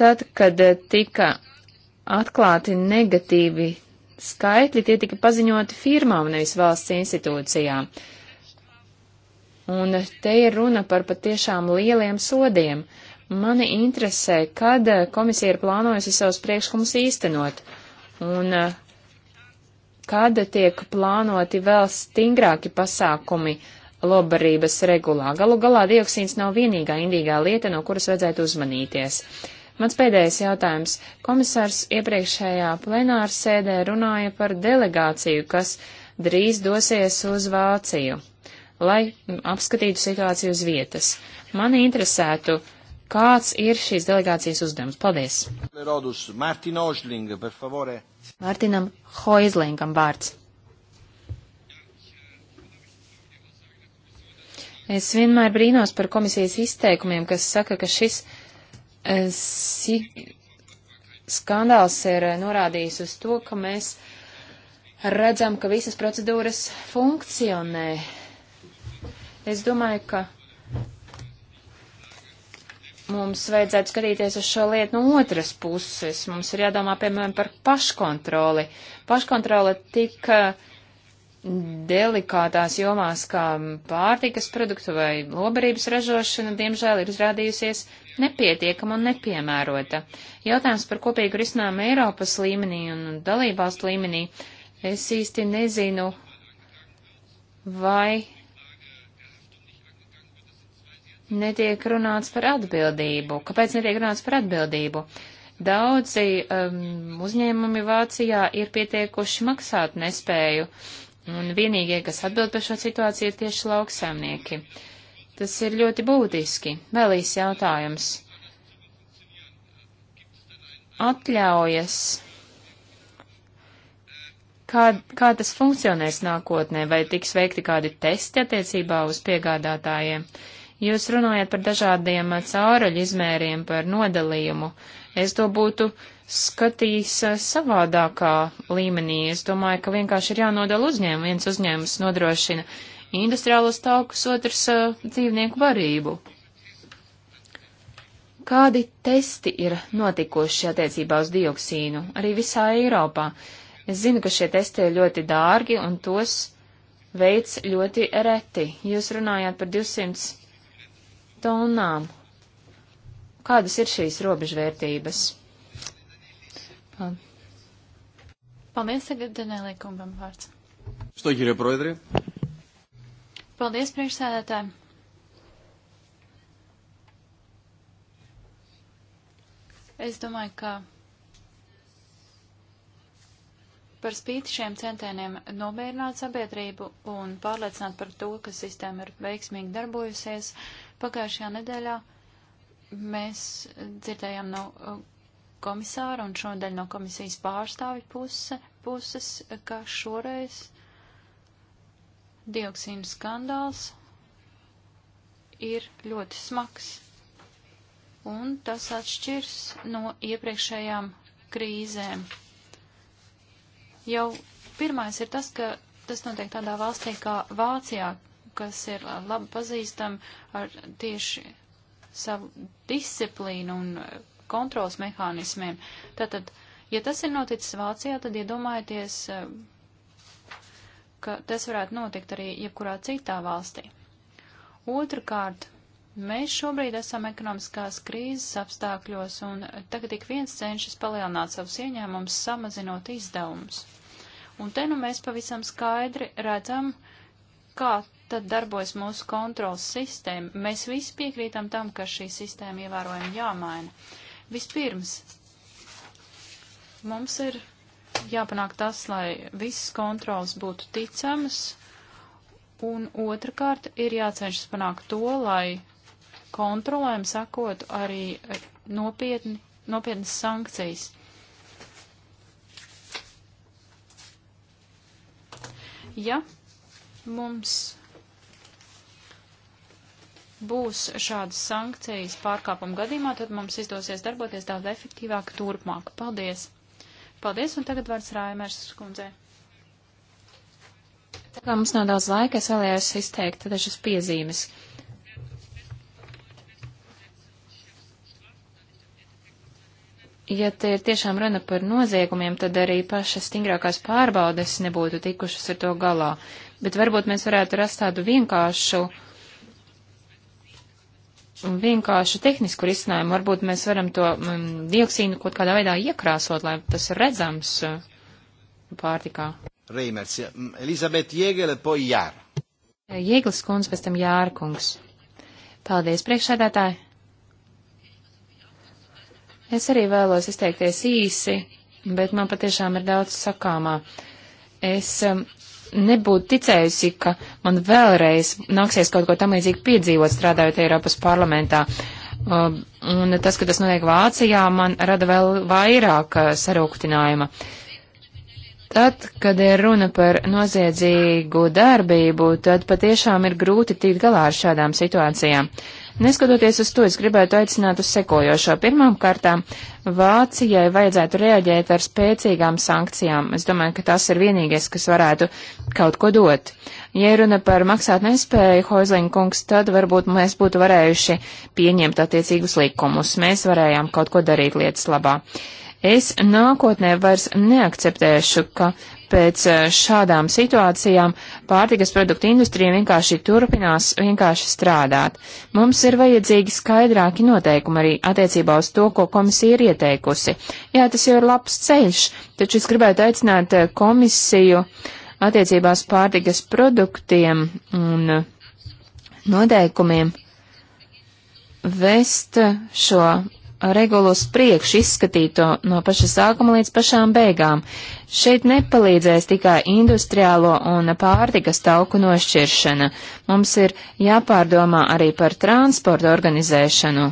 [SPEAKER 3] Tad, kad tika atklāti negatīvi skaitļi, tie tika paziņoti firmām, nevis valsts institūcijām. Un te ir runa par patiešām lieliem sodiem. Mani interesē, kad komisija ir plānojusi savus priekšlikumus īstenot, un eh, kad tiek plānoti vēl stingrāki pasākumi lobarības regulā. Galu galā dioksīns nav vienīgā indīgā lieta, no kuras vajadzētu uzmanīties. Uh, Mans pēdējais jautājums. Komisārs iepriekšējā plenāra sēdē runāja par delegāciju, kas drīz dosies uz Vāciju, lai apskatītu situāciju uz vietas. Mani interesētu, kāds ir šīs delegācijas uzdevums. Paldies! Mārtinam Hoizlingam vārds. Es vienmēr brīnos par komisijas izteikumiem, kas saka, ka šis skandāls ir eh, norādījis uz to, ka mēs redzam, ka visas procedūras funkcionē. Es domāju, ka mums vajadzētu skatīties uz šo lietu no otras puses. Mums ir jādomā, piemēram, par paškontroli. Paškontrole tika uh, delikātās jomās kā pārtikas produktu vai lobarības ražošana, diemžēl, ir izrādījusies nepietiekama un nepiemērota. Jautājums par kopīgu risinājumu Eiropas līmenī un dalībvalstu līmenī es īsti nezinu, vai netiek runāts par atbildību. Kāpēc netiek runāts par atbildību? Daudzi um, uzņēmumi Vācijā ir pietiekuši maksāt nespēju. Uh, Un vienīgie, kas atbild par šo situāciju, ir tieši lauksaimnieki. Tas ir ļoti būtiski. Vēl īs jautājums. Atļaujas. Kā, kā tas funkcionēs nākotnē? Vai tiks veikti kādi testi attiecībā uz piegādātājiem? Jūs runājat par dažādiem cauruļu izmēriem, par nodalījumu. Es to būtu skatīs eh, savādākā līmenī. Es domāju, ka vienkārši ir jānodala uzņēmumu. Viens uzņēmums nodrošina industriālos taukus, otrs eh, dzīvnieku barību. Kādi testi ir notikuši attiecībā uz dioksīnu arī visā Eiropā? Es zinu, ka šie testi ir ļoti dārgi un tos veids ļoti reti. Jūs runājāt par 200 tonām. Kādas ir šīs robežvērtības?
[SPEAKER 5] Paldies, tagad Denēlī kungam vārds.
[SPEAKER 1] Stoģīrie proedri.
[SPEAKER 5] Paldies, priekšsēdētāji. Es domāju, ka par spīti šiem centieniem nomierināt sabiedrību un pārliecināt par to, ka sistēma ir veiksmīgi darbojusies, pagājušajā nedēļā mēs dzirdējām no komisāra un šodien no komisijas pārstāvi puse, puses, ka šoreiz dioksīnu skandāls ir ļoti smags. Un tas atšķirs no iepriekšējām krīzēm. Jau pirmais ir tas, ka tas notiek tādā valstī kā Vācijā, kas ir labi pazīstama ar tieši savu disciplīnu un kontrols mehānismiem. Tātad, ja tas ir noticis Vācijā, tad iedomājieties, ka tas varētu notikt arī jebkurā citā valstī. Otrakārt, mēs šobrīd esam ekonomiskās krīzes apstākļos, un tagad ik viens cenšas palielināt savus ieņēmumus, samazinot izdevumus. Un te nu mēs pavisam skaidri redzam, kā tad darbojas mūsu kontrols sistēma. Mēs visi piekrītam tam, ka šī sistēma ievērojami jāmaina. Vispirms mums ir jāpanāk tas, lai visas kontrols būtu ticamas, un otrkārt ir jācenšas panākt to, lai kontrolēm sakotu arī nopietni, nopietnas sankcijas. Ja mums būs šādas sankcijas pārkāpuma gadījumā, tad mums izdosies darboties daudz efektīvāk turpmāk. Paldies! Paldies, un tagad vārds Rājmērs skundzē.
[SPEAKER 3] Tā kā mums nav daudz laika, es vēlējos izteikt dažas piezīmes. Ja te ir tiešām runa par noziegumiem, tad arī pašas stingrākās pārbaudes nebūtu tikušas ar to galā. Bet varbūt mēs varētu rast tādu vienkāršu uh, vienkāršu tehnisku risinājumu. Varbūt mēs varam to um, dioksīnu kaut kādā veidā iekrāsot, lai tas ir redzams uh, pārtikā.
[SPEAKER 1] Reimers, Elizabete Jēgele, po Jāra.
[SPEAKER 3] Jēgles kundze, pēc tam Jāra kungs. Paldies, priekšsēdētāji. Es arī vēlos izteikties īsi, bet man patiešām ir daudz sakāmā. Es um, nebūtu ticējusi, ka man vēlreiz nāksies kaut ko tam līdzīgu piedzīvot strādājot Eiropas parlamentā. Um, un tas, ka tas notiek Vācijā, man rada vēl vairāk uh, sarūktinājuma. Tad, kad ir runa par noziedzīgu darbību, tad patiešām ir grūti tikt galā ar šādām situācijām. Uh, Neskatoties uz to, es gribētu aicināt uz sekojošo. Pirmām kārtām, Vācijai vajadzētu reaģēt ar spēcīgām sankcijām. Es domāju, ka tas ir vienīgais, kas varētu kaut ko dot. Ja runa par maksāt nespēju, Hoizlīna kungs, tad varbūt mēs būtu varējuši pieņemt attiecīgus likumus. Mēs varējām kaut ko darīt lietas labā. Es nākotnē vairs neakceptēšu, ka pēc eh, šādām situācijām pārtikas produktu industrija vienkārši turpinās vienkārši strādāt. Mums ir vajadzīgi skaidrāki noteikumi arī attiecībā uz to, ko komisija ir ieteikusi. Jā, tas jau ir labs ceļš, taču es gribētu aicināt eh, komisiju attiecībās pārtikas produktiem un eh, noteikumiem vest šo regulos priekš izskatīto no paša sākuma līdz pašām beigām. Šeit nepalīdzēs tikai industriālo un pārtikas tauku nošķiršana. Mums ir jāpārdomā arī par transporta organizēšanu.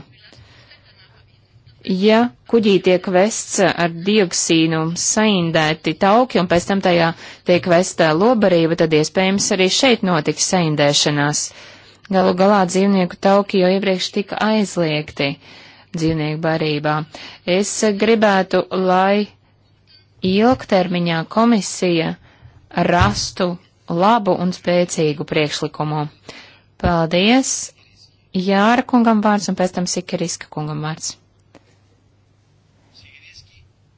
[SPEAKER 3] Ja kuģī tiek vests ar dioksīnu saindēti tauki un pēc tam tajā tiek vestā lobarība, tad iespējams arī šeit notiks saindēšanās. Galu galā dzīvnieku tauki jau iepriekš tika aizliegti. Uh, dzīvnieku barībā. Es gribētu, lai ilgtermiņā komisija rastu labu un spēcīgu priekšlikumu. Paldies! Jāra kungam vārds un pēc tam Sikeriska kungam vārds.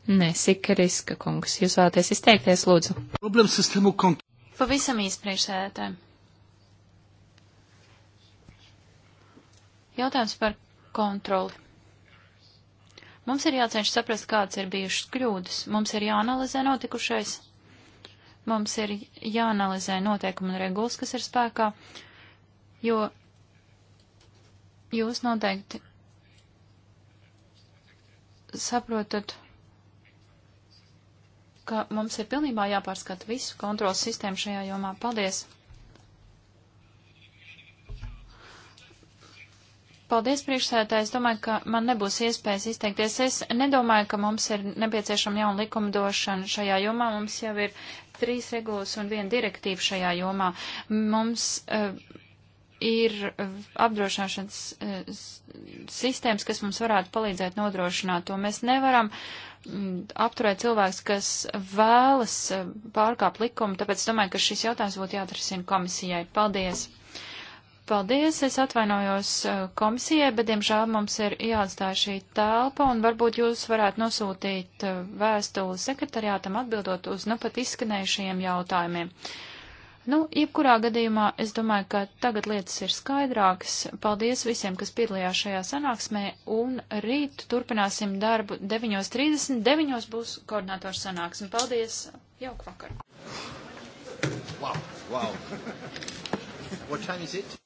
[SPEAKER 3] Nē, Sikeriska kungs, jūs vēlaties izteikties, lūdzu. Problēma sistēmu kont.
[SPEAKER 5] Pavisam īsti priekšsēdētājiem. Jautājums par kontroli. Mums ir jācenš saprast, kādas ir bijušas kļūdas. Mums ir jāanalizē notikušais. Mums ir jāanalizē noteikumi un regulas, kas ir spēkā, jo jūs noteikti saprotat, ka mums ir pilnībā jāpārskata visu kontrolas sistēmu šajā jomā. Paldies! Paldies, priekšsētāji. Es domāju, ka man nebūs iespējas izteikties. Es nedomāju, ka mums ir nepieciešama jauna likumdošana šajā jomā. Mums jau ir trīs regulas un viena direktīva šajā jomā. Mums uh, ir eh, apdrošināšanas uh, sistēmas, kas mums varētu palīdzēt nodrošināt to. Mēs nevaram mm, apturēt cilvēks, kas vēlas uh, pārkāpt likumu, tāpēc domāju, ka šis jautājums būtu jāatrisina komisijai. Paldies! paldies. Es atvainojos eh, komisijai, bet, diemžēl, mums ir jāatstāj šī telpa, un varbūt jūs varētu nosūtīt eh, vēstuli sekretariātam atbildot uz nu pat izskanējušajiem jautājumiem. Nu, jebkurā gadījumā es domāju, ka tagad lietas ir skaidrākas. Paldies visiem, kas piedalījās šajā sanāksmē, un rīt turpināsim darbu 9.30. 9.00 būs koordinātors sanāksme. Paldies! Jauk vakar!
[SPEAKER 1] Wow, wow. [laughs] What time is it?